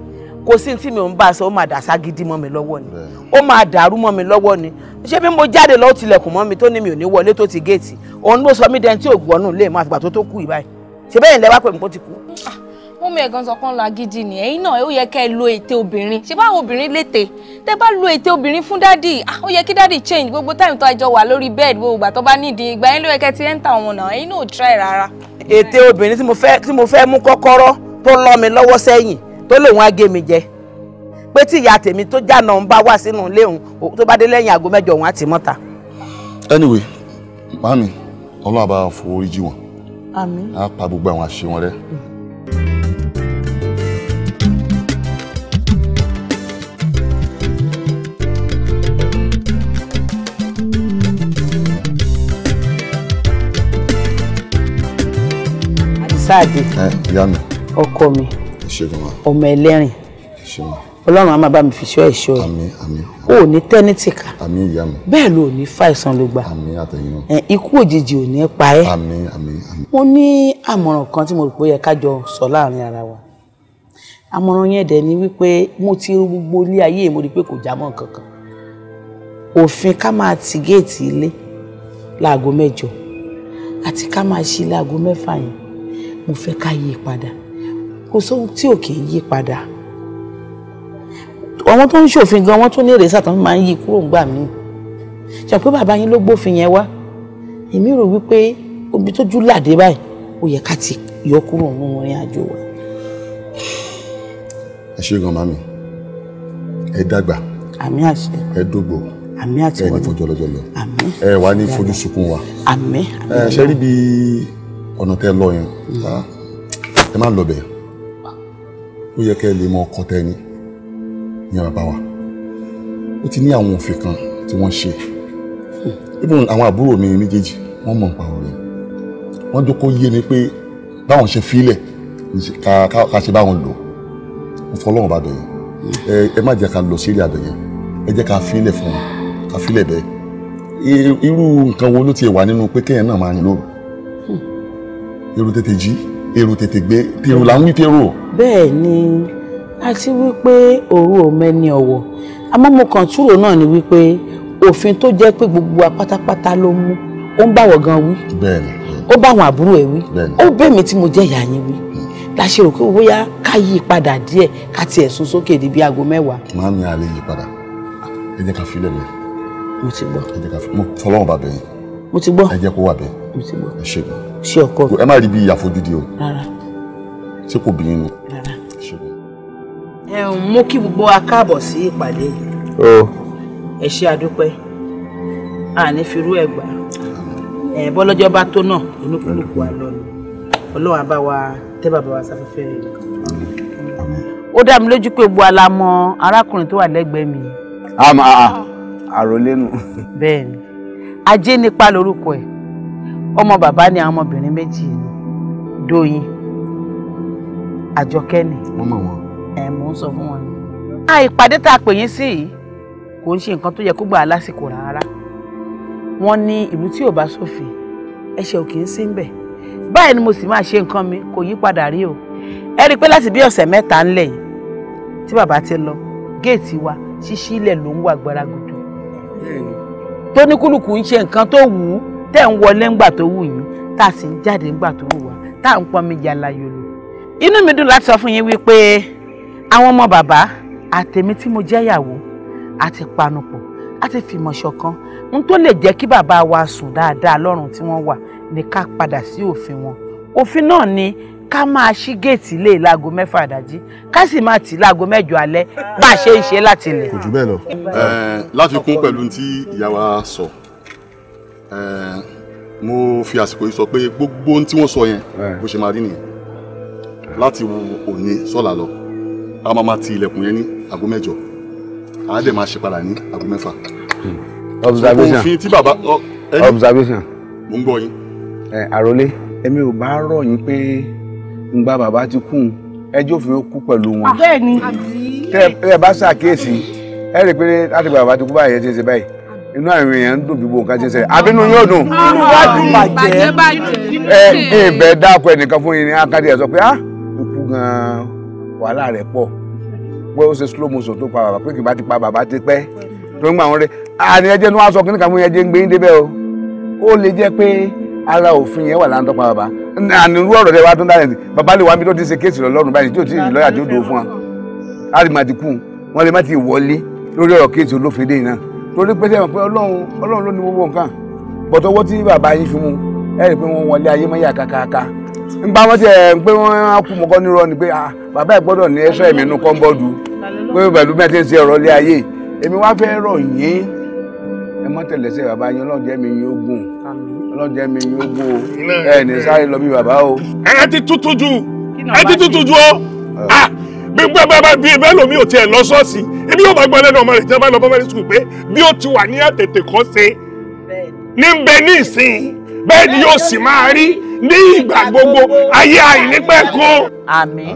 kò sí tí mi ò ń bá a sọ ó máa dà ságídí mọ́ mi lọ́wọ́ ni ó máa dàrú mọ́ mi lọ́wọ́ ni ṣé bí mo jáde lọ́wọ́ tilẹ̀kùn mọ́ mi tó ní mi ò ní wọlé tó ti géètì òun ló sọ mí dẹni tí ò gbọ́nù lè máa fìgbà tó tó kú ìbáyìí ṣe bẹ́ẹ̀ ni lẹ́wà pè mí kó ti kú. Ah, mú mi ẹ̀gán sọ pọ́n la gidi ni ẹ̀yin náà ó yẹ kẹ́ ẹ lo ète obìnrin ṣé báwo obìnrin létè tẹ́ bá lo ète obìnrin fún dádì ah, ó yẹ kí dádì change gbogbo táìmù tó àjọ wà lórí bẹ́ẹ̀dì gbogbo ìgbà bá nídìí ìgbà yẹn ló yẹ kẹ́ ti ẹ́ńtà wọn náà ẹ̀yin náà ò try rárá. ète obìnrin tí mo fẹ́ mú kọ́kọ́rọ́ tó lọ́ mi lọ́wọ́ sẹ́yìn tó lè wọ́n á gé mi jẹ pé tí ìyá tèmi tó já náà ń bá wà sínú ilé tó bá dé káàdì. ẹ ìyá mi. ọkọ mi. ọmọ ẹlẹ́rìn. ọlọ́run á máa bá mi fi ṣọ́ ẹ̀ṣọ́ ẹ̀. àmín àmín. o ò ní tẹ́ni tìka. àmín ìyá mi. bẹ́ẹ̀ ló ní fàìsàn ló gbà. àmín àtẹ̀yìn náà. ikú òjijì ò ní pa ẹ́. àmín àmín àmín. mo ní àmọ̀ràn kan tí mo rò pé ó yẹ ká jọ sọ láàrin ara wa àmọ̀ràn yẹn dẹ̀ ni wípé mo ti rú gbogbo ilé ayé mo rí pé kò já mọ́ nǹkan òfin ká máa ti géètì ilé láago mẹ́jọ àti ká máa ṣí láago mẹ́fà yẹn mo fẹ́ ká yí padà kò sóhun tí ò kì í yí padà àwọn tó ń ṣòfin gan àwọn tó ní èrè sàtàn máa ń yí kúrò ńgbà mí ṣe pé bàbá yín ló gbófin yẹn wá èmi rò wípé omi tójú làdé báyìí ó yẹ ká ti yọ kúrò nínú ìrìn àjò wa. ẹ ṣe gan mami ẹ dàgbà àmì àṣẹ ẹ dógbò àmì àti wọn ẹ ní fojọlọjọlọ àmì ẹ wà ní fojú sunkún wa àmì ẹ ṣe rí bíi ọ̀nà tẹ́ lọ yẹn mm. ah. ẹ má lọ bẹ̀ ó yẹ kẹ́ lè mọ ọkọ tẹ́ ni ní bàbá wa ó ti ní àwọn òfin kan tí wọ́n ṣe even àwọn àbúrò mi méjèèjì wọ́n mọ̀ nípa ọ̀rẹ́ wọ́n jókòó yé mi pé báwọn ṣe fílẹ̀ ká ṣe báwọn lò mo fọ́ ọlọ́run bá bẹ̀ yẹn ẹ má jẹ́ ká lọ sílé àbẹ̀ yẹn ẹ jẹ́ ká fílẹ̀ fún wọn ká fílẹ̀ bẹ́ẹ̀ irú nǹkan wo ló ti wà nínú pé kéèyàn náà máa ń lóru èrò tètè jí èrò tètè gbé tèrò là ń wí tèrò. bẹ́ẹ̀ ni àti wípé òru ò mẹ́ni ọ̀wọ̀ àmọ́ mo kàn túrò náà ni wípé òfin tó jẹ́ pé gbogbo wa pátápátá ló mú ó ń báwọ̀ gan wí ó báwọn àbúrò ẹ̀ wí ó bẹ́ẹ̀ mi tí mo jẹ́ ìyá yín wí la ṣe rò pé bóyá ká yí padà díẹ̀ ká tiẹ̀ sún sókè di bí aago mẹ́wàá. màá ní alẹ́ yí padà ẹ jẹ́ ká filẹ̀ lẹ́yìn. mo ti gbọ́. ẹ jẹ́ ká filẹ̀ mo fọlọ́wọ́n bá bẹ̀ mo ti gbọ́. ẹ jẹ́ kó wà bẹ́ẹ̀. mo ti gbọ́. ẹ ṣe gan sí ọkọ mi. ẹ má rí bí àfojúdi o. rárá. ṣé kò bí inú. rárá. ẹ ń mú kí gbogbo wa káàbọ̀ sí ìpàdé yìí. o. ẹ ṣe àdúpẹ́ àní firú ẹ̀ gbà ẹ bọ́lọ́jọ́ bá tó náà onúkúlùkù wa lọ ni ọlọ́run á bá wa tẹ́ bàbá wa sáfẹ́fẹ́ rẹ̀ ó dá mi lójú pé gbogbo ala mọ arákùnrin tó wà lẹ́gbẹ̀ẹ́ mi. àmọ́ ah, ah, ah. àròlénu. bẹ́ẹ̀ni ajé nípa lórúkọ ẹ̀ ọmọ bàbá ni àwọn ọmọbìnrin méjì ni Dóyin Àjọkẹ́ ni. mo mọ̀ wọn. ẹ mò ń sọ fún wọn ni. a ah, ìpàdé tá a pè yín sí yìí kò ń ṣe nǹkan tó yẹ kó gbà á lásìkò rárá wọ́n ní ìlú tí ò bá sófin ẹ̀ṣẹ̀ ò kì í sí ń báyìí ni mo sì máa ṣe nǹkan mi kò yí padà rí o ẹ rí i pé láti bí ọ̀sẹ̀ mẹ́ta ńlẹ̀ yìí tí bàbá ti lọ géètì wa ṣíṣí ilẹ̀ ló ń wà gbára gòdò tó ń ṣe nǹkan tó wù ú tẹ́ ń wọlé ńgbà tó wù yín tá a sì ń jáde ńgbà tó wù wá tá à ń pọn mi yàlà yòlò. inú mi dùn láti sọ fún yín wípé àwọn ọmọ bàbá àtèmi tí mo jẹ́ ìyàwó àti panupọ̀ àti fìmọ̀ ṣọ̀kan n tó lè jẹ́ kí bàbá wa sùn dáadáa lọ́rùn tí wọ́n wà ní ká padà sí òfin wọn òfin náà ni ká máa ṣí géètì lé láago mẹ́fà àdájí ká sì máa tì láago mẹ́jọ alẹ́ bá a ṣe ń ṣe láti ilẹ̀. kò jù bẹ́ẹ̀ lọ láfikún pẹ̀lú tí ìyá wa sọ. So mo fi àsìkò yìí sọ pé gbogbo ohun tí wọ́n sọ yẹn bó ṣe máa rí nìyẹn láti òní sọ́la lọ a máa ma ti ilẹ̀kùn yẹn ní aago mẹ́jọ a dẹ̀ máa ṣe padà ní aago mẹ́fà. Hmm. observation òfin tí bàbá observation mo ń gbọ́ yín. ẹ àròlé èmi ò bá rọ̀ yín pé ngbà bàbá ti kú ẹjọ́ òfin ó kú pẹ̀lú wọn. Ah, bẹ́ẹ̀ ni tẹ́ ẹ bá ṣàkíyèsí ẹ rí i pé láti gbà bàbá ti kú báyìí ẹ ti ṣe báyìí inú àwọn èèyàn ń dùn bí gbogbo nǹkan ti ń ṣẹlẹ̀ àbínú yóò dùn. inú wa dùn bàjẹ́ ẹ ìbẹ̀ dáko ẹnìkan fún yín ní akadé ẹ̀ sọ pé ah ikú gan-an wàhálà rẹ̀ pọ̀ pé ó ṣe slow motion tó pa bàbá pé kì bá ti pa bàbá ti pẹ́ tó ń gbà wọn rẹ̀ àní ẹjẹ́ ni wọ́n á sọ kíníkà mú ẹjẹ́ ń gbé yín débẹ̀ o ó lè jẹ́ pé ara òfin yẹn wà láńtọ́ pa bàbá àní irú ọ̀rọ̀ rẹ̀ wá tó ń dáhẹ̀ sí bàbá lè wá mi tó ti ṣe kéèsì lọ́rùn báyìí tí ò tí ì lọ́yà tí ó dòó fún wa á rí màdìkù wọn lè má ti wọlé lórí ọ̀rọ̀ kéèsì olófin dé yìí náà torí pé sẹ́wọ̀n pé ọlọ́run ọlọ́run ló ní gbogbo nǹkan bọ̀tọ̀ owó tí bàbá yín fi mu ẹ rí i pé wọ́n wọlé ayé ń bá wọ́n ti ẹ̀ ń pé wọ́n á kú mọ́kọ́ bàbá ẹ̀ gbọ́dọ̀ ní ẹ̀mí inú kọ́ńbọ́ọ̀dù pé pẹ̀lú lé ayé èmi wá fẹ́ rọ̀ yín ẹ mọ́ bàbá ní bàbá gbígbé bàbá bí ibẹ̀ lómi ò tiẹ̀ lọ sọ́ọ̀sì ibi yóò bá gbọ́ lẹ́nu ọmọ rẹ̀ tí wọ́n bá lọ bọ́ mẹ́rin sùkúl pé bí ó ti wà ní àtètè kọ́ ṣe ní ń bẹ ní ìsìn bẹ́ẹ̀ ni yóò sì máa rí ní ìgbà gbogbo ayé àìnípẹ́ kan. àmín.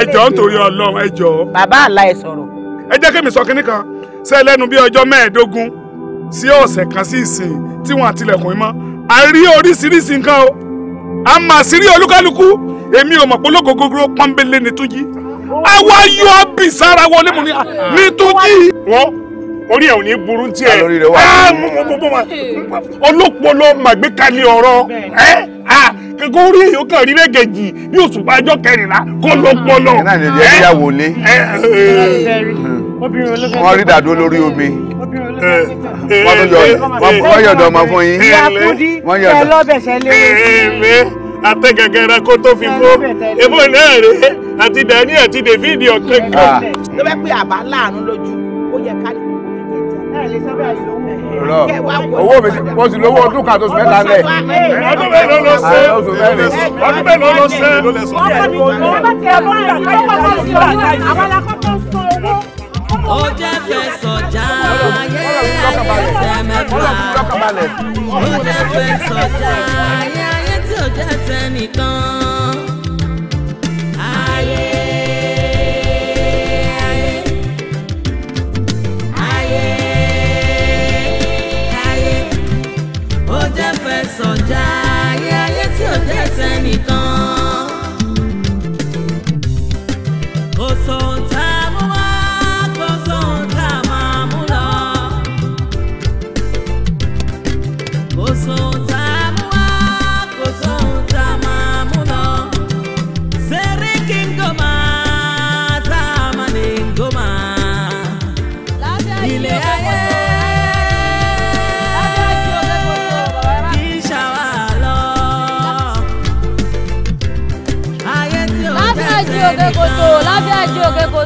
ẹjọ́ nítorí ọlọ́run ẹjọ́. bàbá àlá ẹ sọ̀rọ̀. ẹ jẹ́ kí mi sọ kinní kan ṣe lẹ́nu bí ọjọ́ mẹ́ẹ̀ẹ́dógún sí ọ̀sẹ̀ kan sí ìsìn tí wọ́n àtìlẹ̀kùn mọ́ a rí oríṣiríṣi nǹkan o a máa sì rí olúkálukú èmi ò mọ̀ pé ológogogo pọ́nbélé ni tún yí àwa yọ bì sára wọlé mu ni ní tó jí. wọ́n orí ẹ̀ ò ní burú tiẹ̀ olópolo màgbékalẹ̀ ọ̀rọ̀ ẹ̀ kankan orí èyàn kan rí lẹ́gẹ̀jì bí òṣùpá ọjọ́ kẹrìnlá kó ló pọlọ. ẹ náà lè jẹ ìyàwó lé wọn rí dàdó lórí omi wọn yọ̀dọ̀ ọmọ fún yín wọn yọ̀dọ̀ àtẹ̀gẹ̀gẹ̀rẹ̀ kó tó fi fó èbó náà rèé àti dani àti david ọ̀kẹ́kẹ́. ló bẹ́ pé àbá láàánú lójú ó yẹ ká owó mi mo sì lówó ọdún kan tó sùn mẹ́ta lẹ̀. ọdún mẹ́rin ló lọ sẹ́ ọdún mẹ́rin ló lọ sẹ́. ó jẹ́ fẹsọ̀ já ayé ayé tẹ̀mẹ́fà ó jẹ́ fẹsọ̀ já ayé dá sẹ́nìkan. Ayé. Ayé. Ayé. Ayé. Ó jẹ́ fẹ́ sọ̀jà ayé ayé tí ò dá sẹ́nìkan.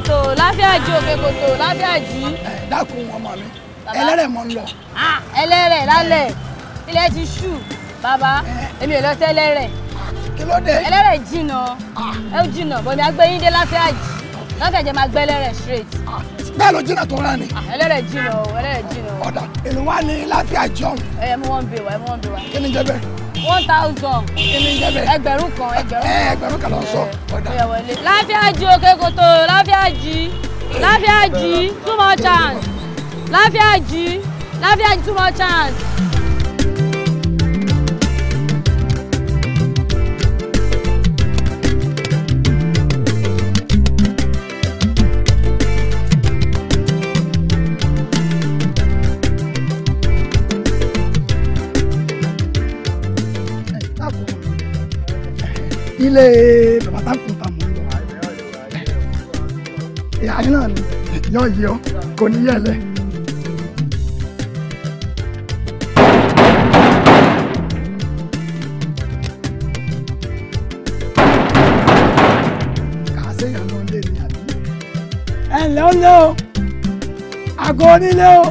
Lafia láfíà jí òkè kòtò láfíà jí. ẹ dákun ọmọ mi ẹlẹ́rẹ̀ mọ́ ń lọ. ẹlẹ́rẹ̀ lálẹ́ ilẹ̀ ti ṣú bàbá Elere ò lọ sí ẹlẹ́rẹ̀. kí ló dé. ẹlẹ́rẹ̀ jìnnà ẹ ó jìnnà bọ̀mí agbẹ́yìn dé láfíà jí lọ́kẹ̀jẹ̀ máa gbẹ́ ẹlẹ́rẹ̀ straight. bẹ́ẹ̀ ló jìnnà tó rán ni. ẹlẹ́rẹ̀ jìnnà o ẹlẹ́rẹ̀ jìnnà o. ọ̀dà èrò wa ni láfíà jọ̀hún. ẹ mú wọn bè wá ẹ mú wọn bè wá. kí ni jẹ bẹ́ẹ̀ one thousand ẹgbẹ̀rún kan ẹgbẹ̀rún kan eh, ẹgbẹ̀rún kan lọ sọ ọ̀dà. láfíàjì òkè kòtò láfíàjì láfíàjì too much chance láfíàjì láfíàjì too much chance. nílé bàbá tá kù tà mọ́ ìhà yín náà ni yọ yìí ọ kò ní yẹ lẹ. ẹ̀lẹ́ lé o àgọ́ onílé o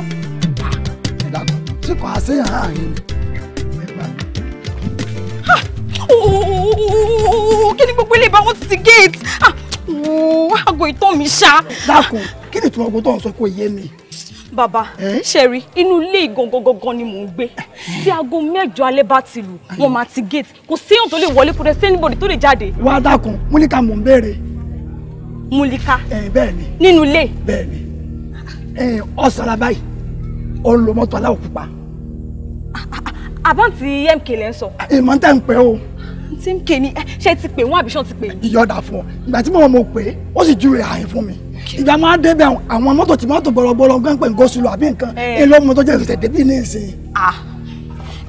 ṣùkọ́ àṣeyàn àárín ni. bá wọ́n ti ti gate ah, wo aago ìtàn mi ṣá. dákun kí ni ìtumọ̀ gbọ́dọ̀ sọ kó yé mi. bàbá ṣẹ̀rí inú ilé ìgangangangan ni mò ń gbé tí aago mẹ́jọ alẹ́ bá ti lù wọ́n máa ti gate kò séèyàn tó lè wọlé kò dẹ̀ sẹ́nibọ̀dì tó lè jáde. wá dákun múlíkà mò ń béèrè. múlíkà bẹ́ẹ̀ni nínú ilé. bẹ́ẹ̀ni ọ̀sán báyìí ọ̀n aláwọ̀ pupa. Ah, ah, àbáǹtì mk lẹ́ ń sọ. ìmọ̀ ń pẹ́ o tí ń ké ni eh, ṣé ti pè wọ́n àbí ṣé ti pè yín. ìyọ̀dà fún ọ ìgbà tí mo mọ̀ pé ó sì júwe àyìn fún mi ìgbà máa débẹ̀ àwọn mọ́tò tí mọ́tò bọ̀rọ̀bọ̀rọ̀ gan pẹ̀ nǹkan sùlù àbí nǹkan ẹ eh. lọ́mọ tó jẹ́ ìṣẹ̀dẹ̀ bí ní ìsìn. Ah.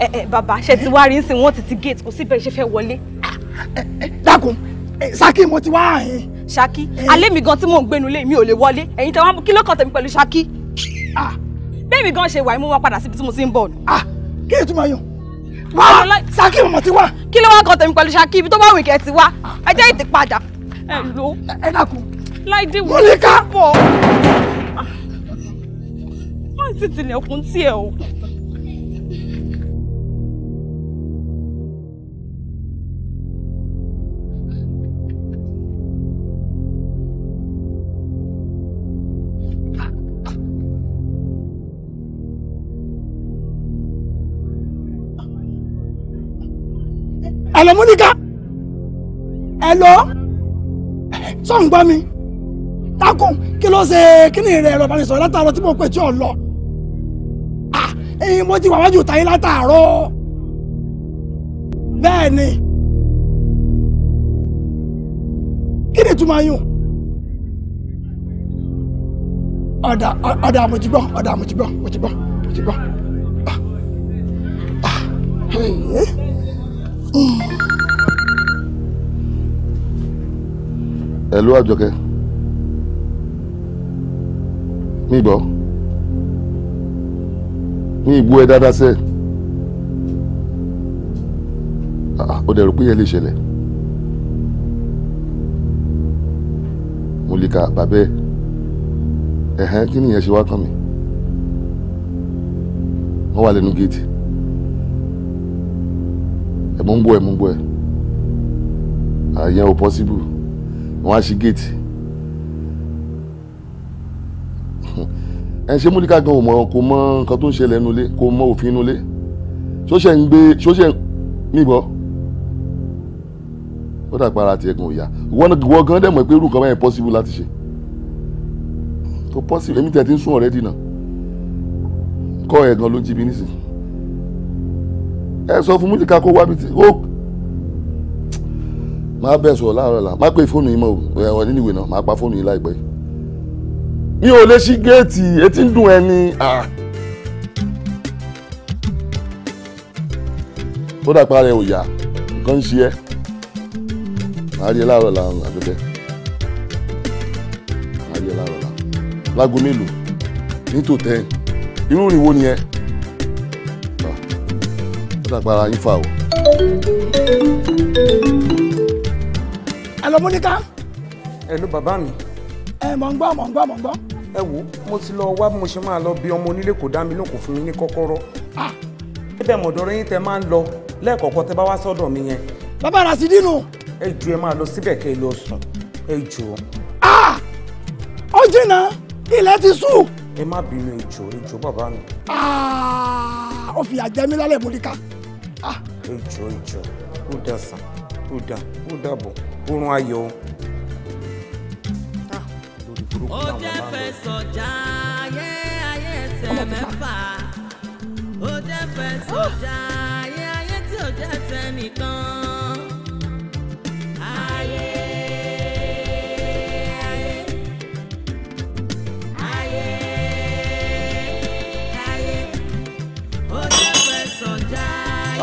Eh, ẹ ẹ bàbá ṣe ti wá rí nsìn wọn ti ti gate kò sí bẹ́ẹ̀ ṣe fẹ́ wọlé. dákun Ṣakí mo ti wá àyìn. Ṣakí alẹ́ mi gan tí mò ń gbénu lé mi ò lè wọlé ẹ̀yin tẹ wá kí ló kàn tèmi pẹ̀lú Ṣakí. Ah. bẹ́ẹ̀ mi gan ṣe wà mo wá padà síbi tí mo ti ń bọ̀. Ah, kí ètò máa yàn wá saki mọ̀mọ́ ti wá. kí ló wá kan tèmi pẹ̀lú saki ibi tó bá wìkẹ́ ti wá ah. ẹ jẹ́ ètè padà. ẹ ló ẹ dàkú. láìdé wò ó ká. wọ́n ti tilẹ̀kùn tiẹ̀ o. ẹ̀lọ́ Móníkà ẹ̀lọ́ sọ̀n gbọ́ mi takùn kí ló ṣe kíni rẹ̀ ẹ̀rọ ìbánisọ̀rọ̀ látàárọ̀ tí mo pè tí ò lọ ẹ̀yin mo ti wà wájú tàyín látàárọ̀ bẹ́ẹ̀ ni kí ni ìtumọ̀ yín ọ̀dà ọ̀dà mo ti gbọ́ ọ̀dà mo ti gbọ́ mo ti gbọ́ ah ah ẹ ló àjọkẹ́ mi gbọ́ mi ìgbó ẹ dáadáa sẹ́ẹ̀ ah, ó dẹ̀ rò pé yẹn lè ṣẹlẹ̀ mo lè ka bàbẹ́ ẹ̀hẹ́n kí nìyẹn ṣe wá kàn mí wọ́n wà lẹ́nu géètì mo ń gbọ́ ẹ mo ń gbọ́ ẹ àyẹn ah, ò possible wọ́n á ṣí géètì ẹ̀ ṣé múlíkà gan ò mọ kò mọ nǹkan tó ń ṣẹlẹ̀ nulẹ̀ kò mọ òfin nulẹ̀ ṣóṣẹ́ ń gbé ṣóṣẹ́ mi gbọ́ ó dàgbà ara tiẹ̀ kan ò yá wọ́n gan dẹ̀ mọ̀ pé irú nǹkan báyẹn possible láti ṣe kò possible èmi tẹ̀ ti ń sún ọ̀rẹ́dì náà kọ́ ẹ̀ gan ló jí mi nísìnyí. ẹ sọ fún mújìká kó wá bí ó máa bẹ sọ láàárọ̀ là má pé fóònù yìí mọ̀ ẹ̀wọ̀n náà pa fóònù yìí láìpẹ́ mi ò lè ṣí géètì etí ń dùn ẹni tó dàpá rẹ ò nǹkan ń ṣe ẹ́ máa rí ẹ láàárọ̀ là àjọkẹ́ máa rí ẹ láàárọ̀ là lágo ni ẹ. lágbára yín fà o. ẹ̀lọ́ Móníkà. ẹ̀lọ́ bàbá mi. ẹ mọ̀ ń gbọ́ mọ̀ ń gbọ́ mọ̀ ń gbọ́. ẹ wo mo ti lọ wá bí mo ṣe máa lọ bí ọmọ onílé kò dá mi lóhùn kò fún mi ní kọ́kọ́rọ́. níbẹ̀ ah! mọ̀dọ́rọ́ yín tẹ máa ń lọ lẹ́ẹ̀kọ̀ọ̀kan tẹ bá wá sọ́dọ̀ mi yẹn. bàbá Ràṣídì nù. ẹ jù ẹ máa lọ síbẹ̀ kẹ́ ẹ lọ sùn ẹ jù ọ. Ah! ó ilẹ̀ ti sùn. ẹ má bínú ìjò ìjò bàbá mi. Ah! ó fìyà jẹ mí ah ìjọ ìjọ ó dà sàn ó dà ó dàbọ̀ oorun ayọ̀ o. Ah. ó jẹ́ fẹsọ̀jà ayé ayé ẹsẹ̀ mẹ́fà ó jẹ́ fẹsọ̀jà ayé ayé tí ò jẹ́ fẹ́ nìkan.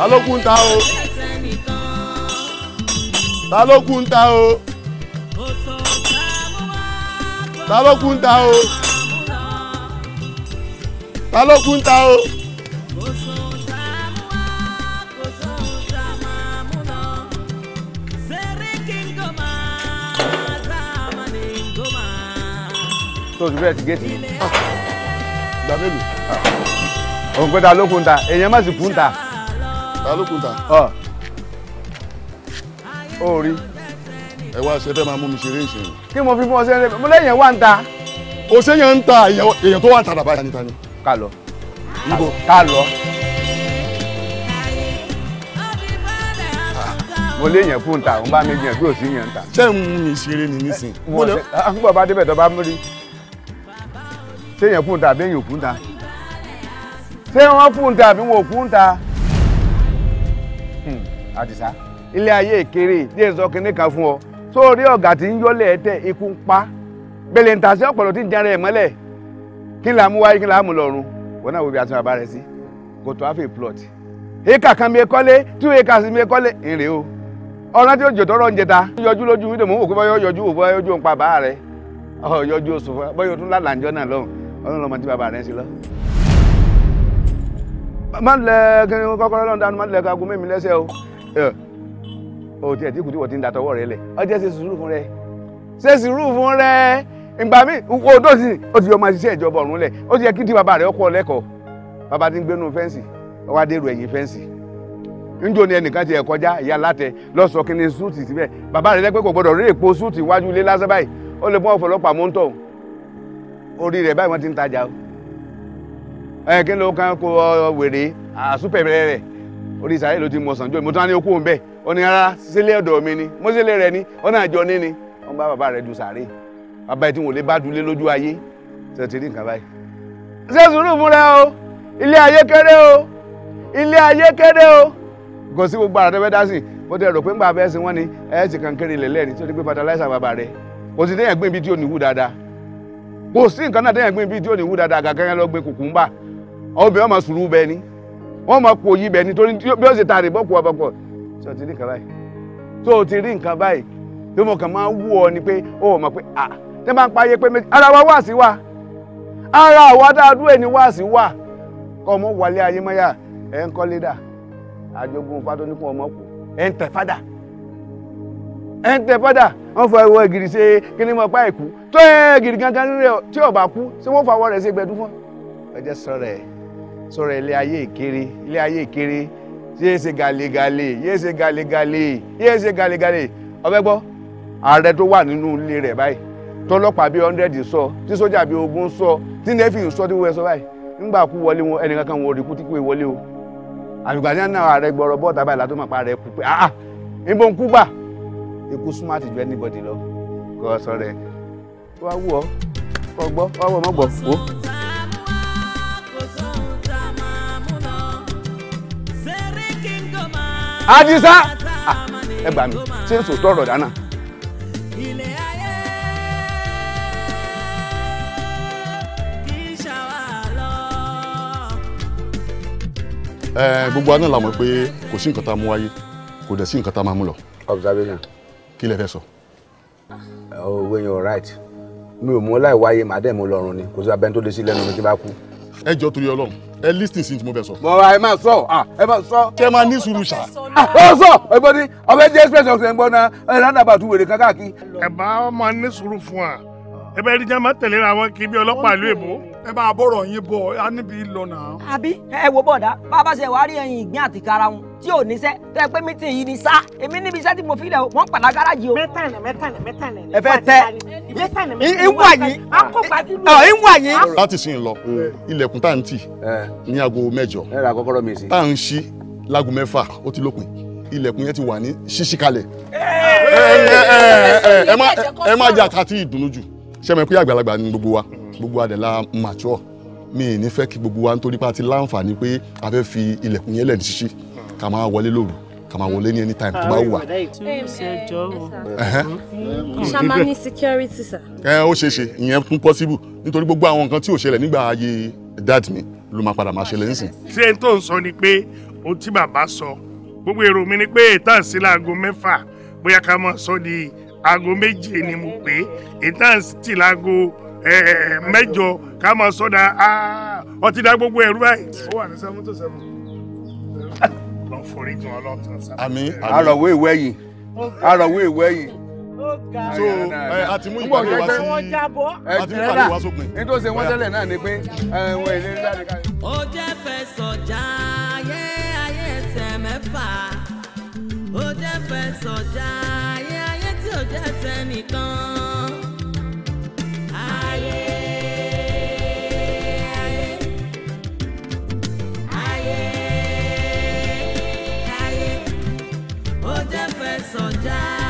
ta ló kún ta o ta ló kún ta o ta ló kún ta o ta ló kún ta o. tó ti bẹ́ẹ̀ ti géètì gbàmílù òǹkọ́ta ló kún ta èèyàn má sì kún ta ta ló kùn ta. ó rí. ẹ wá ṣe fẹ́ máa mú mi ṣeré ìṣẹ̀yìn. kí mo fi fún ọ sẹ́yìn mo lẹ́yìn wá ń ta. kò séyàn ń ta èèyàn tó wà ń ta dàbá yẹn tani. ká lọ. níbo ká lọ. mo léèyàn fún ta òun bá mi gbìyànjú òsì yẹn ń ta. ṣé ń mú mi ṣeré ni nísìn. mo lè. n gbọ́ bá débẹ̀ tó bá mú rí. séyàn fún ta àbẹ́yìn òkúta. ṣé wọ́n fún ta àbí wọn ò fún ta àdìsá ilé ayé ìkéré díẹ̀ sọ kínní kan fún ọ sórí ọ̀gá tí ń yọ́lẹ̀ ẹ tẹ̀ ikú ń pa gbèlè ntàsí ọ̀pọ̀lọ́ tí ń jẹrẹ ẹ̀ mọ́lẹ̀ kí n là mú wáyé kí n là mú lọ́rùn wọn náà wo bí a ti máa bá rẹ sí kò tó a fẹ́ plot éka kan mi kọ́lé two acres mi kọ́lé èrè o ọ̀rọ̀ tí ó jò tọrọ ń jẹta yọjú lójú mi kọ́kọ́rọ́ lọ́dún dáná má lẹ lẹ́sẹ̀ o o tiẹ̀ tí kùtù wọ́n ti ń rẹ ṣe sùúrù fún rẹ ṣe sùúrù fún rẹ ìgbà o tó sì o ti yọ ọmọ ṣiṣẹ́ ìjọba ọ̀run lẹ̀ o ti yẹ kí ti bàbá rẹ ọkọ lẹ́kọ̀ọ́ bàbá ti ń gbénu fẹ́ǹsì ó ti kọjá ìyá látẹ kí ni súùtì bàbá rẹ kò rí èpo súùtì ilé lásán báyìí lè orí báyìí ti orí ìsàlẹ̀ ló ti mọ sàn jọ mo tán ní okú òun bẹ́ẹ̀ ó ní rárá sílé ọ̀dọ̀ mi ni mọ́sílẹ̀ rẹ ni ó náà jọ ní ni wọ́n bá bàbá rẹ̀ du sàárè bàbá yìí tí wọ́n lè bá dulé lójú ayé ṣe ti rí nǹkan báyìí. ṣé sùúrù múra o ilé ayé kéré o ilé ayé kéré o kò sí gbogbo àràtẹ́fẹ́ dá sí mo ti rò pé ńgbà bẹ́ẹ̀ sí wọ́n ni ẹ̀ sì kàn kéré lẹ̀lẹ́ ni tí ó ti gbé fertilizer bàbá rẹ̀ kò sí téèyàn gbé ibi tí ò ní wú dáadáa kò sí nǹkan náà téèyàn gbé ibi tí ò ní wú dáadáa gàgán lọ gbé kùkùmbà obìnrin ọmọ sùúrù bẹ́ẹ̀ ni wọ́n mọ̀ pò yí bẹ̀ nítorí bí ó ṣe ta rèébọ̀ pò ọ̀pọ̀pọ̀ ṣé o ti rí nǹkan báyìí tó o ti rí nǹkan báyìí tó mo kàn máa wú ọ ni pé ó mọ̀ pé à tẹ́ máa ń pa ayé pé ara wa wà sí wa ara àwa dáadúró ẹni wà sí wa kọ́ ọmọ wálé ayé mọ́yà ẹ̀ ń kọ́ lédà àjogún fadó nípò ọmọ kù ẹ̀ ń tẹ̀ fádà ẹ̀ ń tẹ̀ fádà wọ́n fọ ẹwọ́ gidi ṣe kíní mọ́ pa tó ẹ̀ gidi gangan rẹ̀ tí ò kú ṣé wọ́n fọ àwọ̀ rẹ̀ ṣe gbẹdú fún ẹ jẹ́ sọ̀rọ̀ ẹ̀. sọrọ ilé ayé ìkéré ilé ayé ìkéré yéé ṣe yéé ṣe yéé ṣe ààrẹ tó wà nínú ilé rẹ báyìí tọlọ́pàá bíi hundred sọ tí sójà bíi ogun sọ tí nẹ́fì sọ tí wọ́n sọ báyìí nígbà kú wọlé wọn ẹnìkan kankan wọn ò rí kú tí wọlé o ààrẹ gbọrọ báyìí kú pé ah ikú smart ju anybody lọ àdìsá ah, ẹ gbà mí ṣé n sòtọ́ ọ̀rọ̀ dáná. gbogbo aná la mọ̀ pé kò sí nǹkan tá a mú wáyé kò dẹ̀ sí nǹkan tá a máa mú lọ. observation. kí lẹ fẹ́ sọ. owó yẹn all right mi ò mú láì wáyé màá dẹ̀ mú lọ́rùn ni kò sí abẹ́ni tó lè sí lẹ́nu mi tí bá kú. ẹ jọ torí Ọlọ́run ẹ lísìn sí ní tí mo fẹ́ sọ. mo ra ẹ máa sọ ẹ máa sọ. kẹ máa ní sùúrù ṣá. ó sọ ẹgbẹ́ ni ọbẹ̀ jẹ́ express ọ̀sẹ̀ ń gbọ́ náà ẹ rándàbà tún wèrè kákàkí. ẹ bá ọmọ ní sùúrù fún wa ẹ bẹ ẹdíjà máa tẹ̀lé ra wọn kí bí ọlọ́pàá ìlú èbó. ẹ bá a bọ̀rọ̀ yín bọ̀ á níbi lọ àbí ẹ wo bọ̀dá bá a bá ṣe wàá rí ẹyin ìgbín àtìkára wọn tí ò níṣẹ́ tẹ́ pé mítìn yìí ni sá èmi níbi iṣẹ́ tí mo fi lẹ̀ o wọ́n padà gáràjì o. mẹ́tàlẹ̀ mẹ́tàlẹ̀ mẹ́tàlẹ̀ ẹ fẹ́ tẹ́ ìwà yìí ìwà yìí. láti sìn lọ ilẹ̀kùn tá à ń tì ní aago mẹ́jọ tá à ń ṣí láago mẹ́fà ó ti lópin ilẹ̀kùn yẹn ti wà ní ṣíṣí kalẹ̀ ẹ má jà kàtí ìdùnnú jù sẹ́mi pé àgbàlagbà ni gbogbo wa gbogbo wa dẹ̀ la mature mi ì ní fẹ́ kí gbogbo wa nítorí pé a ti láǹfààní pé a fẹ́ fi ilẹ̀kùn yẹn lẹ̀ ní ṣíṣí ká máa wọlé lóru ká máa wọlé ní anytime tó bá ah. wù wá. ṣàmà ní security sir. ẹ eh, ó ṣeé ṣe ìyẹn tún possible nítorí gbogbo àwọn nǹkan tí ò ṣẹlẹ̀ nígbà ayé dad mi ló máa padà máa ṣẹlẹ̀ nísìn. ṣé n tó ń sọ ni pé ohun tí bàbá sọ gbogbo èrò mi ni pé ìtàn sí láago mẹ́fà bóyá ká máa sọ di aago méje ni mo pè ìtàn sí láago eh, eh, mẹ́jọ ká máa sọ da ah, ọtí dá gbogbo ẹ̀rú báyìí. ó wà ní seven to seven lọ́n forí jù wọn lọ́tún sáà. àmì àmì yìí àròwé ìwẹ́ yìí so ẹ a ti mú ìpàdé wá sí a ti mú ìpàdé wá sópin. ní tó ṣe wọ́n tẹ́lẹ̀ náà ni pé ẹ̀wọ̀n ìlérí láti ká. ó jẹ́ fẹsọ̀jà ayé ayé ẹsẹ̀ mẹ́fà ó jẹ́ fẹsọ̀jà ayé ayé tí ò jẹ́ ẹsẹ̀ nìkan. die.